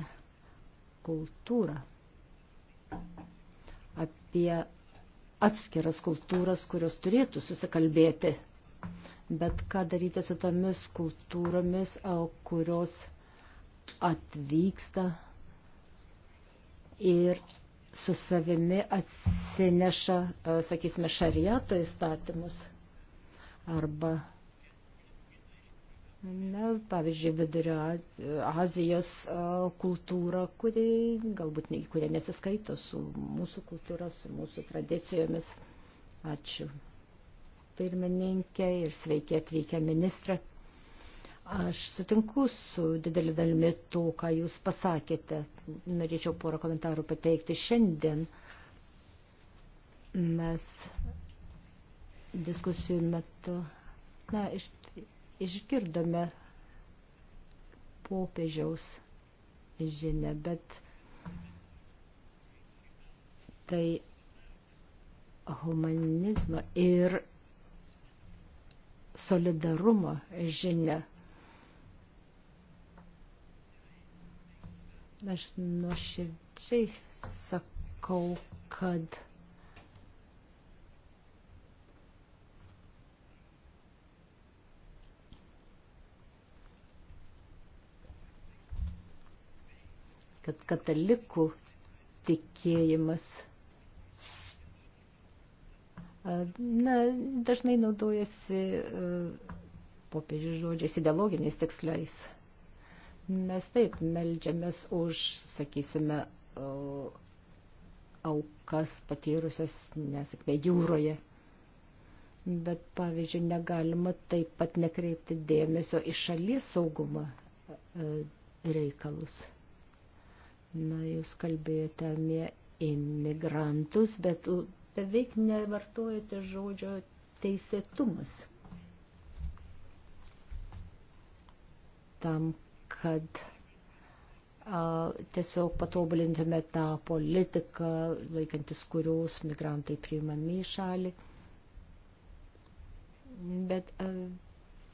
kultūrą, apie atskiras kultūras, kurios turėtų susikalbėti. Bet ką daryti su tomis kultūromis, kurios atvyksta ir su savimi atsineša, e, sakysime, šariato įstatymus arba, ne, pavyzdžiui, vidurio Azijos e, kultūra, kuri galbūt kurie nesiskaito su mūsų kultūra, su mūsų tradicijomis. Ačiū pirmininkė ir sveiki atvykę ministrą. Aš sutinku su didelį dalimi to, ką jūs pasakėte. Norėčiau porą komentarų pateikti. Šiandien mes diskusijų metu na, iš, išgirdome popiežiaus žinę, bet tai humanizmo ir solidarumo žinia. Aš nuoširdžiai sakau, kad kad katalikų tikėjimas na, dažnai naudojasi popiežių žodžiais ideologiniais tikslais. Mes taip meldžiamės už, sakysime, e, aukas patyrusias nesėkmę jūroje. Bet, pavyzdžiui, negalima taip pat nekreipti dėmesio į šalies saugumą e, reikalus. Na, jūs kalbėjote apie imigrantus, bet beveik nevartojate žodžio teisėtumas. Tam, kad tiesiog patobulintume tą politiką, laikantis kurios migrantai priimami į šalį. Bet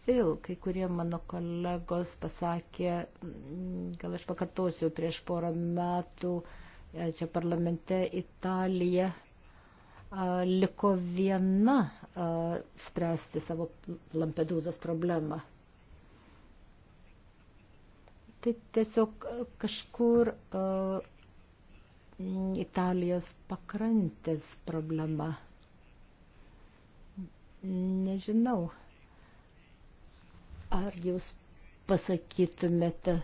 vėl kai kurie mano kolegos pasakė, gal aš pakartosiu, prieš porą metų e, čia parlamente Italija liko viena spręsti savo Lampedūzos problemą tai tiesiog e, kažkur uh, Italijos pakrantės problema. Nežinau, ar jūs pasakytumėte,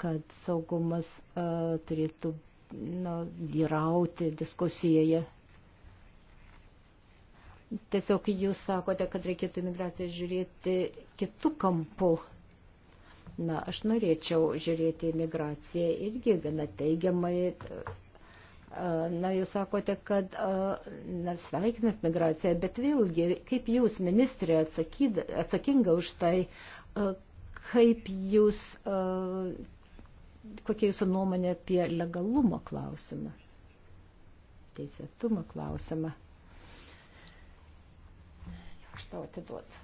kad saugumas uh, turėtų nu, vyrauti diskusijoje. Tiesiog jūs sakote, kad reikėtų imigraciją žiūrėti kitų kampų. Uh, Na, aš norėčiau žiūrėti į migraciją irgi gana teigiamai. Na, jūs sakote, kad na, sveikinat migraciją, bet vėlgi, kaip jūs, ministrė, atsakyd, atsakinga už tai, kaip jūs, kokia jūsų nuomonė apie legalumo klausimą, teisėtumo klausimą. Aš tau atiduodu.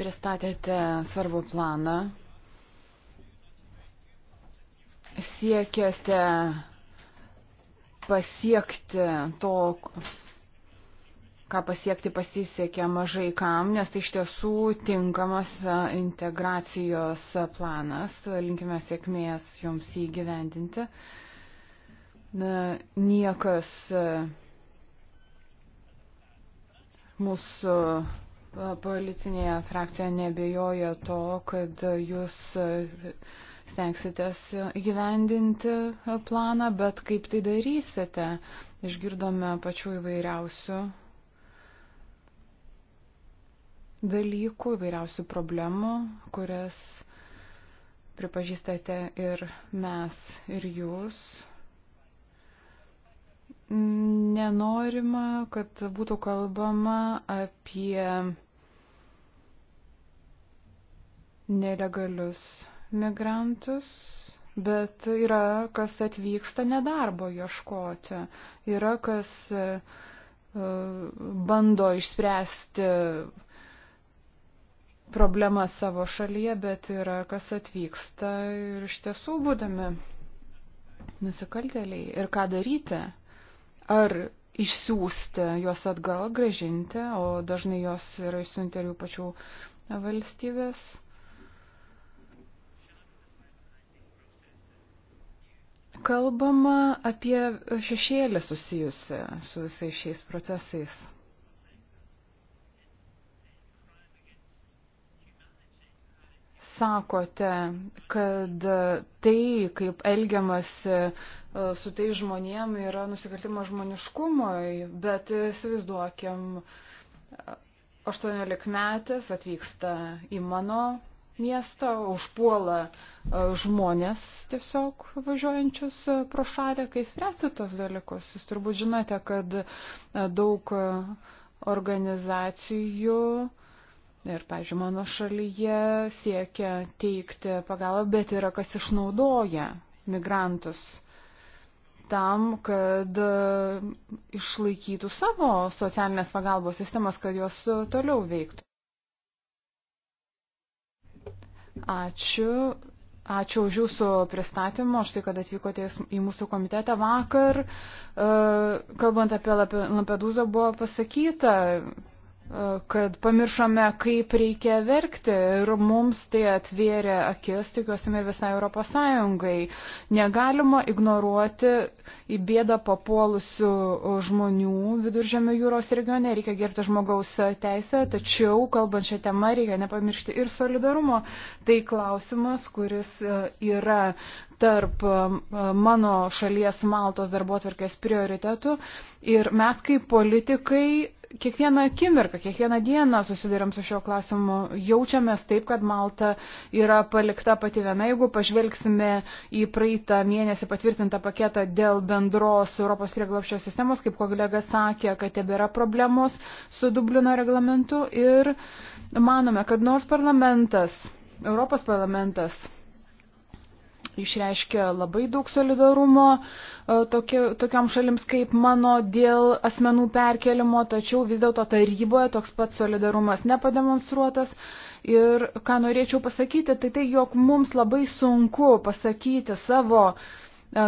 Pristatėte svarbų planą, siekiate pasiekti to, ką pasiekti pasisekė mažai kam, nes tai iš tiesų tinkamas integracijos planas. Linkime sėkmės jums įgyvendinti. Na, niekas Mūsų e, politinėje frakcija nebejoja to, kad jūs e, stengsitės gyvendinti e, planą, bet kaip tai darysite? Išgirdome pačių įvairiausių dalykų, įvairiausių problemų, kurias pripažįstate ir mes, ir jūs nenorima, kad būtų kalbama apie nelegalius migrantus, bet yra, kas atvyksta nedarbo ieškoti, yra, kas e, bando išspręsti problemą savo šalyje, bet yra, kas atvyksta ir iš tiesų būdami nusikaltėliai. Ir ką daryti? ar išsiųsti juos atgal, gražinti, o dažnai jos yra išsiuntę jų pačių valstybės. Kalbama apie šešėlį susijusi su visais šiais procesais. sakote, kad tai, kaip elgiamasi e, su tai žmonėm, yra nusikaltimas žmoniškumui, bet įsivaizduokim, 18 metais atvyksta į mano miestą, užpuola e, žmonės tiesiog važiuojančius e, pro šalį, kai spręsti tos dalykus. Jūs turbūt žinote, kad daug organizacijų uh, Ir, pažiūrėjau, mano šalyje siekia teikti pagalbą, bet yra kas išnaudoja migrantus tam, kad e, išlaikytų savo socialinės pagalbos sistemas, kad jos e, toliau veiktų. Ačiū. Ačiū už Jūsų pristatymą, štai kad atvykote į mūsų komitetą vakar. E, kalbant apie Lampedūzą buvo pasakyta, kad pamiršome, kaip reikia verkti ir mums tai atvėrė akis, tikiuosi, ir visai Europos Sąjungai. Negalima ignoruoti į bėdą papuolusių žmonių viduržėmio jūros regione, reikia gerbti žmogaus teisę, tačiau, kalbant šią temą, reikia nepamiršti ir solidarumo. Tai klausimas, kuris e, yra tarp e, mano šalies Maltos darbo atvarkės prioritetų ir mes kaip politikai kiekvieną akimirką, kiekvieną dieną susidurėm su šio klausimu, jaučiamės taip, kad Malta yra palikta pati viena. Jeigu pažvelgsime į praeitą mėnesį patvirtintą paketą dėl bendros Europos prieglapščio sistemos, kaip kolega sakė, kad tebėra problemos su Dublino reglamentu ir manome, kad nors parlamentas, Europos parlamentas išreiškė labai daug solidarumo e, tokio, tokiam šalims kaip mano dėl asmenų perkelimo, tačiau vis dėlto taryboje toks pat solidarumas nepademonstruotas. Ir ką norėčiau pasakyti, tai tai, jog mums labai sunku pasakyti savo uh,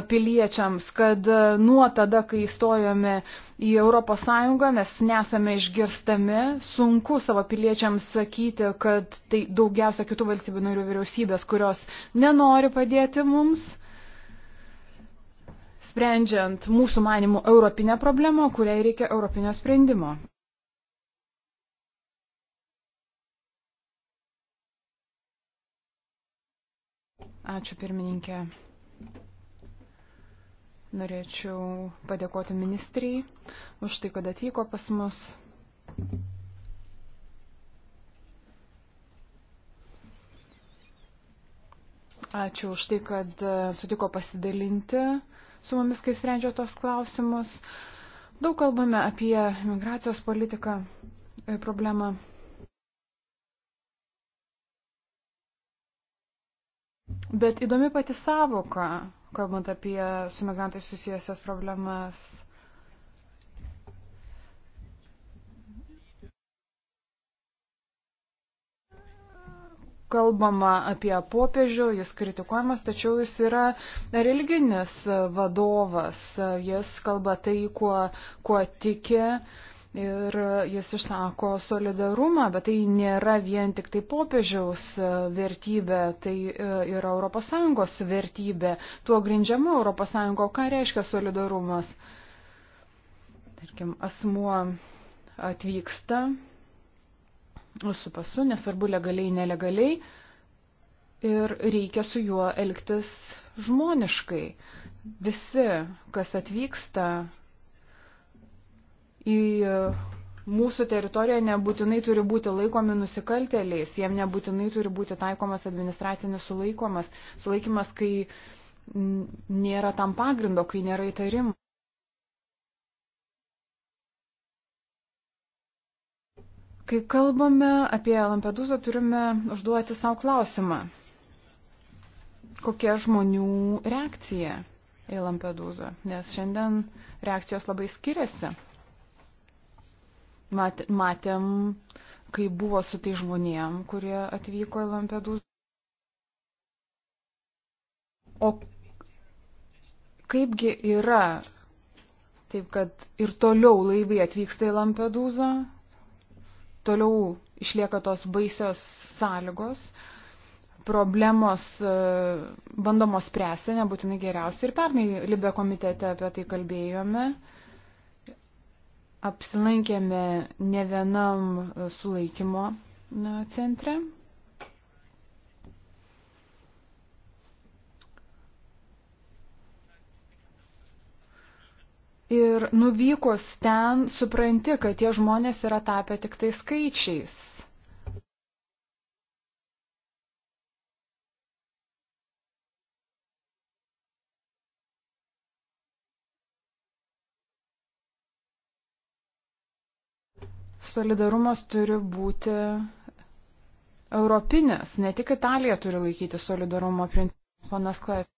piliečiams, kad e, nuo tada, kai įstojome į ES, mes nesame išgirstami, sunku savo piliečiams sakyti, kad tai daugiausia kitų valstybių narių vyriausybės, kurios nenori padėti mums sprendžiant mūsų manimų europinę problemą, kuriai reikia europinio sprendimo. Ačiū pirmininkė. Norėčiau padėkoti ministrijai už tai, kad atvyko pas mus. Ačiū už tai, kad e, sutiko pasidalinti su mumis, kai sprendžia tos klausimus. Daug kalbame apie migracijos politiką e, problemą. Bet įdomi pati savoka kalbant apie su migrantais susijusias problemas. kalbama apie popiežių, jis kritikuojamas, tačiau jis yra religinis vadovas, jis kalba tai, kuo, kuo tikė ir jis išsako solidarumą, bet tai nėra vien tik tai popiežiaus vertybė, tai e, yra ES vertybė, tuo grindžiama ES, ką reiškia solidarumas. Tarkim, asmuo atvyksta su pasu, nesvarbu legaliai, nelegaliai, ir reikia su juo elgtis žmoniškai. Visi, kas atvyksta į e, mūsų teritoriją nebūtinai turi būti laikomi nusikaltėliais, jiem nebūtinai turi būti taikomas administracinis sulaikomas, sulaikimas, kai nėra tam pagrindo, kai nėra įtarimų. Kai kalbame apie Lampedusą, turime užduoti savo klausimą. Kokia žmonių reakcija į Lampedusą? Nes šiandien reakcijos labai skiriasi matėm, kai buvo su tai žmonėm, kurie atvyko į Lampedus. O kaipgi yra, taip kad ir toliau laivai atvyksta į Lampedūzą, toliau išlieka tos baisios sąlygos, problemos e, bandomos spręsti, nebūtinai geriausiai. Ir pernai Libė komitete apie tai kalbėjome. Uh, apsilankėme ne vienam e, sulaikymo centre. Ir nuvykus ten supranti, kad tie žmonės yra tapę tik tai skaičiais. solidarumas turi būti europinis. Ne tik Italija turi laikyti solidarumo principų. Panas Klaip.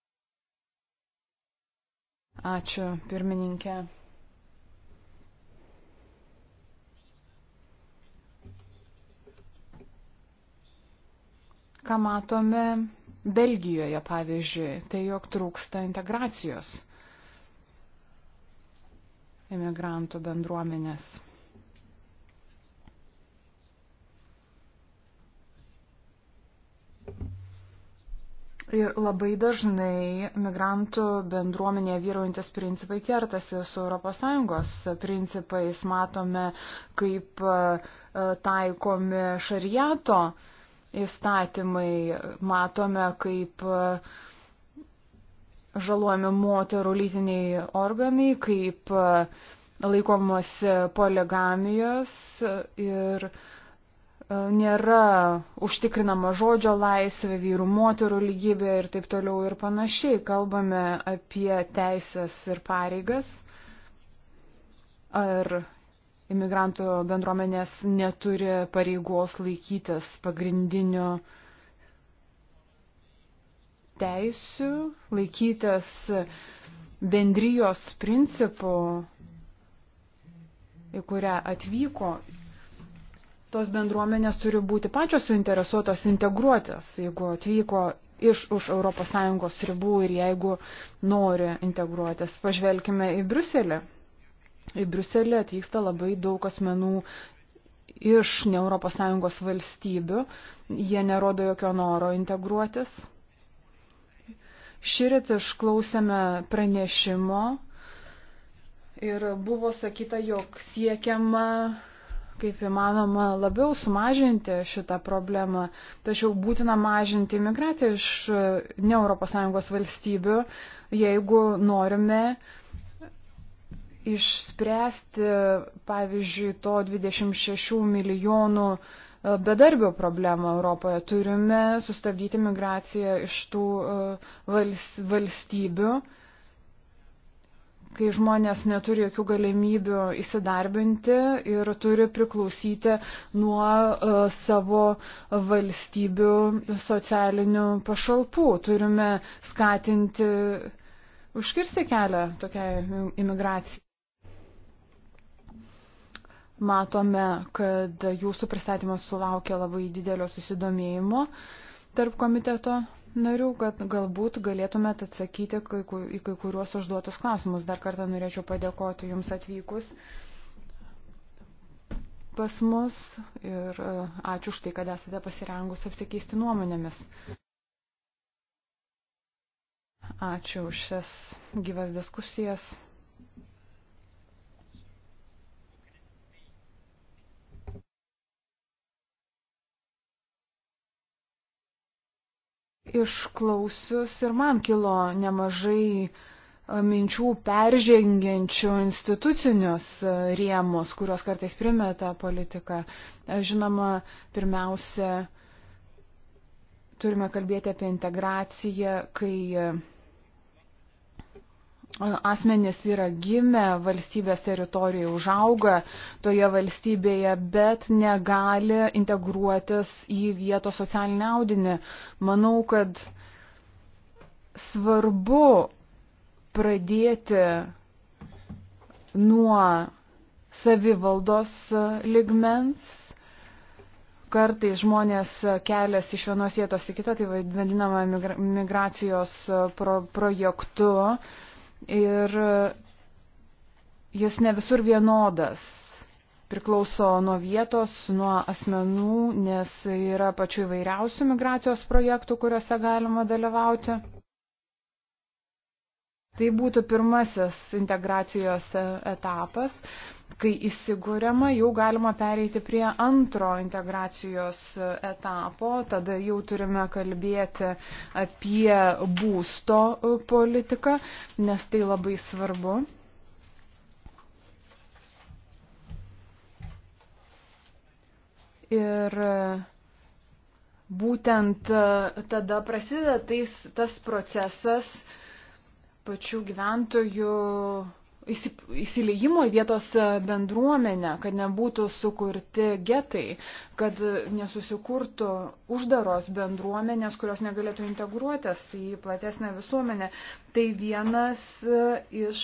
Ačiū, pirmininkė. Ką matome Belgijoje, pavyzdžiui, tai jog trūksta integracijos imigrantų bendruomenės. Ir labai dažnai migrantų bendruomenėje vyraujantis principai kertasi su ES principais. Matome, kaip e, taikomi šariato įstatymai, matome, kaip e, žalojami moterų lytiniai organai, kaip e, laikomasi poligamijos ir uh, E, nėra užtikrinama žodžio laisvė, vyrų moterų lygybė ir taip toliau ir panašiai. Kalbame apie teisės ir pareigas. Ar imigrantų bendruomenės neturi pareigos laikytis pagrindinių teisių, laikytis bendrijos principų, į kurią atvyko tos bendruomenės turi būti pačios suinteresuotos integruotis, jeigu atvyko iš už ES ribų ir jeigu nori integruotis. Pažvelkime į Bruselį. Į Bruselį atvyksta labai daug asmenų iš ne ES valstybių. Jie nerodo jokio noro integruotis. Širit išklausėme pranešimo ir buvo sakyta, jog siekiama kaip įmanoma labiau sumažinti šitą problemą, tačiau būtina mažinti imigraciją iš e, ne ES valstybių, jeigu norime išspręsti, pavyzdžiui, to 26 milijonų e, bedarbio problemą Europoje. Turime sustabdyti migraciją iš tų e, valstybių. Uh, kai žmonės neturi jokių galimybių įsidarbinti ir turi priklausyti nuo e, savo valstybių socialinių pašalpų. Turime skatinti, užkirsti kelią tokiai imigracijai. Matome, kad jūsų pristatymas sulaukė labai didelio susidomėjimo tarp komiteto narių, kad galbūt galėtumėt atsakyti kai, į kai kuriuos užduotus klausimus. Dar kartą norėčiau padėkoti Jums atvykus pas mus ir e, ačiū už tai, kad esate pasirengus apsikeisti nuomonėmis. Ačiū už šias gyvas diskusijas. išklausius ir man kilo nemažai e, minčių peržengiančių institucinius e, rėmus, kuriuos kartais primeta politika. E, žinoma, pirmiausia, turime kalbėti apie integraciją, kai asmenys yra gimę valstybės teritorijoje, užauga toje valstybėje, bet negali integruotis į vietos socialinį audinį. Manau, kad svarbu pradėti nuo savivaldos ligmens. Kartais žmonės kelias iš vienos vietos į kitą, tai vadinama migracijos pro projektu. Uh, ir jis ne visur vienodas. Priklauso nuo vietos, nuo asmenų, nes yra pačių įvairiausių migracijos projektų, kuriuose galima dalyvauti. Tai būtų pirmasis integracijos etapas kai įsigūriama, jau galima pereiti prie antro integracijos etapo. Tada jau turime kalbėti apie būsto politiką, nes tai labai svarbu. Ir būtent tada prasideda tais, tas procesas pačių gyventojų įsileimo į vietos bendruomenę, kad nebūtų sukurti getai, kad nesusikurtų uždaros bendruomenės, kurios negalėtų integruotis į platesnę visuomenę. Tai vienas iš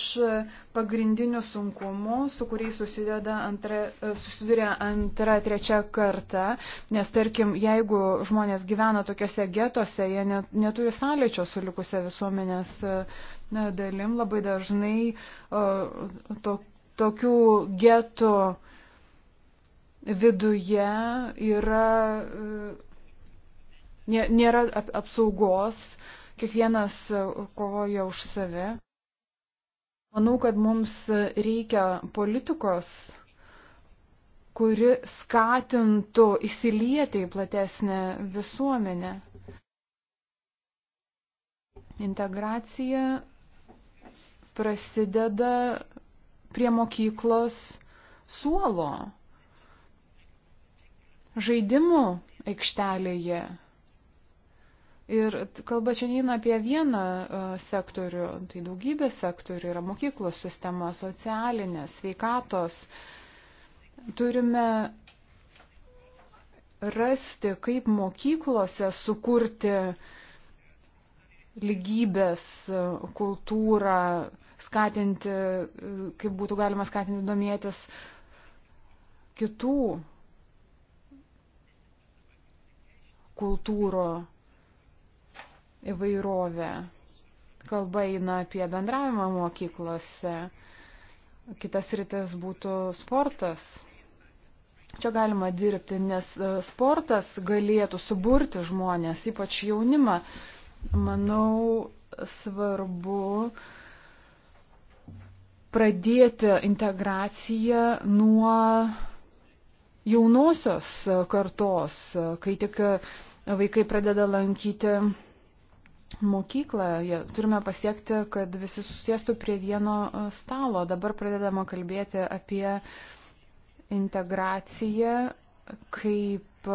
pagrindinių sunkumų, su kuriais antra, susiduria antra, trečia karta, nes tarkim, jeigu žmonės gyvena tokiuose getose, jie net, neturi sąlyčio su likusia visuomenės dalim labai dažnai to, tokių getų viduje yra, e, nėra apsaugos, kiekvienas e, kovoja už save. Manau, kad mums reikia politikos, kuri skatintų įsilieti į platesnę visuomenę. Integracija prasideda prie mokyklos suolo, žaidimų aikštelėje. Ir kalba čia neina apie vieną e, sektorių, tai daugybė sektorių yra mokyklos sistema, socialinė, sveikatos. Turime rasti, kaip mokyklose sukurti lygybės e, kultūrą, skatinti, kaip būtų galima skatinti domėtis kitų kultūrų įvairovę. Kalba eina apie bendravimą mokyklose. Kitas rytis būtų sportas. Čia galima dirbti, nes e, sportas galėtų suburti žmonės, ypač jaunimą. Manau, svarbu uh, pradėti integraciją nuo jaunosios kartos, kai tik vaikai pradeda lankyti mokyklą. Turime pasiekti, kad visi susėstų prie vieno stalo. Dabar pradedama kalbėti apie integraciją kaip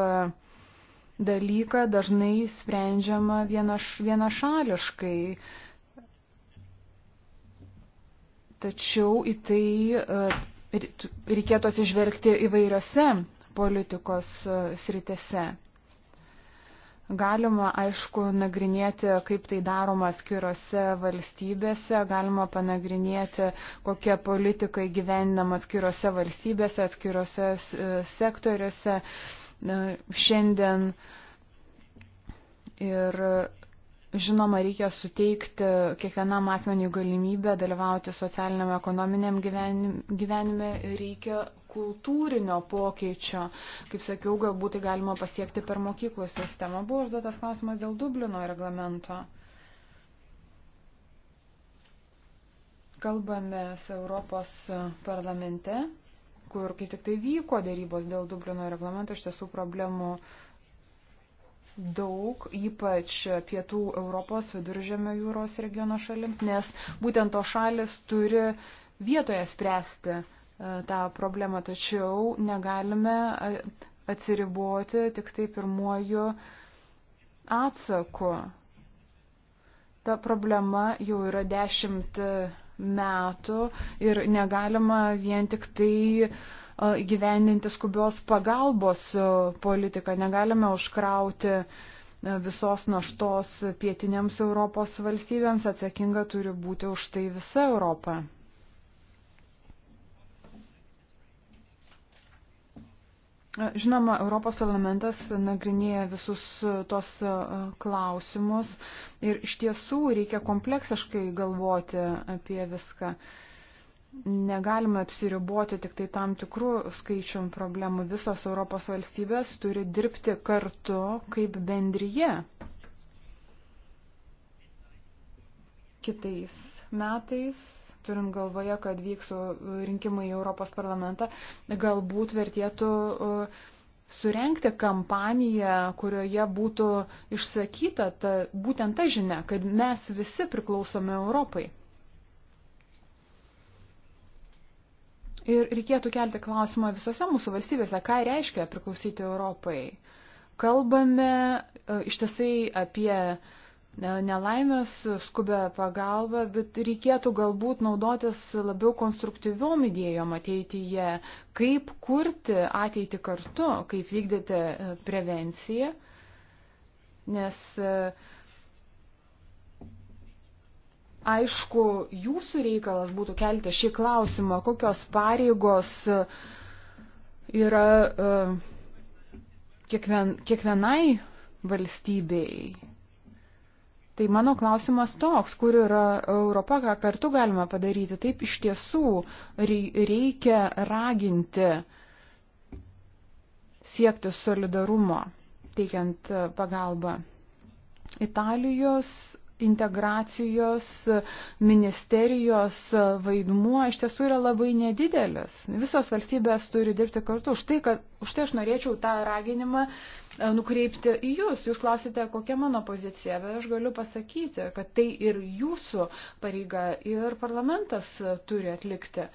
dalyką dažnai sprendžiama vienaš, vienašališkai. Uh, Tačiau į tai e, reikėtų atsižvelgti įvairiose politikos e, sritise. Galima, aišku, nagrinėti, kaip tai daroma skiriose valstybėse, galima panagrinėti, kokie politikai gyvendama atskirose valstybėse, atskirose e, sektoriuose šiandien. Ir Žinoma, reikia suteikti kiekvienam asmeniui galimybę dalyvauti socialiniam, ekonominiam gyvenime, reikia kultūrinio pokyčio. Kaip sakiau, galbūt tai galima pasiekti per mokyklų sistemą. Buvo užduotas klausimas dėl Dublino reglamento. Kalbame Europos parlamente, kur kai tik tai vyko dėrybos dėl Dublino reglamento, iš tiesų problemų uh, daug, ypač pietų Europos viduržėmio jūros regiono šalims, nes būtent to šalis turi vietoje spręsti e, tą problemą, tačiau negalime atsiriboti tik tai pirmuoju atsaku. Ta problema jau yra dešimt metų ir negalima vien tik tai uh, gyveninti skubios pagalbos politiką, negalime užkrauti visos naštos pietinėms Europos valstybėms, atsakinga turi būti už tai visa Europa. Žinoma, Europos parlamentas nagrinėja visus tos klausimus ir iš tiesų reikia kompleksiškai galvoti apie viską. Uh, negalime apsiriboti tik tai tam tikrų skaičium problemų. Visos Europos valstybės turi dirbti kartu kaip bendryje. Kitais metais, turint galvoje, kad vyks rinkimai į Europos parlamentą, galbūt vertėtų uh, surenkti kampaniją, kurioje būtų išsakyta ta, būtent ta žinia, kad mes visi priklausome Europai. Ir reikėtų kelti klausimą visose mūsų valstybėse, ką reiškia priklausyti Europai. Kalbame e, ištisai apie e, nelaimės skubę pagalbą, bet reikėtų galbūt naudotis labiau konstruktyviom idėjom ateityje, kaip kurti ateitį kartu, kaip vykdyti e, prevenciją. Nes uh, Aišku, jūsų reikalas būtų kelti šį klausimą, kokios pareigos yra e, kiekvien, kiekvienai valstybei. Tai mano klausimas toks, kur yra Europa, ką kartu galima padaryti. Taip iš tiesų reikia raginti siekti solidarumo, teikiant pagalbą. Italijos integracijos ministerijos vaidmuo iš tiesų yra labai nedidelis. Visos valstybės turi dirbti kartu. Už tai, kad, už tai aš norėčiau tą raginimą e, nukreipti į jūs. Jūs klausite, kokia mano pozicija, bet aš galiu pasakyti, kad tai ir jūsų pareiga, ir parlamentas turi atlikti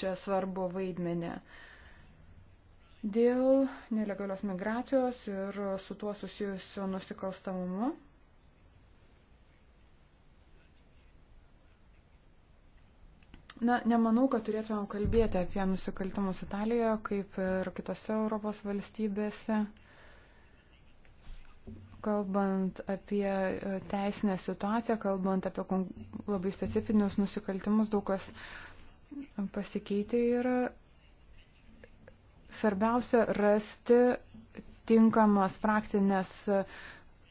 čia svarbu vaidmenį. Dėl nelegalios migracijos ir su tuo susijusio nusikalstamumu Na, nemanau, kad turėtumėm kalbėti apie nusikaltimus Italijoje, kaip ir kitose Europos valstybėse. Kalbant apie e, teisinę situaciją, kalbant apie labai specifinius nusikaltimus, daug kas pasikeitė yra. Svarbiausia rasti tinkamas praktinės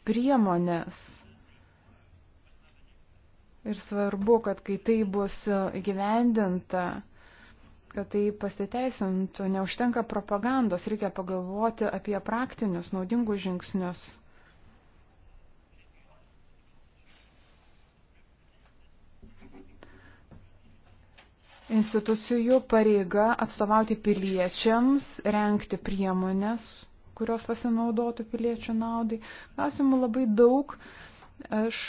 priemonės Ir svarbu, kad kai tai bus įgyvendinta, kad tai pasiteisintų, neužtenka propagandos, reikia pagalvoti apie praktinius, naudingus žingsnius. Institucijų pareiga atstovauti piliečiams, renkti priemonės, kurios pasinaudotų piliečių naudai. Klausimų labai daug. Aš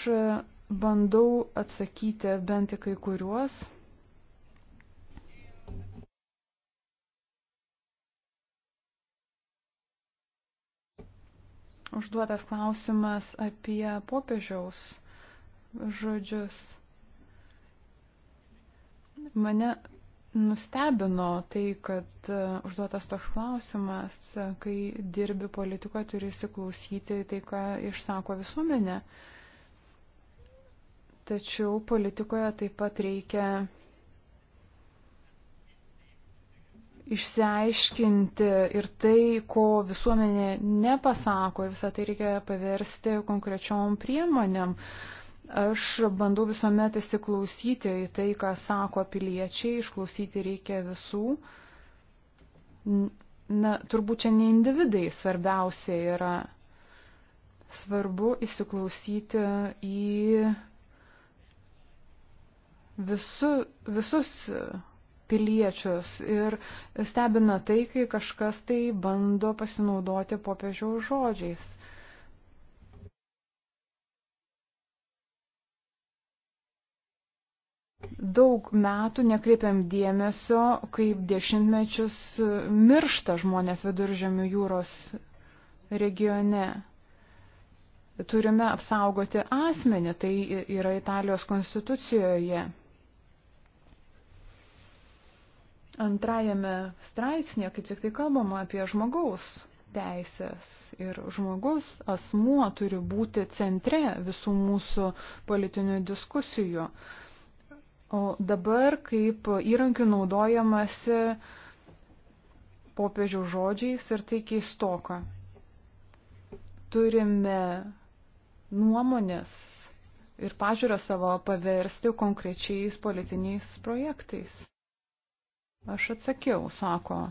bandau atsakyti bent į kai kuriuos. Užduotas klausimas apie popiežiaus žodžius. Mane nustebino tai, kad e, užduotas toks klausimas, e, kai dirbi politikoje, turi įsiklausyti tai, ką išsako visuomenė. Uh, Tačiau politikoje taip pat reikia išsiaiškinti ir tai, ko visuomenė nepasako, ir visą tai reikia paversti konkrečiom priemonėm. Aš bandau visuomet įsiklausyti į tai, ką sako piliečiai, išklausyti reikia visų. Na, turbūt čia ne individai svarbiausia yra. Svarbu įsiklausyti į visu, visus piliečius ir stebina tai, kai kažkas tai bando pasinaudoti popiežiaus žodžiais. daug metų nekreipiam dėmesio, kaip dešimtmečius miršta žmonės viduržėmių jūros regione. Turime apsaugoti asmenį, tai yra Italijos konstitucijoje. Antrajame straipsnėje kaip tik tai kalbama apie žmogaus teisės ir žmogus, asmuo turi būti centre visų mūsų politinių diskusijų. O dabar kaip įrankių naudojamasi popiežių žodžiais ir tai keistoka. Turime nuomonės ir pažiūrą savo paversti konkrečiais politiniais projektais. Aš atsakiau, sako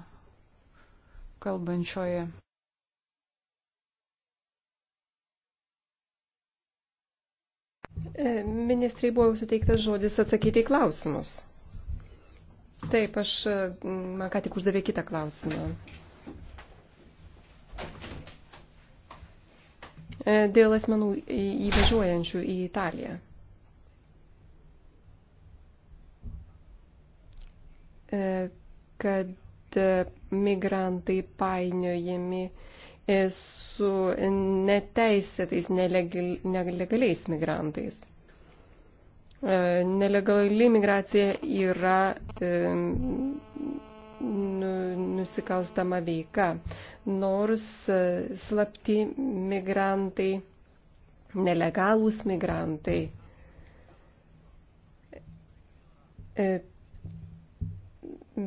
kalbančioji. E, Ministrai buvo suteiktas žodis atsakyti į klausimus. Taip, aš e, man ką tik uždavė kitą klausimą. E, dėl asmenų įvažiuojančių į Italiją. E, kad e, migrantai painiojami e, su neteisėtais, nelegaliais migrantais. Nelegali migracija yra nu, nusikalstama veika, nors slapti migrantai, nelegalūs migrantai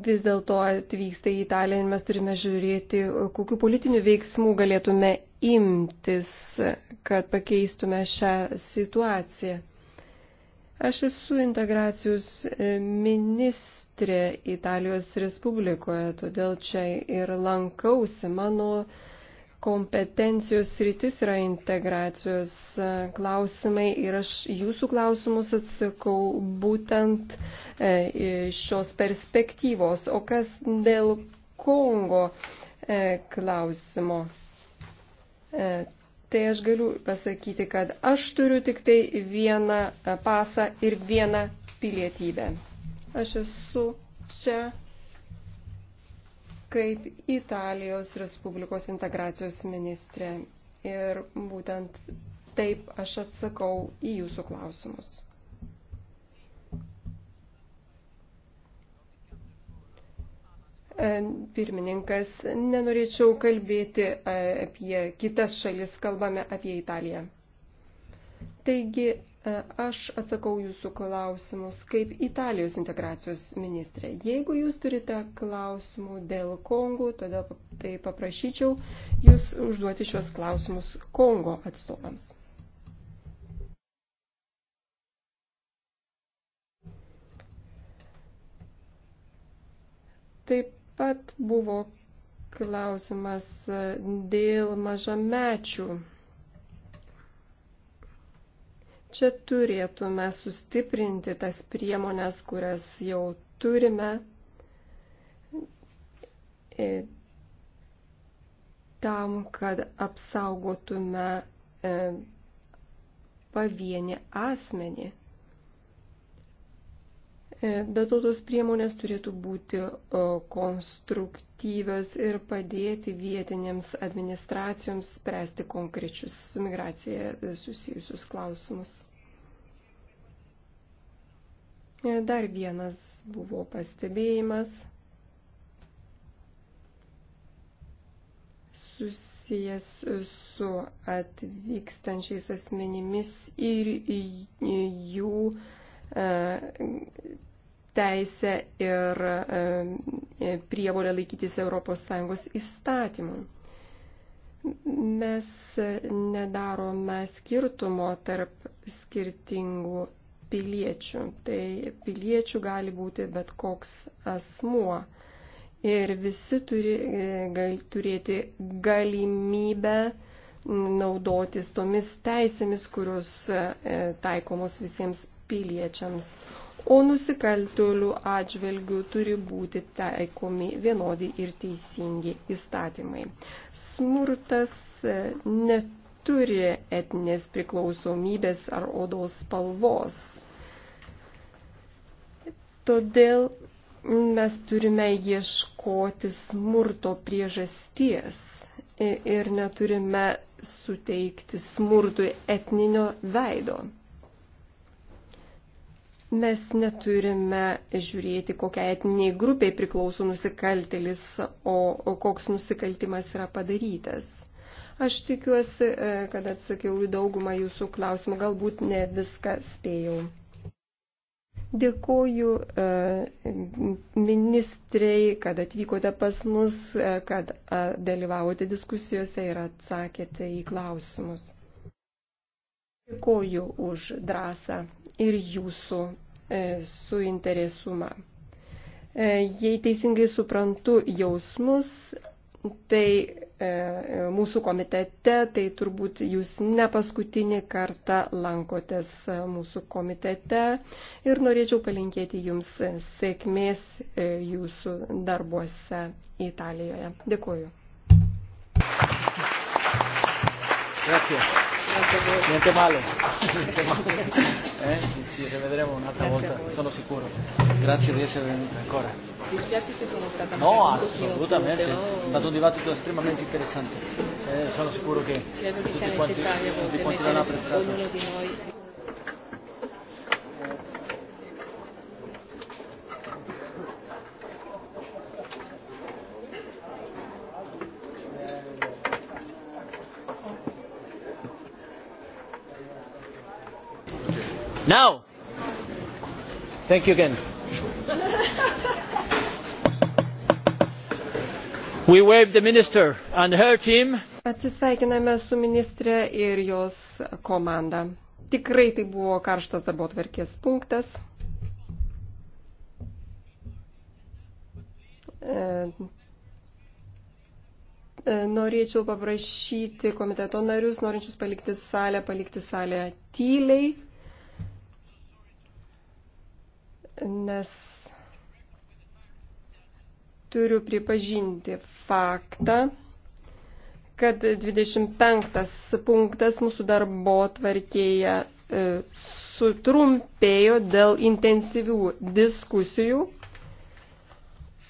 vis dėlto atvyksta į Italiją ir mes turime žiūrėti, kokiu politiniu veiksmu galėtume imtis, kad pakeistume šią situaciją. Aš esu integracijos ministrė Italijos Respublikoje, todėl čia ir lankausi. Mano uh, kompetencijos rytis yra integracijos e, klausimai ir aš jūsų klausimus atsakau būtent e, iš šios perspektyvos. O kas dėl Kongo e, klausimo? Tai aš galiu pasakyti, kad aš turiu tik tai vieną pasą ir vieną pilietybę. Aš esu čia kaip Italijos Respublikos integracijos ministrė. Ir būtent taip aš atsakau į jūsų klausimus. E, pirmininkas, nenorėčiau kalbėti e, apie kitas šalis, kalbame apie Italiją. Taigi e, aš atsakau jūsų klausimus kaip Italijos integracijos ministrė. Jeigu jūs turite klausimų dėl Kongų, tada tai paprašyčiau jūs užduoti šios klausimus Kongo atstovams. Taip pat buvo klausimas e, dėl mažamečių Čia turėtume sustiprinti tas priemonės, kurias jau turime. E, tam, kad apsaugotume e, pavienį asmenį. E, Bet tautos priemonės turėtų būti e, konstruktyvios ir padėti vietinėms administracijoms spręsti konkrečius su migracija e, susijusius klausimus. Dar vienas buvo pastebėjimas susijęs su atvykstančiais asmenimis ir jų teisę ir e, prievolę laikytis ES įstatymų. Mes nedarome skirtumo tarp skirtingų piliečių. Tai piliečių gali būti bet koks asmuo. Ir visi turi e, gal, turėti galimybę naudotis tomis teisėmis, kurios e, taikomos visiems piliečiams o nusikaltėlių atžvilgių turi būti taikomi vienodi ir teisingi įstatymai. Smurtas e, neturi etinės priklausomybės ar odos spalvos. Todėl mes turime ieškoti smurto priežasties ir neturime suteikti smurtui etninio veido. Mes neturime žiūrėti, kokiai etniniai grupiai priklauso nusikaltelis, o koks nusikaltimas yra padarytas. Aš tikiuosi, e, kad atsakiau į daugumą jūsų klausimų, galbūt ne viską spėjau. Dėkoju e, ministrei, kad atvykote pas mus, e, kad dalyvavote diskusijose ir atsakėte į klausimus. Dėkoju už drąsą ir jūsų E, suinteresumą. E, jei teisingai suprantu jausmus, tai e, mūsų komitete, tai turbūt jūs ne paskutinį kartą lankotės mūsų komitete ir norėčiau palinkėti jums sėkmės jūsų darbuose Italijoje. Dėkuoju. Gracias. ¿Eh? Grazie eh, a voi. Niente male. Niente male. Eh, ci, ci rivedremo un'altra Grazie volta, sono sicuro. Grazie di essere venuta ancora. Mi spiace se sono stata No, assolutamente. Più, però... È stato un dibattito estremamente interessante. Sì. Eh, sono sicuro che Credo tutti sia quanti, necessario tutti quanti l'hanno apprezzato. Ognuno di noi. Now. Thank you again. We waved the minister and her team. Atsisveikiname su ministrė ir jos komanda. Tikrai tai buvo karštas darbo tvarkės punktas. E, e, norėčiau paprašyti komiteto narius, norinčius palikti salę, palikti salę tyliai. nes turiu pripažinti faktą, kad 25 punktas mūsų darbo tvarkėje e, sutrumpėjo dėl intensyvių diskusijų,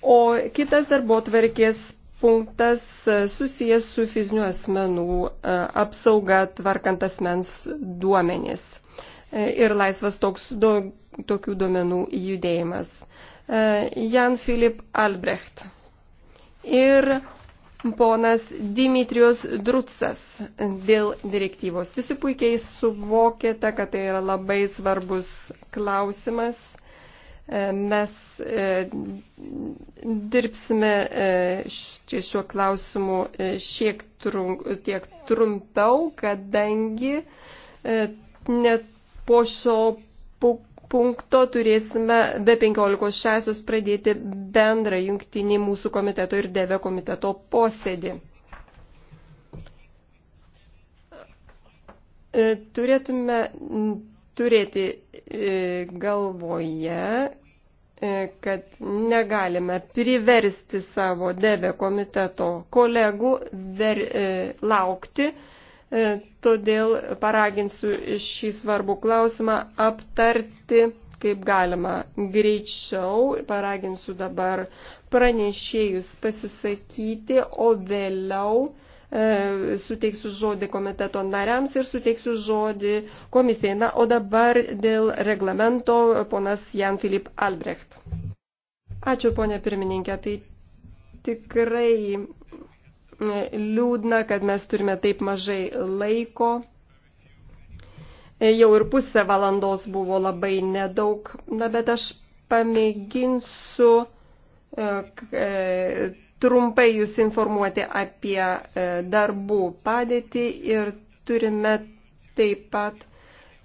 o kitas darbo tvarkės punktas e, susijęs su fizinių asmenų e, apsauga tvarkant asmens duomenis ir laisvas toks tokių duomenų judėjimas. E, Jan Filip Albrecht ir ponas Dimitrijos Drutsas dėl direktyvos. Visi puikiai suvokėte, kad tai yra labai svarbus klausimas. E, mes e, dirbsime šiuo klausimu šiek trunk, tiek trumpiau, kadangi net po šio punkto turėsime be 15.6 pradėti bendrą jungtinį mūsų komiteto ir DV komiteto posėdį. E, turėtume turėti e, galvoje, e, kad negalime priversti savo DV komiteto kolegų ver, laukti, E, todėl paraginsiu šį svarbų klausimą aptarti kaip galima greičiau. Paraginsiu dabar pranešėjus pasisakyti, o vėliau e, suteiksiu žodį komiteto nariams ir suteiksiu žodį komisijai. Na, o dabar dėl reglamento ponas Jan Filip Albrecht. Ačiū, ponė pirmininkė. Tai tikrai liūdna, kad mes turime taip mažai laiko. Jau ir pusę valandos buvo labai nedaug, na bet aš pamėginsiu e, e, trumpai jūs informuoti apie e, darbų padėtį ir turime taip pat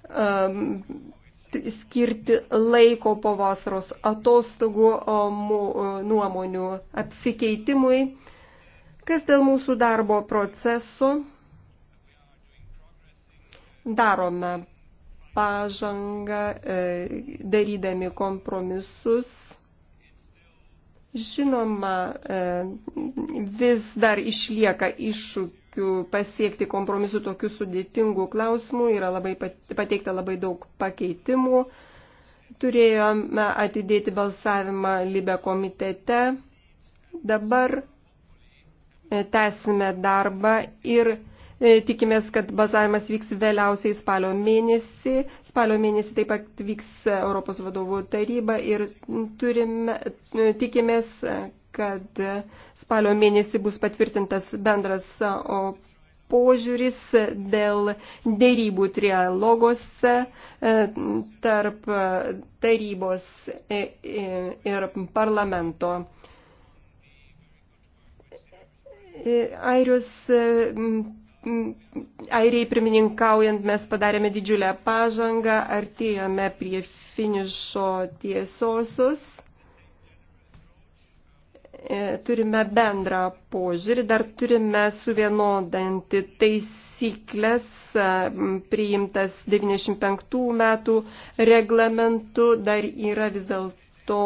um, skirti laiko po vasaros atostogų nuomonių apsikeitimui. Kas dėl mūsų darbo procesų? Darome pažangą, e, darydami kompromisus. Žinoma, e, vis dar išlieka iššūkių pasiekti kompromisų tokių sudėtingų klausimų, yra labai pateikta labai daug pakeitimų. Turėjome atidėti balsavimą Libe komitete. Dabar E, tęsime darbą ir e, tikimės, kad balsavimas vyks vėliausiai spalio mėnesį. Spalio mėnesį taip pat vyks Europos vadovų taryba ir turime, e, tikimės, kad spalio mėnesį bus patvirtintas bendras požiūris dėl dėrybų trialogose tarp tarybos ir parlamento. E, Airius, e, airiai pirmininkaujant mes padarėme didžiulę pažangą, artėjome prie finišo tiesosios e, turime bendrą požiūrį, dar turime suvienodantį taisyklės priimtas 95 metų reglamentu, dar yra vis dėlto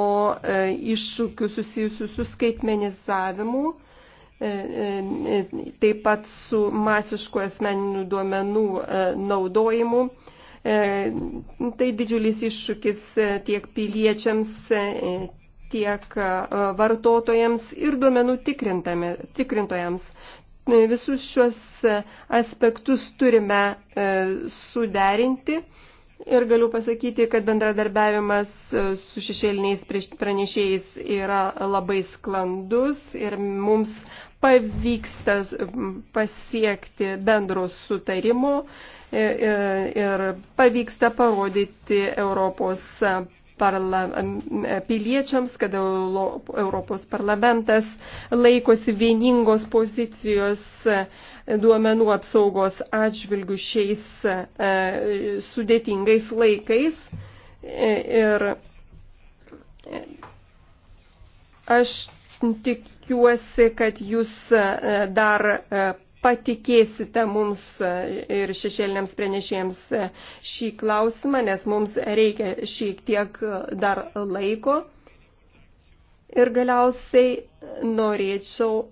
iššūkių susijusių su skaitmenizavimu. E, e, e, taip pat su masišku asmeninių duomenų naudojimu. Tai didžiulis iššūkis tiek piliečiams, tiek vartotojams ir duomenų tikrintojams. Visus šios aspektus turime suderinti. Ir galiu pasakyti, kad bendradarbiavimas su šešėliniais pranešėjais yra labai sklandus ir mums pavyksta pasiekti bendro sutarimo e, e, ir pavyksta parodyti Europos parla, e, piliečiams, kad Europos parlamentas laikosi vieningos pozicijos duomenų apsaugos atžvilgių šiais sudėtingais laikais. Ir aš tikiuosi, kad jūs e, dar e, patikėsite mums e, ir šešėliniams pranešėjams šį klausimą, nes mums reikia šiek tiek dar laiko. Ir galiausiai norėčiau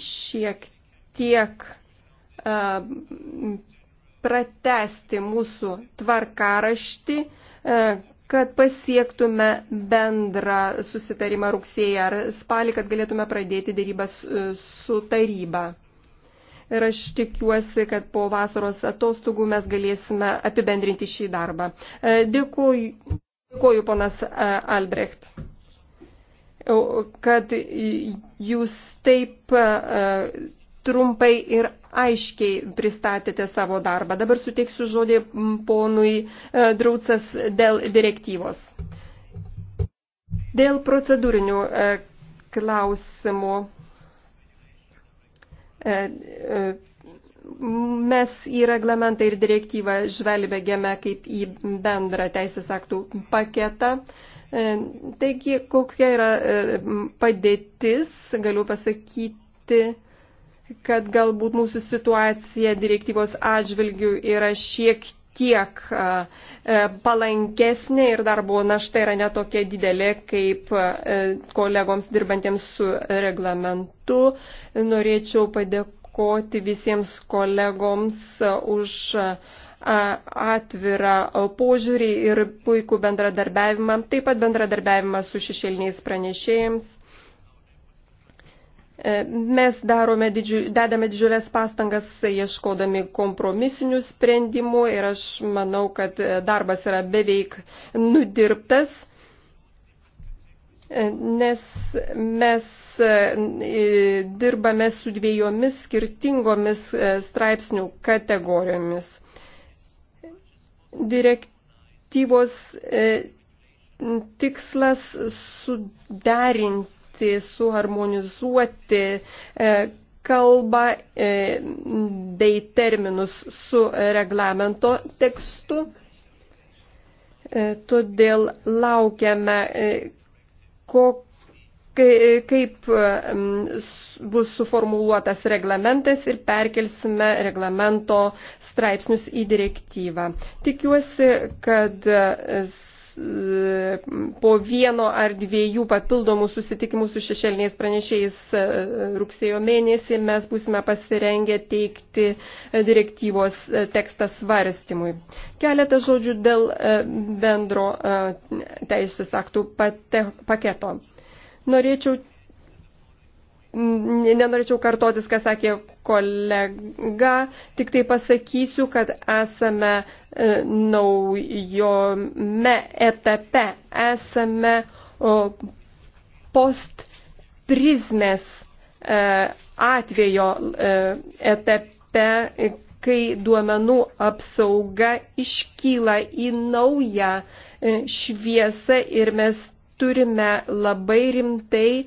šiek tiek pratesti mūsų tvarkaraštį, kad pasiektume bendrą susitarimą rugsėje ar spalį, kad galėtume pradėti dėrybas e, su taryba. Ir aš tikiuosi, kad po vasaros atostogų mes galėsime apibendrinti šį darbą. E, dėkuoju, dėkuoju ponas e, Albrecht, kad jūs taip trumpai ir aiškiai pristatėte savo darbą. Dabar suteiksiu žodį ponui e, Draucas dėl direktyvos. Dėl procedūrinių e, klausimų e, mes į reglamentą ir direktyvą žvelgiame kaip į bendrą teisės aktų paketą. Taigi, kokia yra padėtis, galiu pasakyti, kad galbūt mūsų situacija direktyvos atžvilgių yra šiek tiek e, palankesnė ir darbo našta yra netokia didelė kaip e, kolegoms dirbantiems su reglamentu. Norėčiau padėkoti visiems kolegoms už atvirą požiūrį ir puikų bendradarbiavimą, taip pat bendradarbiavimą su šešėliniais pranešėjams E, mes darome didžiu, dedame didžiulės pastangas ieškodami kompromisinių sprendimų ir aš manau, kad e, darbas yra beveik nudirbtas, e, nes mes dirbame su dviejomis skirtingomis straipsnių kategorijomis. Direktyvos tikslas suderinti surasti, suharmonizuoti e, kalbą e, bei terminus su reglamento tekstu. E, todėl laukiame, kokį kaip bus suformuluotas reglamentas ir perkelsime reglamento straipsnius į direktyvą. Tikiuosi, kad E, po vieno ar dviejų papildomų susitikimų su šešėliniais pranešėjais e, rugsėjo mėnesį mes būsime pasirengę teikti e, direktyvos tekstą svarstymui. Keletą žodžių dėl bendro teisės aktų paketo. Norėčiau Nenorėčiau kartotis, ką sakė kolega, tik tai pasakysiu, kad esame e, naujome etape, esame post prizmės e, atvejo e, etape, kai duomenų apsauga iškyla į naują šviesą ir mes turime labai rimtai e,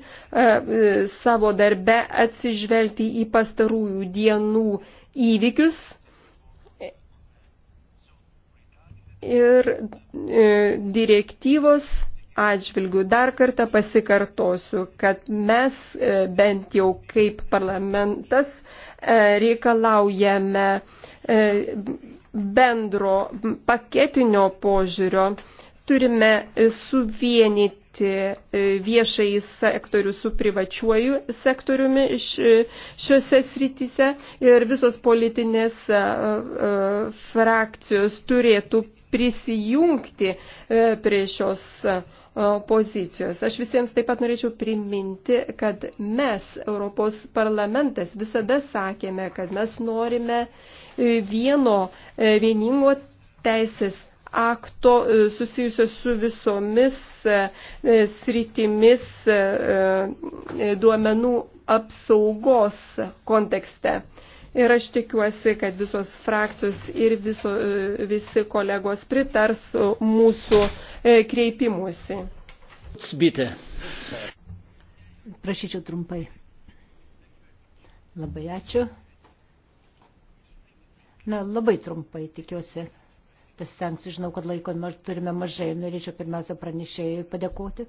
e, savo darbe atsižvelgti į pastarųjų dienų įvykius. Ir e, direktyvos atžvilgių dar kartą pasikartosiu, kad mes bent jau kaip parlamentas reikalaujame bendro paketinio požiūrio turime suvienyti susijęti e, viešai sektorių su privačiuoju sektoriumi e, šiuose srityse ir visos politinės e, frakcijos turėtų prisijungti prie šios pozicijos. Aš visiems taip pat norėčiau priminti, kad mes, Europos parlamentas, visada sakėme, kad mes norime vieno, vieningo teisės akto e, susijusio su visomis e, e, sritimis duomenų apsaugos kontekste. Ir aš tikiuosi, kad visos frakcijos ir viso, visi kolegos pritars mūsų kreipimusi. Sbite. Prašyčiau trumpai. Labai ačiū. Na, labai trumpai tikiuosi pasistengsiu, žinau, kad laiko turime mažai, norėčiau pirmiausia pranešėjai padėkoti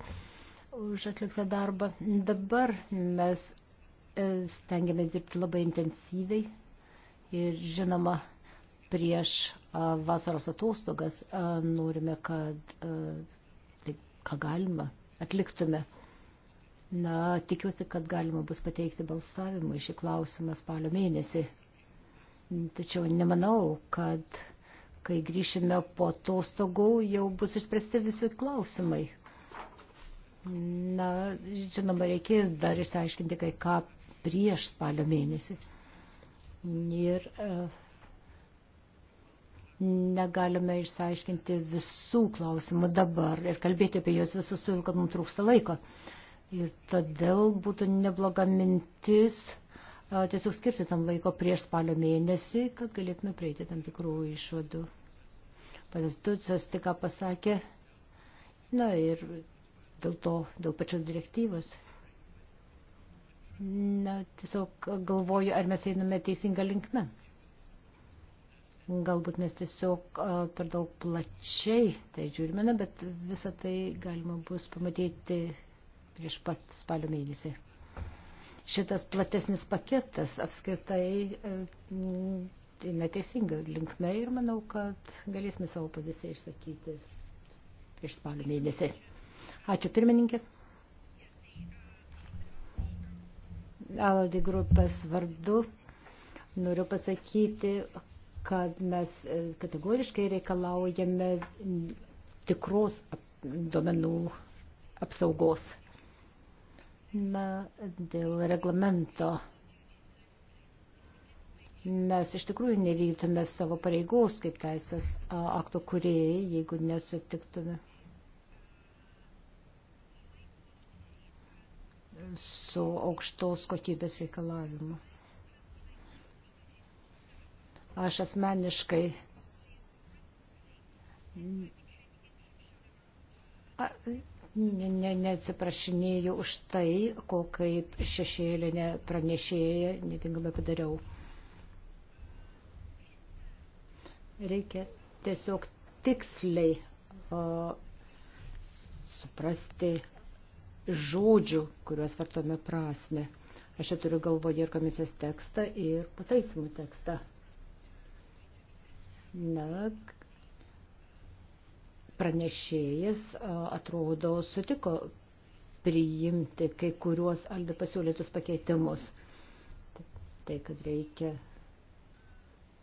už atliktą darbą. Dabar mes e, stengiamės dirbti labai intensyviai ir žinoma, prieš vasaros atostogas norime, kad tai, ką galima, atliktume. Na, tikiuosi, kad galima bus pateikti balsavimui šį klausimą spalio mėnesį. Tačiau nemanau, kad kai grįšime po atostogų, jau bus išspręsti visi klausimai. Na, žinoma, reikės dar išsiaiškinti kai ką prieš spalio mėnesį. Ir uh, negalime išsiaiškinti visų klausimų dabar ir kalbėti apie juos visus, todėl kad mums trūksta laiko. Ir todėl būtų nebloga mintis tiesiog skirti tam laiko prieš spalio mėnesį, kad galėtume prieiti tam tikrų išvadų. Konstitucijos tik ką pasakė, na ir dėl to, dėl pačios direktyvos. Na, tiesiog galvoju, ar mes einame teisingą linkmę. Galbūt mes tiesiog per daug plačiai tai žiūrime, na, bet visą tai galima bus pamatyti prieš pat spalio mėnesį šitas platesnis paketas apskritai eina teisinga linkme ir manau, kad galėsime savo poziciją išsakyti prieš spalio mėnesį. Ačiū pirmininkė. Aldi grupės vardu noriu pasakyti, kad mes e, kategoriškai reikalaujame tikros duomenų apsaugos. Na, dėl reglamento. Mes iš tikrųjų nevykdytume savo pareigos kaip teisės akto kuriejai, jeigu nesutiktume su aukštos kokybės reikalavimu. Aš asmeniškai a, ne, ne, neatsiprašinėjau už tai, ko kaip šešėlinė pranešėja netinkamai padariau. Reikia tiesiog tiksliai o, suprasti žodžių, kuriuos vartome prasme. Aš čia turiu galvoje ir komisijos tekstą, ir pataisimų tekstą. Na, pranešėjas atrodo sutiko priimti kai kuriuos Aldo pasiūlytus pakeitimus. Tai, kad reikia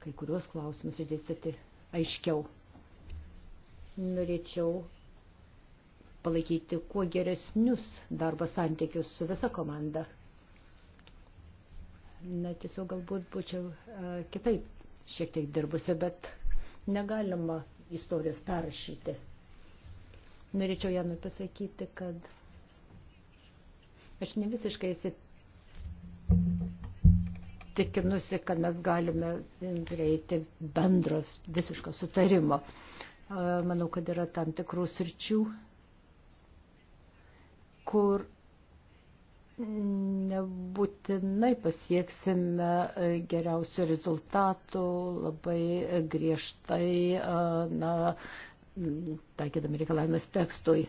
kai kuriuos klausimus išdėstyti aiškiau. Norėčiau palaikyti kuo geresnius darbo santykius su visa komanda. Na, tiesiog galbūt būčiau a, kitaip šiek tiek dirbusi, bet negalima istorijos perrašyti. Norėčiau Janui pasakyti, kad aš ne visiškai įsitikinusi, kad mes galime prieiti bendro visiško sutarimo. Manau, kad yra tam tikrų sričių, kur nebūtinai pasieksime e, geriausių rezultatų labai griežtai, e, na, taikydami reikalavimus tekstui.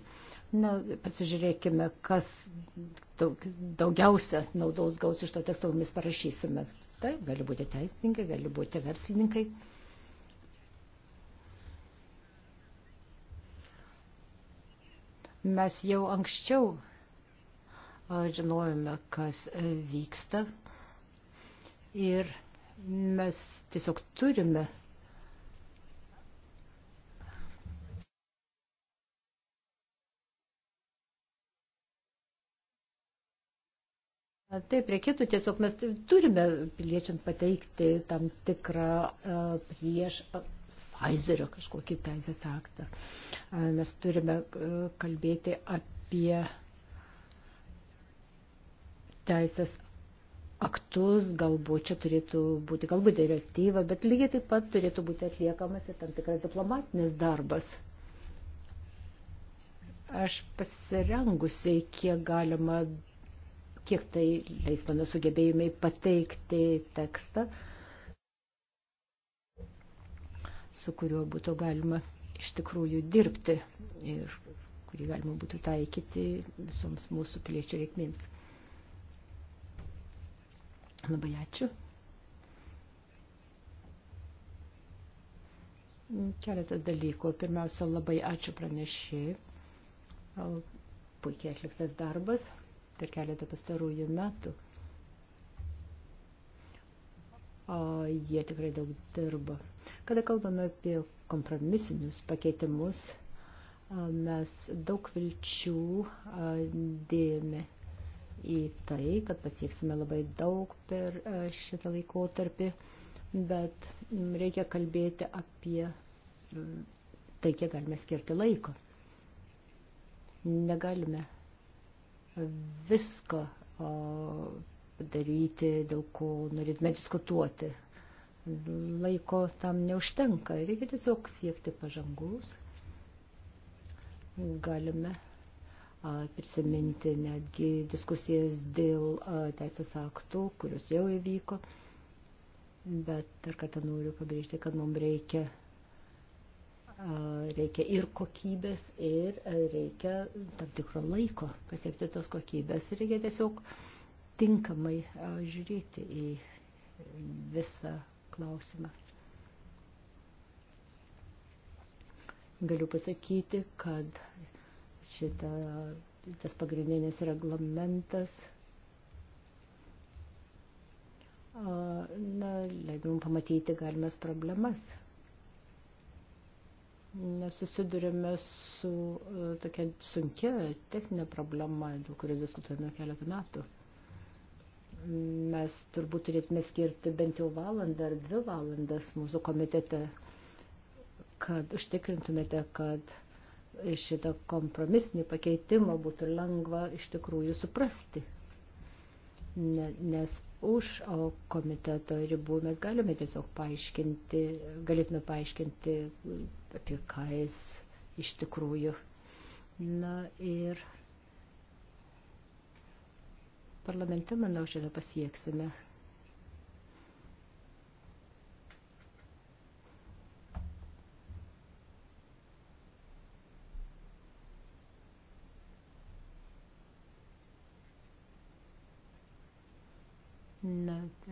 Na, pasižiūrėkime, kas daug, daugiausia naudos gaus iš to teksto, kurį mes parašysime. Taip, gali būti teisininkai, gali būti verslininkai. Mes jau anksčiau žinojome, kas e, vyksta. Ir mes tiesiog turime Taip, reikėtų tiesiog, mes turime piliečiant pateikti tam tikrą e, prieš e, Pfizerio kažkokį teisės aktą. Mes turime kalbėti apie teisės aktus, galbūt čia turėtų būti galbūt direktyva, bet lygiai taip pat turėtų būti atliekamas ir tam tikras diplomatinis darbas. Aš pasirengusiai, kiek galima, kiek tai leis mano sugebėjimai pateikti tekstą, su kuriuo būtų galima iš tikrųjų dirbti ir kurį galima būtų taikyti visoms mūsų piliečių reikmėms. Labai ačiū. Keletą dalykų. Pirmiausia, labai ačiū pranešiai. Puikiai atliktas darbas per keletą pastarųjų metų. O jie tikrai daug dirba. Kada kalbame apie kompromisinius pakeitimus, mes daug vilčių dėjome į tai, kad pasieksime labai daug per e, šitą laikotarpį, bet reikia kalbėti apie tai, kiek galime skirti laiko. Negalime visko padaryti, dėl ko norėtume diskutuoti. Laiko tam neužtenka, reikia tiesiog siekti pažangus. Galime prisiminti netgi diskusijas dėl teisės aktų, kurios jau įvyko. Bet dar kartą noriu pabrėžti, kad mums reikia, reikia ir kokybės, ir reikia tam tikro laiko pasiekti tos kokybės. Reikia tiesiog tinkamai žiūrėti į visą klausimą. Galiu pasakyti, kad šita, tas pagrindinis reglamentas. Na, leidom pamatyti galimas problemas. Nesusidurėme su e, tokia sunkia techninė problema, dėl kurios diskutuojame keletą metų. Mes turbūt turėtume skirti bent jau valandą ar dvi valandas mūsų komitete, kad užtikrintumėte, kad šitą kompromisinį pakeitimą būtų lengva iš tikrųjų suprasti. Ne, nes už komiteto ribų mes galime tiesiog paaiškinti, galėtume paaiškinti, apie ką jis iš tikrųjų. Na ir parlamente, manau, šitą pasieksime.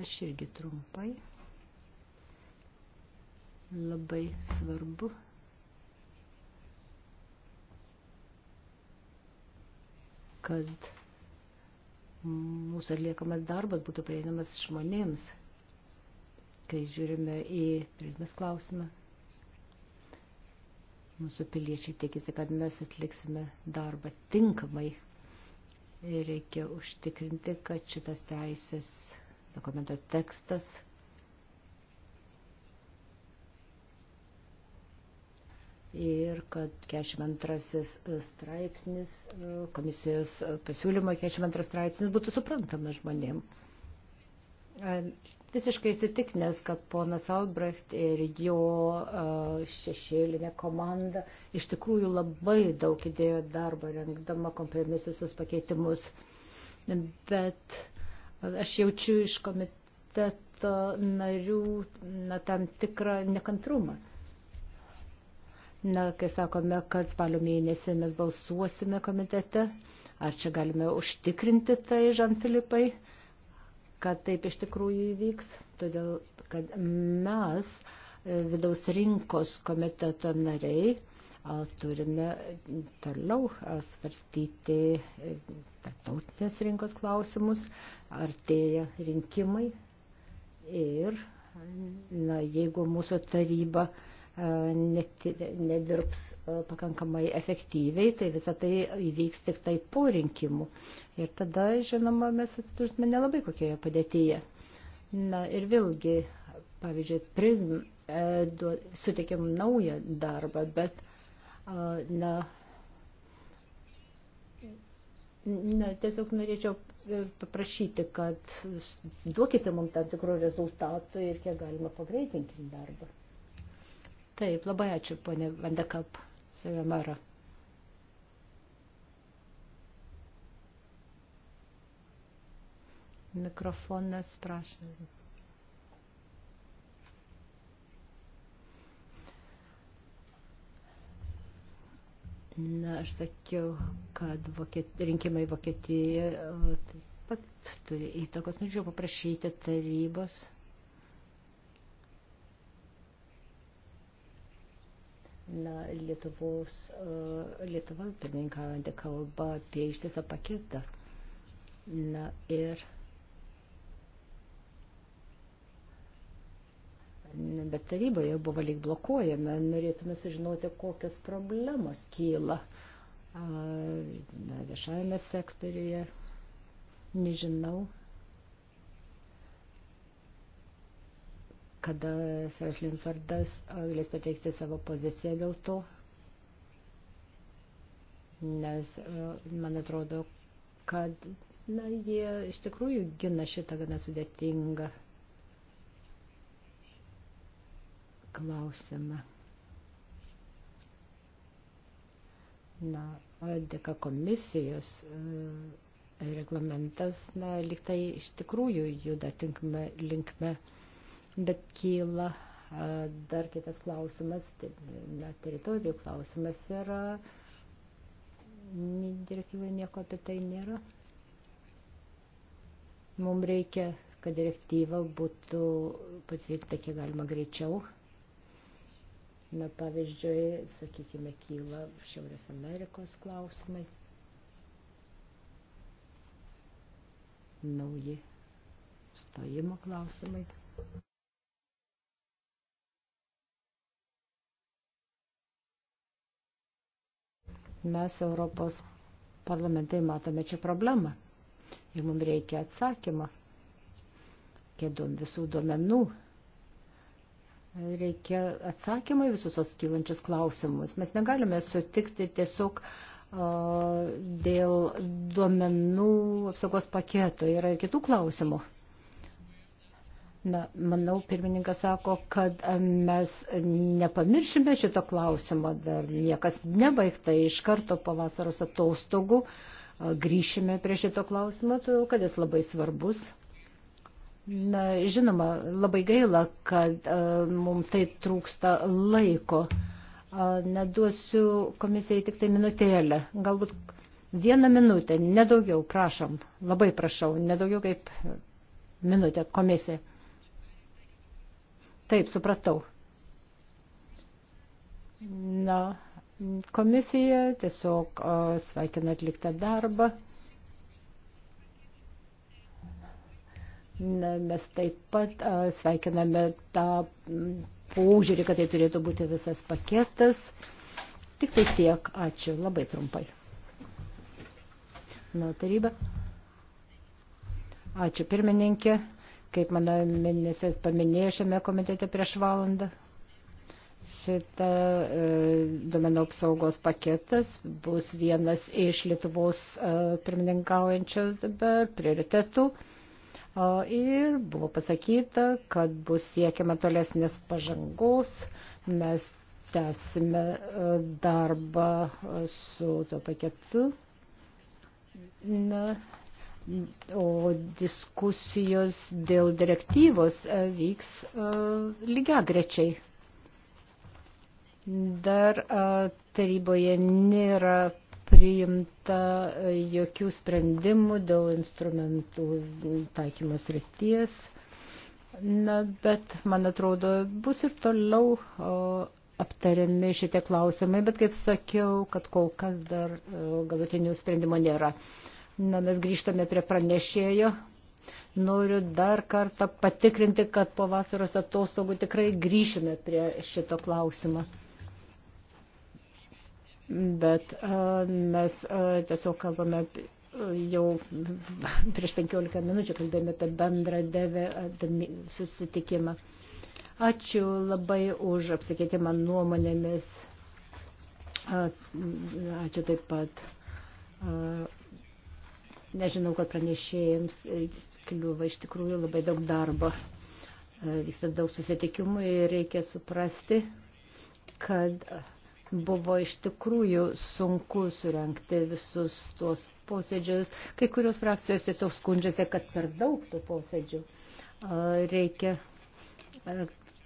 Aš irgi trumpai. Labai svarbu. kad mūsų atliekamas darbas būtų prieinamas žmonėms, kai žiūrime į prizmės klausimą. Mūsų piliečiai tikisi, kad mes atliksime darbą tinkamai ir reikia užtikrinti, kad šitas teisės dokumento tekstas. Ir kad 42 straipsnis, e, komisijos pasiūlymo 42 straipsnis būtų suprantama žmonėm. E, visiškai įsitikinęs, kad ponas Albrecht ir jo e, šešėlinė komanda iš tikrųjų labai daug įdėjo darbo rengdama kompromisusius pakeitimus. Bet Aš jaučiu iš komiteto narių na, tam tikrą nekantrumą. Na, kai sakome, kad spalio mėnesį mes balsuosime komitete, ar čia galime užtikrinti tai, Žan Filipai, kad taip iš tikrųjų įvyks, todėl kad mes, vidaus rinkos komiteto nariai, turime toliau svarstyti e, tarptautinės rinkos klausimus, artėja rinkimai ir na, jeigu mūsų taryba net, nedirbs pakankamai efektyviai, tai visą tai įvyks tik tai po rinkimų. Ir tada, žinoma, mes atsidursime nelabai kokioje padėtyje. Na ir vėlgi, pavyzdžiui, prizm e, suteikiam naują darbą, bet Na, na, tiesiog norėčiau e, paprašyti, kad duokite mums tam tikrų rezultatų ir kiek galima pagreitinkim darbą. Taip, labai ačiū, ponė Vandekap, Savamara. Mikrofonas, prašau. Na, aš sakiau, kad vokiet, rinkimai Vokietijoje taip pat turi įtakos. Norėčiau paprašyti tarybos. Na, Lietuvos, Lietuva pirmininkaujantį kalbą apie ištisą paketą. Na ir bet taryboje buvo lyg blokuojama. Norėtume sužinoti, kokios problemos kyla na, viešajame sektoriuje. Nežinau, kada Saras Linfordas galės pateikti savo poziciją dėl to. Nes man atrodo, kad na, jie iš tikrųjų gina šitą gana sudėtingą klausimą. Na, dėka komisijos e, reglamentas, na, liktai iš tikrųjų juda tinkme linkme, bet kyla e, dar kitas klausimas, tai, na, teritorijų klausimas yra, direktyvoje nieko apie tai nėra. Mums reikia, kad direktyva būtų patvirtinta kiek galima greičiau, Na, pavyzdžiui, sakykime, kyla Šiaurės Amerikos klausimai. Nauji stojimo klausimai. Mes Europos parlamentai matome čia problemą ir mums reikia atsakymą, kėdom visų duomenų Reikia atsakymai visus tos kylančius klausimus. Mes negalime sutikti tiesiog dėl duomenų apsaugos paketo. Yra ir kitų klausimų. Na, manau, pirmininkas sako, kad mes nepamiršime šito klausimo, dar niekas nebaigta iš karto po vasaros atostogų. Grįšime prie šito klausimo, todėl kad jis labai svarbus. Na, žinoma, labai gaila, kad uh, e, mums tai trūksta laiko. Uh, neduosiu komisijai tik tai minutėlę. Galbūt vieną minutę, nedaugiau, prašom. Labai prašau, nedaugiau kaip minutę komisija. Taip, supratau. Na, komisija tiesiog uh, sveikina atliktą darbą. Uh, Na, mes taip pat a, sveikiname tą požiūrį, kad tai turėtų būti visas paketas. Tik tai tiek. Ačiū. Labai trumpai. Na, taryba. Ačiū pirmininkė, kaip mano ministras paminėjo šiame komitete prieš valandą. Šitą e, domenų apsaugos paketas bus vienas iš Lietuvos e, pirmininkaujančios dabar prioritetų. E, ir buvo pasakyta, kad bus siekiama tolesnės pažangos, mes tęsime e, darbą e, su tuo paketu. Na, o diskusijos dėl direktyvos e, vyks lygia grečiai. Dar taryboje nėra priimta jokių sprendimų dėl instrumentų taikymos ryties. Na, bet, man atrodo, bus ir toliau o, aptariami šitie klausimai, bet kaip sakiau, kad kol kas dar o, galutinių sprendimų nėra. Na, mes grįžtame prie pranešėjo. Noriu dar kartą patikrinti, kad po vasaros atostogų tikrai grįšime prie šito klausimo bet e, mes e, tiesiog kalbame jau prieš 15 minučių kalbėjome apie bendrą devę susitikimą. Ačiū labai už apsikeitimą nuomonėmis. E, ačiū taip pat. Nežinau, kad pranešėjams kliūva iš tikrųjų labai daug darbo. Vyksta daug susitikimų ir reikia suprasti, kad Buvo iš tikrųjų sunku surenkti visus tuos posėdžius. Kai kurios frakcijos tiesiog skundžiasi, kad per daug tų posėdžių reikia,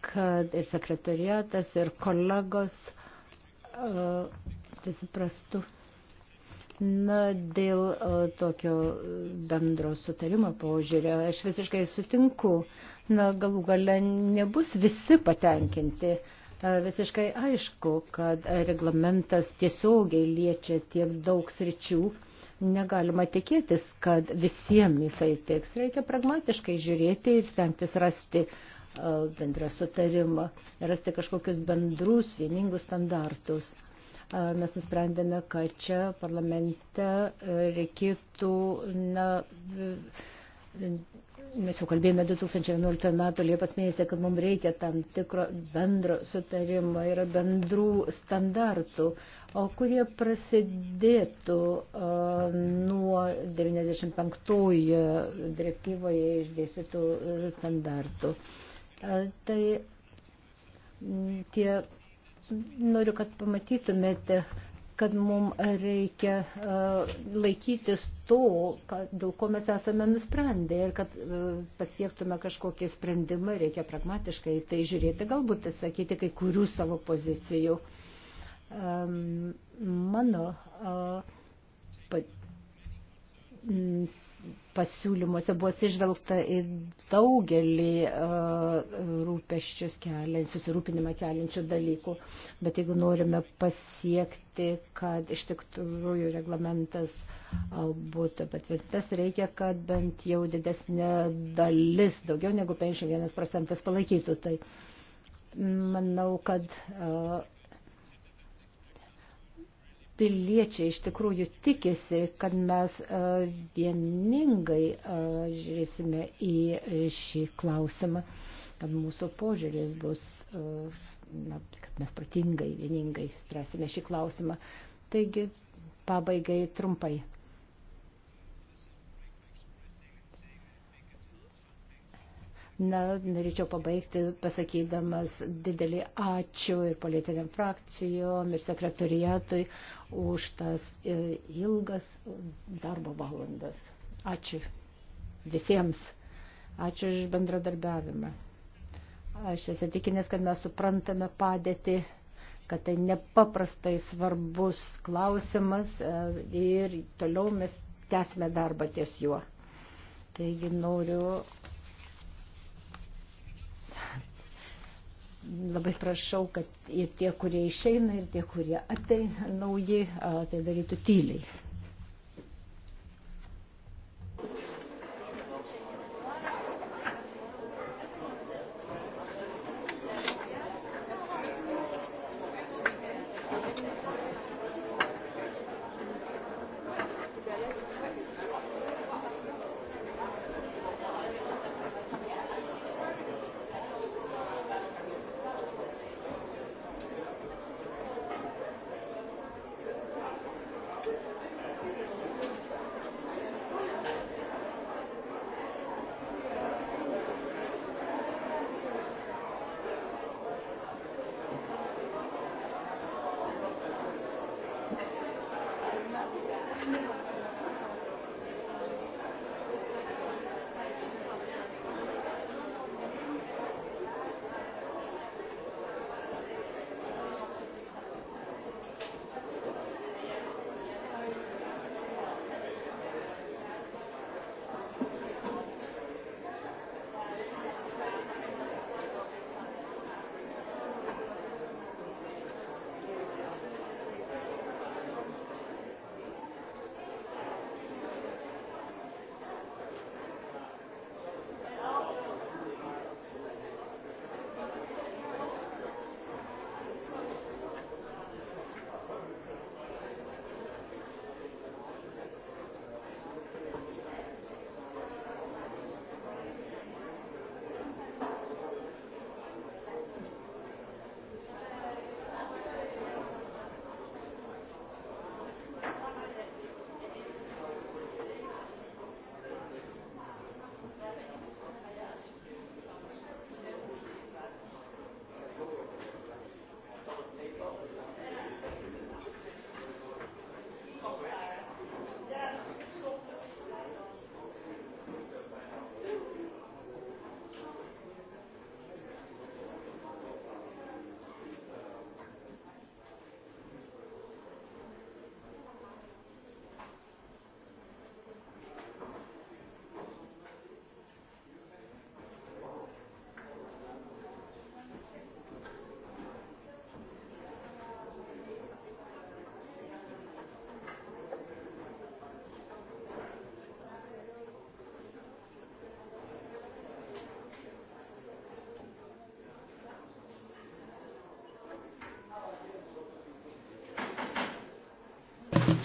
kad ir sekretariatas, ir kolegos tai suprastų. Na, dėl o, tokio bendro sutarimo požiūrio aš visiškai sutinku. Na, galų gale nebus visi patenkinti. Uh, E, visiškai aišku, kad reglamentas tiesiogiai liečia tiek daug sričių. Negalima tikėtis, kad visiems jisai tiks. Reikia pragmatiškai žiūrėti ir stengtis rasti e, bendrą sutarimą, rasti kažkokius bendrus, vieningus standartus e, mes nusprendėme, kad čia parlamente reikėtų na, mes jau kalbėjome 2011 metų Liepos mėnesį, kad mums reikia tam tikro bendro sutarimo ir bendrų standartų, o kurie prasidėtų a, nuo 95-ojo direktyvoje išdėstytų standartų. A, tai m, tie noriu, kad pamatytumėte, kad mums reikia e, laikytis to, dėl ko mes esame nusprendę ir kad e, pasiektume kažkokį sprendimą, reikia pragmatiškai tai žiūrėti, galbūt atsakyti kai kurių savo pozicijų. Mano e, pasiūlymuose buvo atsižvelgta į daugelį e, rūpeščius keliant, susirūpinimą keliančių dalykų. Bet jeigu norime pasiekti, kad iš tikrųjų reglamentas e, būtų patvirtintas, reikia, kad bent jau didesnė dalis, daugiau negu 51 procentas palaikytų. Tai manau, kad e, piliečiai iš tikrųjų tikisi, kad mes e, vieningai e, žiūrėsime į šį klausimą, kad mūsų požiūris bus, e, na, kad mes protingai, vieningai spręsime šį klausimą. Taigi, pabaigai trumpai. Na, norėčiau pabaigti pasakydamas didelį ačiū ir politiniam frakcijom, ir sekretariatui už tas e, ilgas darbo valandas. Ačiū visiems. Ačiū iš bendradarbiavimą. Aš esu tikinęs, kad mes suprantame padėtį, kad tai nepaprastai svarbus klausimas e, ir toliau mes tęsime darbą ties juo. Taigi noriu labai prašau, kad ir tie, kurie išeina, ir tie, kurie ateina nauji, tai darytų tyliai.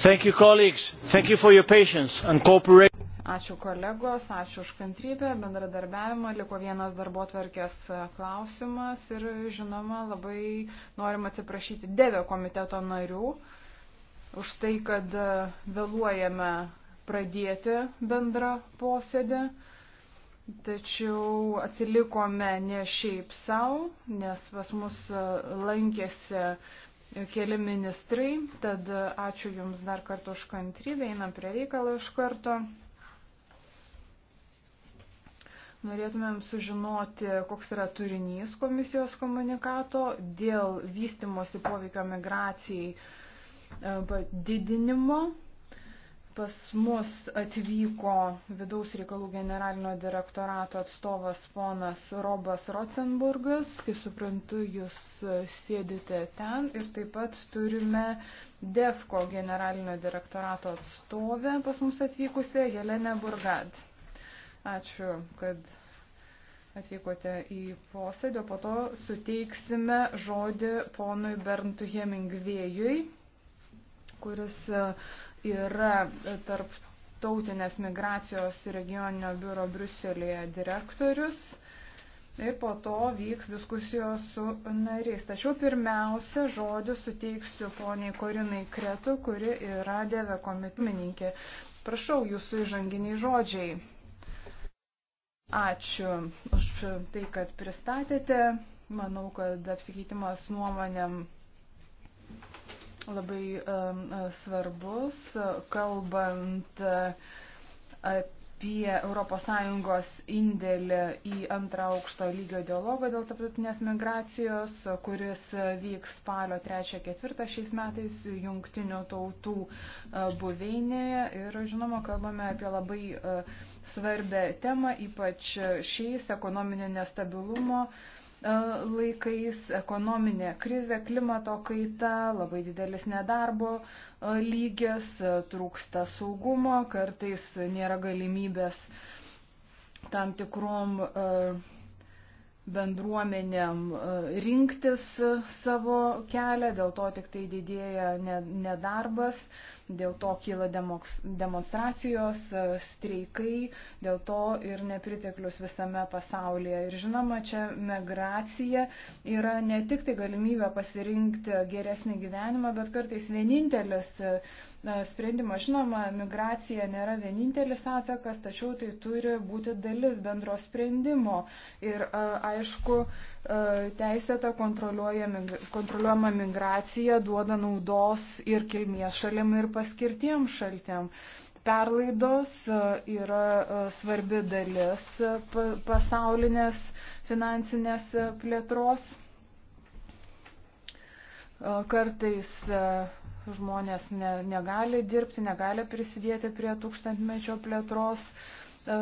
Thank you, colleagues. Thank you for your patience and cooperation. Ačiū kolegos, ačiū už kantrybę, bendradarbiavimą. Liko vienas darbo tvarkės e, klausimas ir, žinoma, labai norim atsiprašyti devio komiteto narių už tai, kad e, vėluojame pradėti bendrą posėdį. Tačiau atsilikome ne šiaip savo, nes pas mus e, lankėsi keli ministrai, tad ačiū Jums dar kartą už kantrybę, einam prie reikalo iš karto. Norėtumėm sužinoti, koks yra turinys komisijos komunikato dėl vystimosi poveikio migracijai e, didinimo pas mus atvyko vidaus reikalų generalinio direktorato atstovas ponas Robas Rocenburgas. Kaip suprantu, jūs sėdite ten ir taip pat turime DEFCO generalinio direktorato atstovę pas mus atvykusią Jelenę Burgad. Ačiū, kad atvykote į posėdį, po to suteiksime žodį ponui Berntu Hemingvėjui kuris yra tarptautinės migracijos regioninio biuro Bruselėje direktorius. Ir po to vyks diskusijos su nariais. Tačiau pirmiausia, žodį suteiksiu poniai Korinai Kretu, kuri yra Deve komitmininkė. Prašau jūsų įžanginiai žodžiai. Ačiū už tai, kad pristatėte. Manau, kad apsikeitimas nuomonėm labai svarbus, kalbant e, apie ES indėlį į antrą aukšto lygio dialogą dėl tarptautinės migracijos, kuris vyks spalio 3-4 šiais metais jungtinių tautų e, buveinėje. Ir, žinoma, kalbame apie labai e, svarbę temą, ypač šiais ekonominio nestabilumo E, laikais, ekonominė krizė, klimato kaita, labai didelis nedarbo e, lygis, e, trūksta saugumo, kartais nėra galimybės tam tikrom bendruomenėm rinktis savo kelią, dėl to tik tai didėja nedarbas. Ne dėl to kyla demonstracijos, e, streikai, dėl to ir nepriteklius visame pasaulyje. Ir žinoma, čia migracija yra ne tik tai galimybė pasirinkti geresnį gyvenimą, bet kartais vienintelis e, sprendimą. Žinoma, migracija nėra vienintelis atsakas, tačiau tai turi būti dalis bendro sprendimo. Ir aišku, teisėta kontroliuojama migracija duoda naudos ir kilmės šalim, ir paskirtiem šaltėm perlaidos yra svarbi dalis pasaulinės finansinės plėtros. Kartais žmonės ne, negali dirbti, negali prisidėti prie tūkstantmečio plėtros e,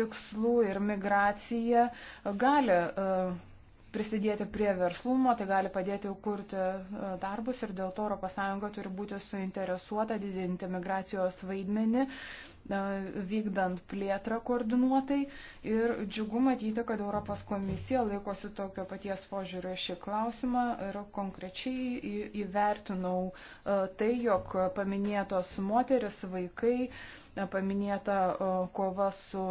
tikslų ir migracija e, gali e, prisidėti prie verslumo, tai gali padėti kurti e, darbus ir dėl to ES turi būti suinteresuota didinti migracijos vaidmenį, e, vykdant plėtrą koordinuotai. Ir džiugu matyti, kad Europos komisija laikosi tokio paties požiūrio šį klausimą ir konkrečiai įvertinau e, tai, jog paminėtos moteris, vaikai, paminėta kova su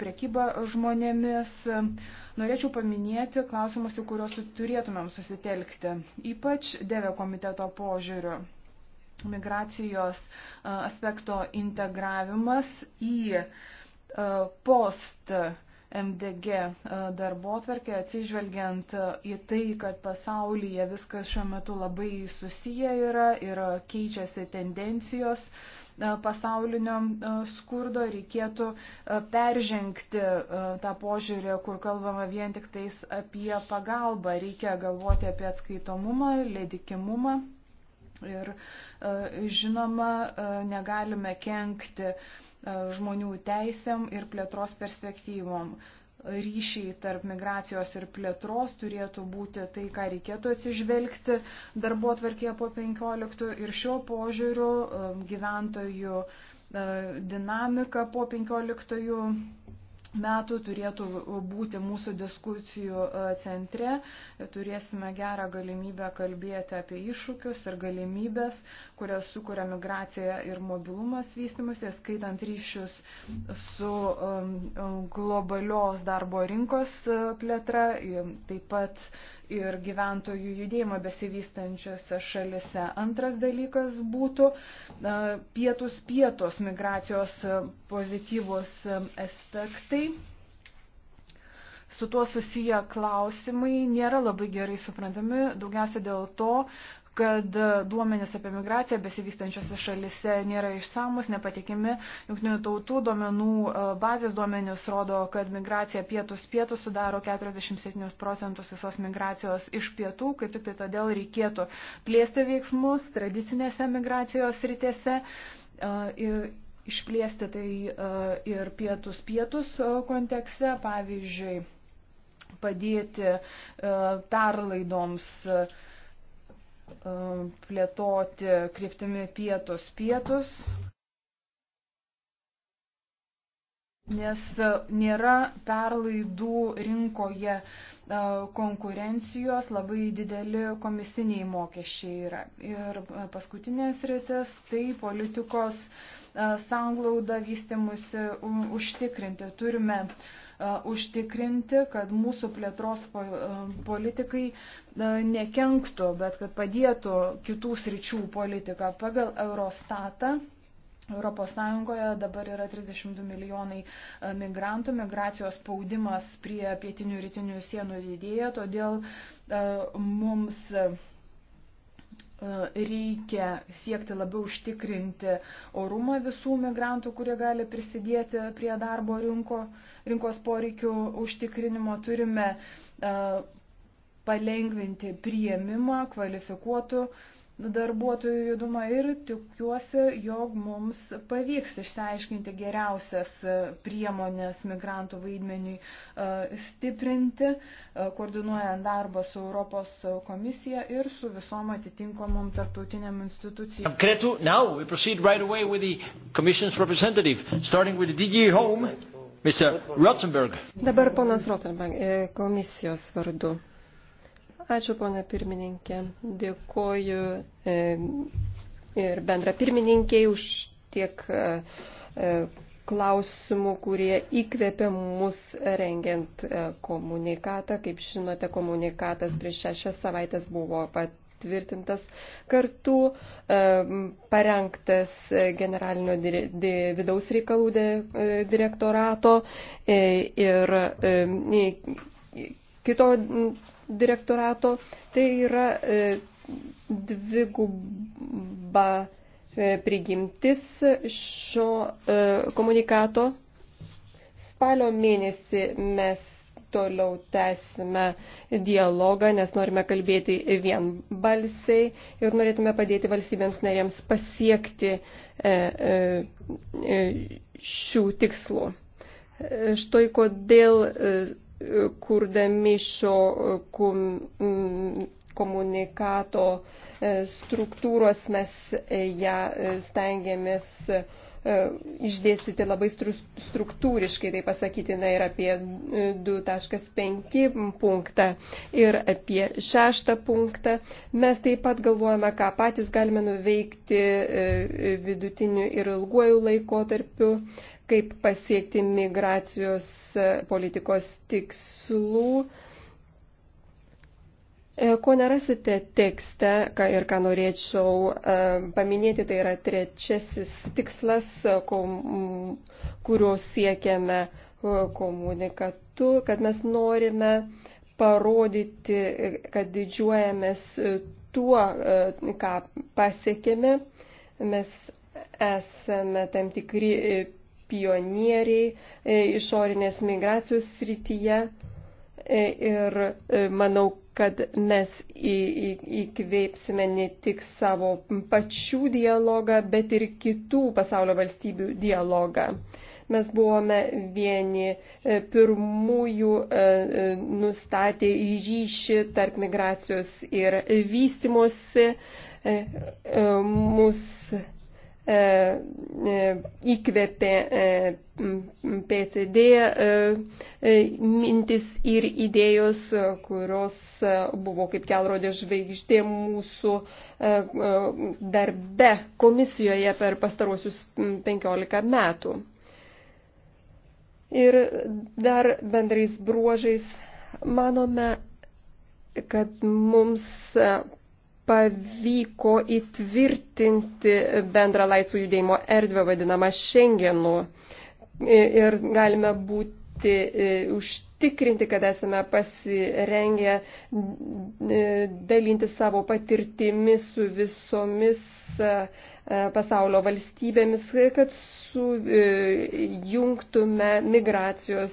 priekyba žmonėmis. Norėčiau paminėti klausimus, į kuriuos turėtumėm susitelkti, ypač Deve komiteto požiūriu. Migracijos aspekto integravimas į post MDG darbotvarkė, atsižvelgiant į tai, kad pasaulyje viskas šiuo metu labai susiję yra ir keičiasi tendencijos. Uh, E, pasaulinio e, skurdo, reikėtų e, peržengti tą požiūrį, kur kalbama vien tik tais apie pagalbą, reikia galvoti apie atskaitomumą, ledikimumą. Ir žinoma, negalime kenkti žmonių teisėm ir plėtros perspektyvom ryšiai tarp migracijos ir plėtros turėtų būti tai, ką reikėtų atsižvelgti darbo atvarkėje po 15 ir šio požiūriu um, gyventojų uh, dinamika po 15 metų turėtų būti mūsų diskusijų e, centre. Turėsime gerą galimybę kalbėti apie iššūkius ir galimybės, kurias sukuria migracija ir mobilumas vystimus, skaitant ryšius su e, globalios darbo rinkos e, plėtra, taip pat ir gyventojų judėjimą besivystančiose šalise. Antras dalykas būtų pietus pietos migracijos pozityvus aspektai. Su tuo susiję klausimai nėra labai gerai suprantami, daugiausia dėl to, kad e, duomenys apie migraciją besivystančiose šalise nėra išsamus, nepatikimi. Junktinių tautų duomenų e, bazės duomenys rodo, kad migracija pietus pietus sudaro 47 procentus visos migracijos iš pietų, kaip tik tai todėl reikėtų plėsti veiksmus tradicinėse migracijos rytėse. E, ir išplėsti tai ir pietus pietus kontekste, pavyzdžiui, padėti perlaidoms uh, Um, plėtoti kryptimi pietus pietus, nes e, nėra perlaidų rinkoje e, konkurencijos, labai dideli komisiniai mokesčiai yra. Ir e, paskutinės rytis tai politikos sanglauda vystimusi užtikrinti. Turime uh, E, užtikrinti, kad mūsų plėtros e, politikai e, nekenktų, bet kad padėtų kitų sričių politiką. Pagal Eurostatą Europos Sąjungoje dabar yra 32 milijonai migrantų, migracijos spaudimas prie pietinių rytinių sienų didėja, todėl mums E, reikia siekti labiau užtikrinti orumą visų migrantų, kurie gali prisidėti prie darbo rinko, rinkos poreikių užtikrinimo. Turime e, palengvinti prieimimą kvalifikuotų uh, darbuotojų judumą ir tikiuosi, jog mums pavyks išsiaiškinti geriausias e, priemonės migrantų vaidmeniui e, stiprinti, e, koordinuojant darbą su Europos komisija ir su visom atitinkomom tarptautiniam institucijom. Kretu, now we proceed right away with the Commission's representative, starting with the DG Home, Mr. Rottenberg. Dabar ponas Rottenberg, komisijos vardu. Ačiū, ponė pirmininkė. Dėkoju e, ir bendra pirmininkiai už tiek e, e, klausimų, kurie įkvėpė mus rengiant komunikatą. Kaip žinote, komunikatas prieš šešias savaitės buvo patvirtintas kartu, parengtas generalinio vidaus reikalų direktorato ir kito direktorato. Tai yra e, dviguba e, prigimtis šio e, komunikato. Spalio mėnesį mes toliau tęsime dialogą, nes norime kalbėti vien balsiai ir norėtume padėti valstybėms narėms pasiekti e, e, šių tikslų. Štai kodėl e, kurdami šio e, komunikato e, struktūros mes e, ją stengiamės išdėstyti labai struktūriškai, tai pasakytina ir apie 2.5 punktą ir apie 6 punktą. Mes taip pat galvojame, ką patys galime nuveikti vidutiniu ir ilguoju laikotarpiu kaip pasiekti migracijos e, politikos tikslų. E, ko nerasite tekste ką ir ką norėčiau e, paminėti, tai yra trečiasis tikslas, kurio siekiame komunikatu, kad mes norime parodyti, kad didžiuojamės tuo, ką pasiekėme. Mes esame tam tikri pionieriai e, išorinės migracijos srityje e, ir e, manau, kad mes įkveipsime ne tik savo pačių dialogą, bet ir kitų pasaulio valstybių dialogą. Mes buvome vieni pirmųjų nustatę ryšį tarp migracijos ir vystimosi. Mūsų E, e, įkvėpė e, PCD mintis ir idėjos, kurios buvo kaip kelrodė žvaigždė mūsų darbe komisijoje per pastaruosius 15 metų. Ir dar bendrais bruožais manome, kad mums pavyko įtvirtinti bendrą laisvų judėjimo erdvę vadinamą Schengenu. Ir galime būti užtikrinti, kad esame pasirengę dalinti savo patirtimi su visomis e, pasaulio valstybėmis, kad sujungtume e, migracijos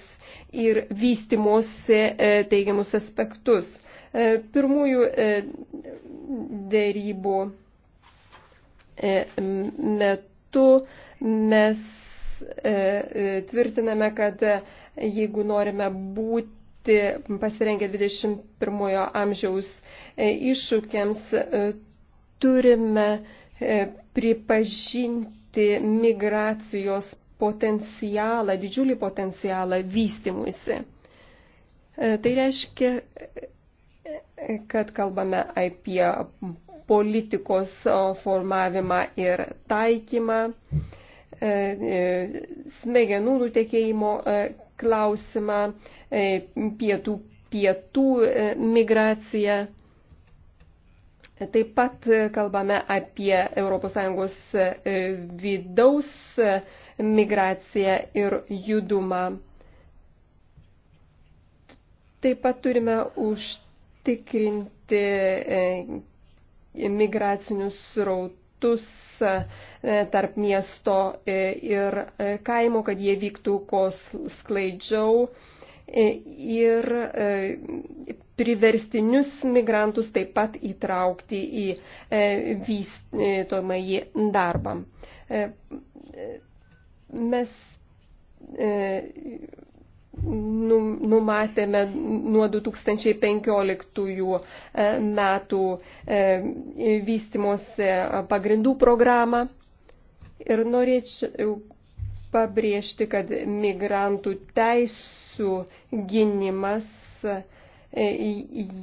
ir vystimosi e, teigiamus aspektus. E, pirmųjų e, dėrybų e, metu mes tvirtiname, kad jeigu norime būti pasirengę 21 amžiaus iššūkiams, turime pripažinti migracijos potencialą, didžiulį potencialą vystimuisi. Tai reiškia, kad kalbame apie politikos formavimą ir taikymą, e, e, smegenų nutekėjimo e, klausimą, pietų, pietų migraciją. Taip pat kalbame apie ES vidaus migraciją ir judumą. Taip pat turime užtikrinti užtikrinti e, migracinius srautus e, tarp miesto e, ir kaimo, kad jie vyktų kuo sklaidžiau ir priverstinius migrantus taip pat įtraukti į vystomąjį darbą. Mes Nu, numatėme nuo 2015 e, metų e, vystimos e, pagrindų programą ir norėčiau pabrėžti, kad migrantų teisų gynimas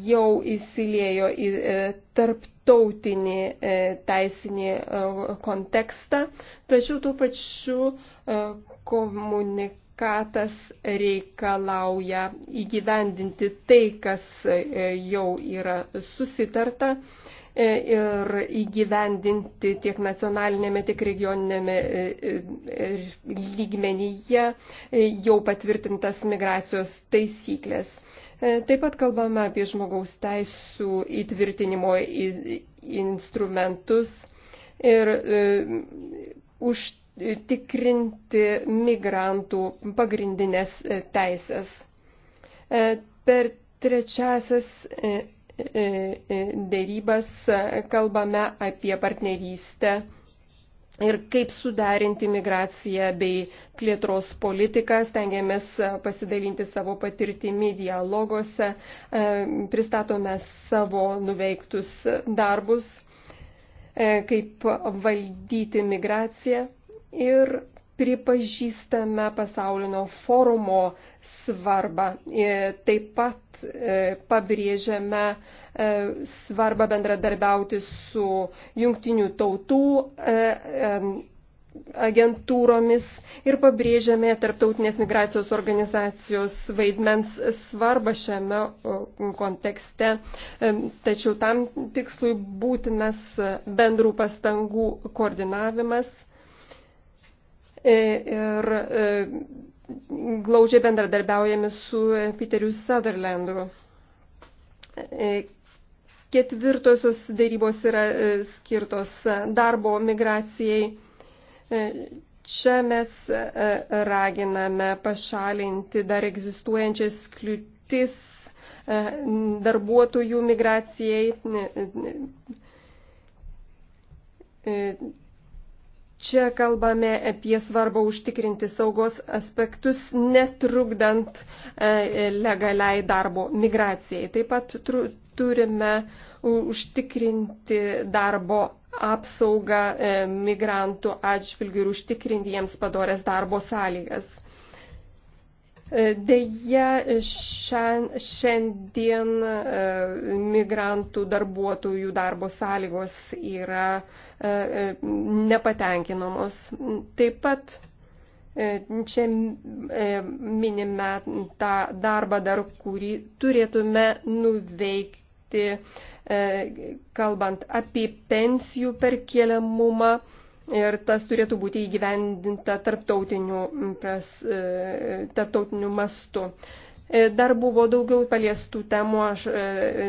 jau įsilėjo į tarptautinį teisinį kontekstą, tačiau tuo pačiu komunikacija ką tas reikalauja įgyvendinti tai, kas e, jau yra susitarta e, ir įgyvendinti tiek nacionalinėme, tiek regioninėme e, lygmenyje jau patvirtintas migracijos taisyklės. Taip pat kalbame apie žmogaus teisų įtvirtinimo instrumentus ir už tikrinti migrantų pagrindinės e, teisės. E, per trečiasias e, dėrybas kalbame apie partnerystę ir kaip suderinti migraciją bei plėtros politiką. Stengiamės pasidalinti savo patirtimi dialoguose, pristatome savo nuveiktus darbus, kaip valdyti migraciją ir pripažįstame pasaulinio forumo svarbą. E, taip pat e, pabrėžiame e, svarbą bendradarbiauti su jungtinių tautų agentūromis ir pabrėžiame Tarptautinės migracijos organizacijos vaidmens svarbą šiame kontekste. Tačiau tam tikslui būtinas bendrų pastangų koordinavimas E, ir e, glaudžiai bendradarbiaujame su Peteriu Sutherlandu. E, ketvirtosios darybos yra skirtos darbo migracijai. Čia mes raginame pašalinti dar egzistuojančias kliūtis darbuotojų migracijai Čia kalbame apie svarbą užtikrinti saugos aspektus, netrukdant e, legaliai darbo migracijai. Taip pat turime užtikrinti darbo apsaugą e, migrantų atžvilgių ir užtikrinti jiems padorės darbo sąlygas. Deja, šiandien e, migrantų darbuotojų darbo sąlygos yra e, e, nepatenkinamos. Taip pat čia minime tą darbą dar, kurį turėtume nuveikti, kalbant apie pensijų perkeliamumą ir tas turėtų būti įgyvendinta tarptautiniu, mm, pras, e, tarptautiniu mastu. E, dar buvo daugiau paliestų temų, aš e,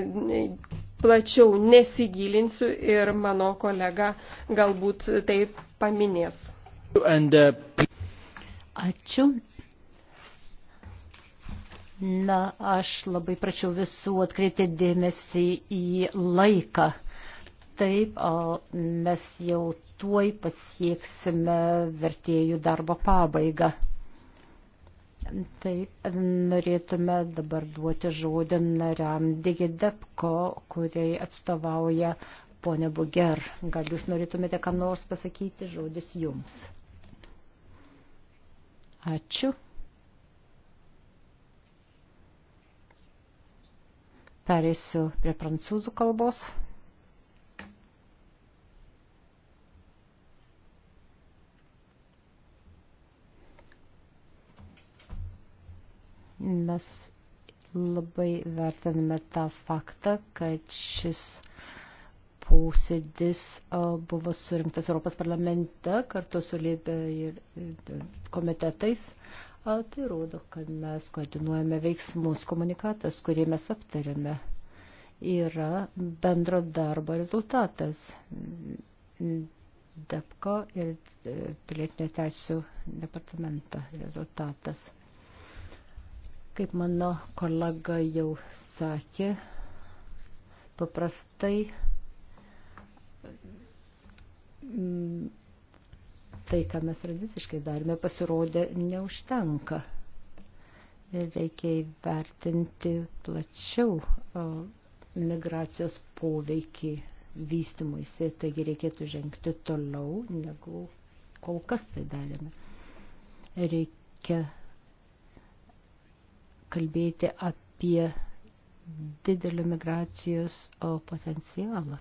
plačiau nesigilinsiu ir mano kolega galbūt tai paminės. Uh, Ačiū. Na, aš labai prašiau visų atkreipti dėmesį į laiką. Taip, mes jau tuoj pasieksime vertėjų darbo pabaigą. Taip, norėtume dabar duoti žodį nariam Digidepko, kuriai atstovauja ponė Buger. Gal jūs norėtumėte kam nors pasakyti, žodis jums. Ačiū. Perėsiu prie prancūzų kalbos. Mes labai vertiname tą faktą, kad šis posėdis buvo surinktas Europos parlamente kartu su Libė ir komitetais. Tai rodo, kad mes koordinuojame veiksmus. Komunikatas, kurį mes aptarėme, yra bendro darbo rezultatas. DEPCO ir e, pilietinio teisų departamento rezultatas. Kaip mano kolega jau sakė, paprastai mm, tai, ką mes tradiciškai darome, pasirodė neužtenka. Reikia įvertinti plačiau migracijos poveikį vystimuisi, taigi reikėtų žengti toliau, negu kol kas tai darėme. Reikia kalbėti apie didelį migracijos potencialą.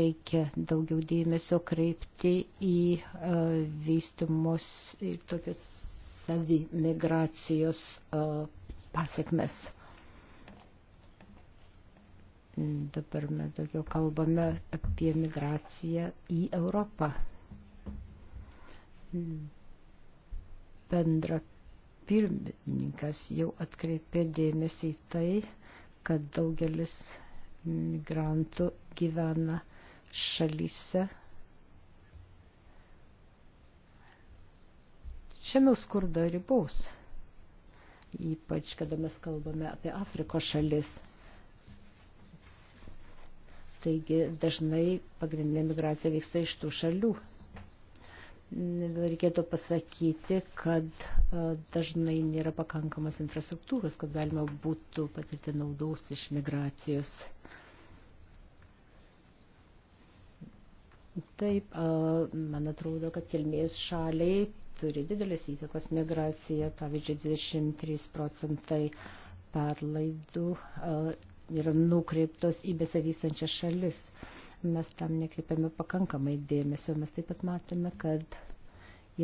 Reikia daugiau dėmesio kreipti į vystumus ir tokius savimigracijos pasiekmes. Dabar mes daugiau kalbame apie migraciją į Europą. Bendra pirmininkas jau atkreipė dėmesį į tai, kad daugelis migrantų gyvena šalyse žemiau skurdo ribos, ypač kada mes kalbame apie Afrikos šalis. Taigi dažnai pagrindinė migracija vyksta iš tų šalių reikėtų pasakyti, kad e, dažnai nėra pakankamas infrastruktūros, kad galima būtų patirti naudos iš migracijos. Taip, e, man atrodo, kad kilmės šaliai turi didelės įtakos migracija, pavyzdžiui, 23 procentai perlaidų e, yra nukreiptos į besivystančias šalis. Uh, mes tam nekreipiame pakankamai dėmesio. Mes taip pat matėme, kad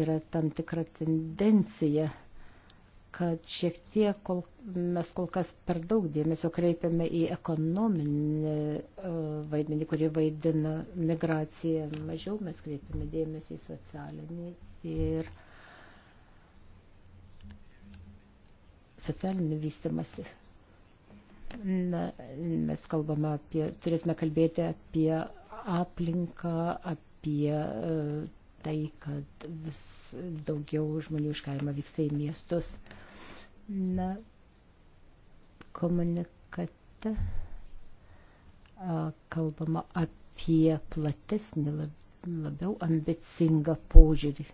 yra tam tikra tendencija, kad šiek tiek kol, mes kol kas per daug dėmesio kreipiame į ekonominį e, vaidmenį, kurį vaidina migracija. Mažiau mes kreipiame dėmesį į socialinį ir socialinį vystimąsi. Na, mes kalbame apie, turėtume kalbėti apie aplinką, apie e, tai, kad vis daugiau žmonių iš kaimo vyksta į miestus. Na, komunikate e, kalbama apie platesnį, labiau ambicingą požiūrį.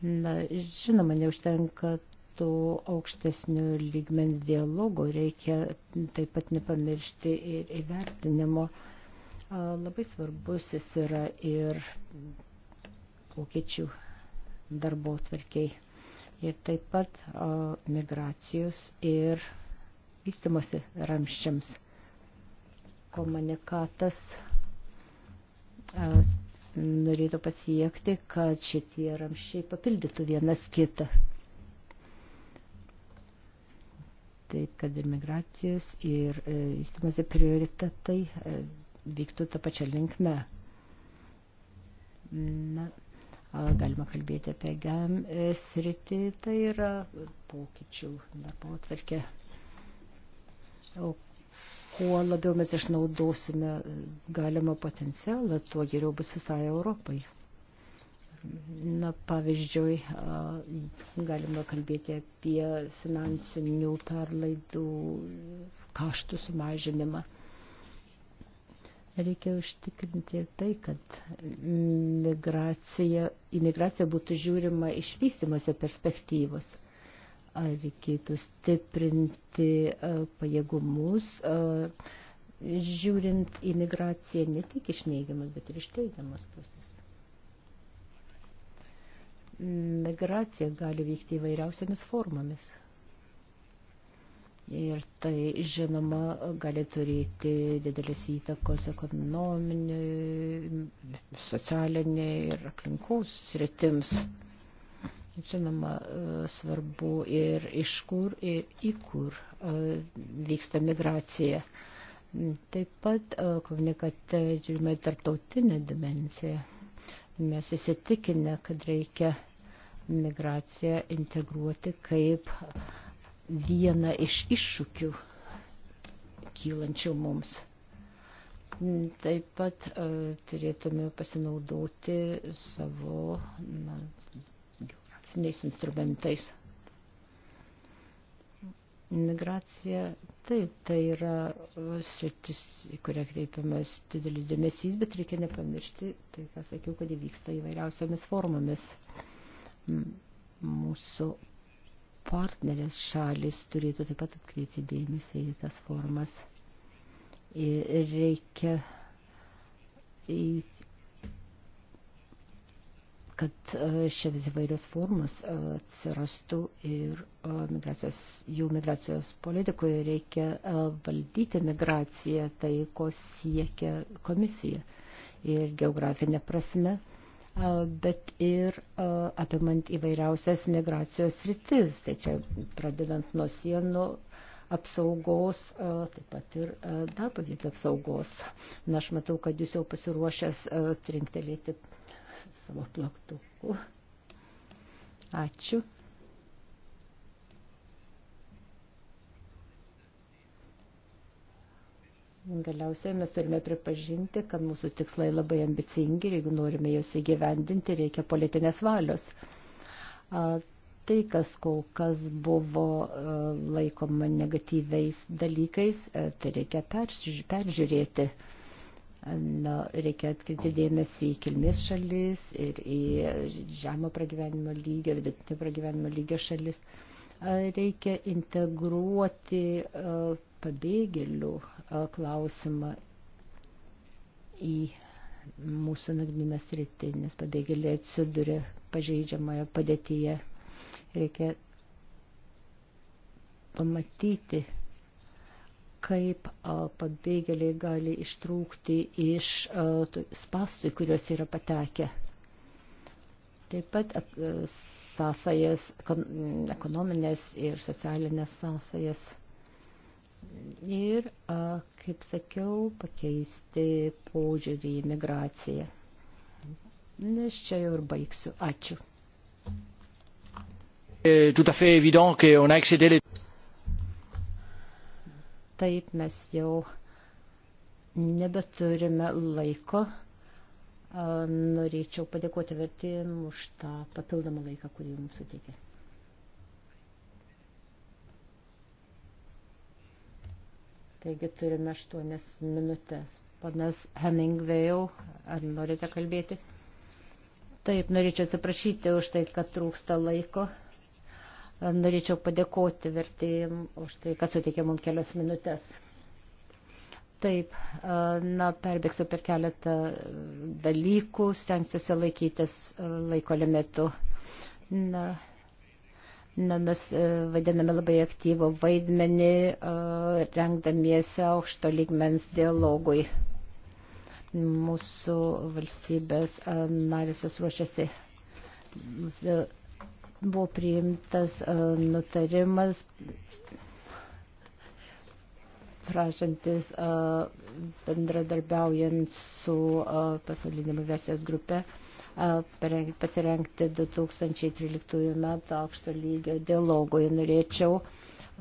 Na, žinoma, neužtenka reikėtų aukštesnių lygmens dialogų, reikia taip pat nepamiršti ir įvertinimo. Labai svarbus jis yra ir pokyčių darbo tvarkiai. Ir taip pat migracijos ir vystimosi ramščiams. Komunikatas norėtų pasiekti, kad šitie ramščiai papildytų vienas kitą. taip kad ir migracijos, e, ir įstumasi prioritetai e, vyktų tą pačią linkmę. Na, galima kalbėti apie GAM e, sritį, tai yra pokyčių darbo atvarkė. O kuo labiau mes išnaudosime galimą potencialą, tuo geriau bus visai Europai. Na, pavyzdžiui, galima kalbėti apie finansinių perlaidų kaštų sumažinimą. Reikia užtikrinti ir tai, kad migracija, imigracija būtų žiūrima iš vystimuose perspektyvos. Ar reikėtų stiprinti pajėgumus, žiūrint imigraciją ne tik iš neigiamas, bet ir iš teigiamas pusės migracija gali vykti įvairiausiamis formomis. Ir tai, žinoma, gali turėti didelės įtakos ekonominiai, socialiniai ir aplinkos sritims. Žinoma, svarbu ir iš kur, ir į kur e, vyksta migracija. Taip pat e, komunikate žiūrime tarptautinę dimenciją. Mes įsitikinę, kad reikia migraciją integruoti kaip vieną iš iššūkių kylančių mums. Taip pat e, turėtume pasinaudoti savo na, geografiniais instrumentais. Migracija, taip, tai yra sritis, į kurią kreipiamas didelis dėmesys, bet reikia nepamiršti, tai ką sakiau, kad įvyksta įvairiausiamis formomis. Mūsų partnerės šalis turėtų taip pat atkreipti dėmesį į tas formas. Ir reikia, kad e, šias įvairios formas e, atsirastų ir e, migracijos, jų migracijos politikoje reikia valdyti migraciją, tai ko siekia komisija. Ir geografinė prasme bet ir apimant įvairiausias migracijos sritis. Tai čia pradedant nuo sienų apsaugos, taip pat ir darbo vietų apsaugos. Na, aš matau, kad jūs jau pasiruošęs trinktelėti savo plaktuku. Ačiū. Galiausiai mes turime pripažinti, kad mūsų tikslai labai ambicingi ir jeigu norime juos įgyvendinti, reikia politinės valios. Tai, kas kol kas buvo laikoma negatyviais dalykais, tai reikia peržiūrėti. Na, reikia atkreipti dėmesį į kilmės šalis ir į žemą pragyvenimo lygio, vidutinio pragyvenimo lygio šalis. Reikia integruoti uh, pabėgėlių klausimą į mūsų nagrinimą sritį, nes pabėgėliai atsiduria pažeidžiamoje padėtyje. Reikia pamatyti, kaip pabėgėliai gali ištrūkti iš spastų, į kuriuos yra patekę. Taip pat sąsajas, ekonominės ir socialinės sąsajas ir, kaip sakiau, pakeisti požiūrį į migraciją. Nes čia jau ir baigsiu. Ačiū. E, Taip mes jau nebeturime laiko. Norėčiau padėkoti vertim už tą papildomą laiką, kurį jums suteikė. Taigi turime 8 minutės. Panas Hemingvėjau, ar norite kalbėti? Taip, norėčiau atsiprašyti už tai, kad trūksta laiko. Norėčiau padėkoti vertėjim už tai, kad suteikė mums kelias minutės. Taip, na, perbėgsiu per keletą dalykų, stengsiuosi laikytis laiko limitų. Na, Na, mes e, vadiname labai aktyvų vaidmenį, e, rengdamiesi aukšto lygmens dialogui. Mūsų valstybės e, narėsis ruošiasi. Buvo priimtas nutarimas prašantis bendradarbiaujant su pasaulinė migracijos grupė. Uh, pasirengti 2013 metų aukšto lygio dialogui. Norėčiau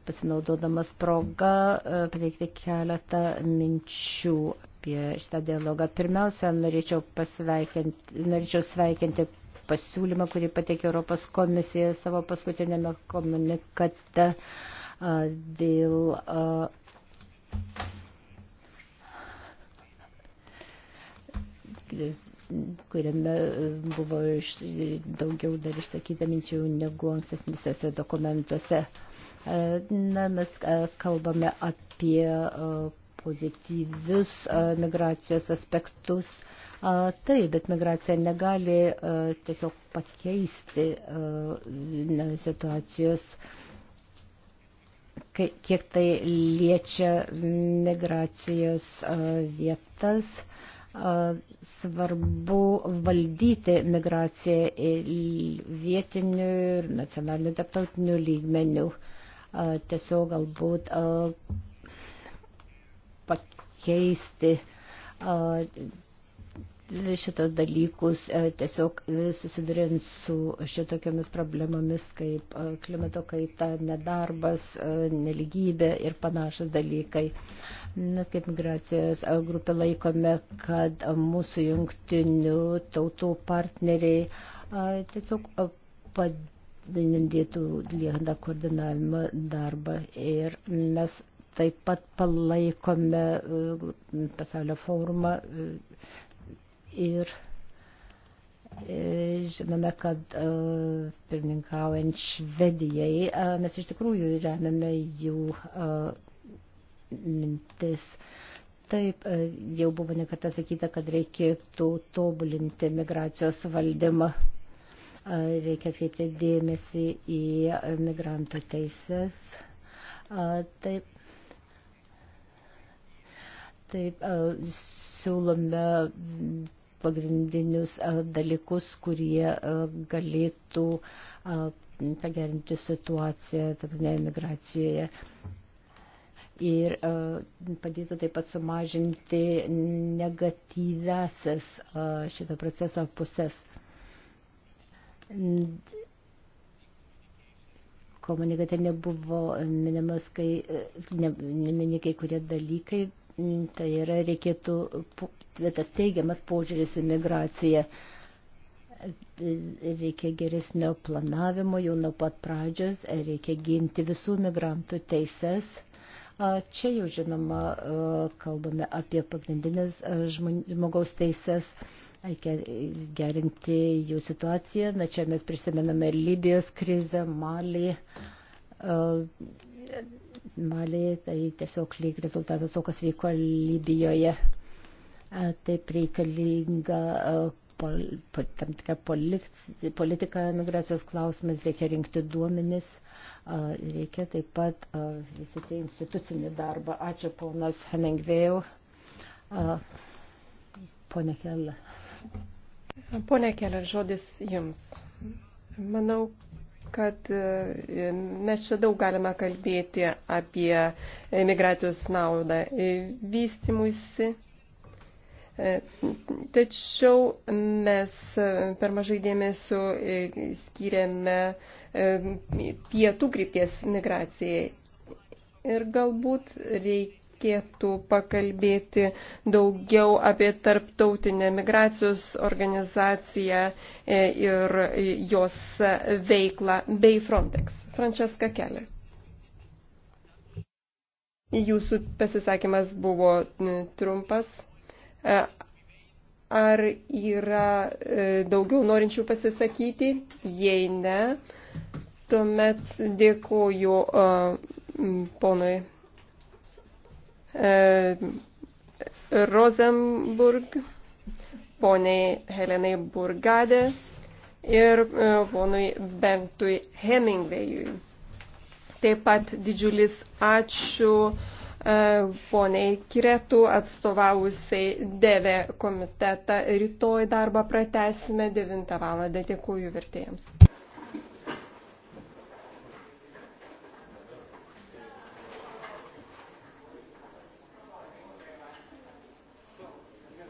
pasinaudodamas proga pateikti keletą minčių apie šitą dialogą. Pirmiausia, norėčiau, norėčiau sveikinti pasiūlymą, kurį pateikė Europos komisija savo paskutinėme komunikate dėl kuriame e, buvo iš, e, daugiau dar išsakyta minčių negu ankstesnėse dokumentuose. E, na, mes kalbame apie pozityvius migracijos aspektus. Taip, bet migracija negali tiesiog pakeisti na, situacijos kiek tai liečia migracijos vietas svarbu valdyti migraciją vietiniu ir nacionaliniu tarptautiniu lygmeniu. Tiesiog galbūt pakeisti šitos dalykus, tiesiog susidurint su šitokiamis problemomis kaip klimato kaita, nedarbas, neligybė ir panašus dalykai. Uh, Mes kaip migracijos grupė laikome, kad mūsų jungtinių tautų partneriai tiesiog padidintų liekantą koordinavimą darbą ir mes taip pat palaikome pasaulio forumą ir e, Žinome, kad uh, pirmininkaujant Švedijai uh, mes iš tikrųjų remiame jų uh, mintis. Taip, e, jau buvo nekartą sakyta, kad reikėtų tobulinti migracijos valdymą. E, reikia atkreipti dėmesį į migrantų teises. E, taip, taip siūlome pagrindinius dalykus, kurie galėtų pagerinti situaciją tarptautinėje migracijoje ir e, padėtų taip pat sumažinti negatyvesias e, šito proceso pusės. Komunikate nebuvo minimas, kai ne, nemini kai kurie dalykai, tai yra reikėtų tas teigiamas požiūris į migraciją. Reikia geresnio planavimo jau nuo pat pradžios, reikia ginti visų migrantų teises Čia jau žinoma kalbame apie pagrindinės žmogaus teises gerinti jų situaciją. Na čia mes prisimename Libijos krizę, Malį. Malį tai tiesiog lyg rezultatas to, kas vyko Libijoje. Taip reikalinga pol, tam tikrą politiką migracijos klausimais, reikia rinkti duomenis, reikia taip pat visyti institucinį darbą. Ačiū ponas Hemingvėjau. Pone Kelė. Pone Kelė, žodis jums. Manau, kad e, mes čia daug galime kalbėti apie migracijos naudą e, vystimuisi E, tačiau mes e, per mažai dėmesio e, skiriame pietų krypties migracijai. Ir galbūt reikėtų pakalbėti daugiau apie tarptautinę migracijos organizaciją ir jos veiklą bei Frontex. Franceska Keller. Jūsų pasisakymas buvo trumpas. E, ar yra e, daugiau norinčių pasisakyti? Jei ne, tuomet dėkoju e, ponui Rosenburg, poniai Helenai Burgadė ir ponui Bentui Hemingvėjui. Taip pat didžiulis ačiū E, poniai Kiretų atstovavusiai DV komitetą. Rytoj darbą pratesime 9 val. Dėkuoju vertėjams.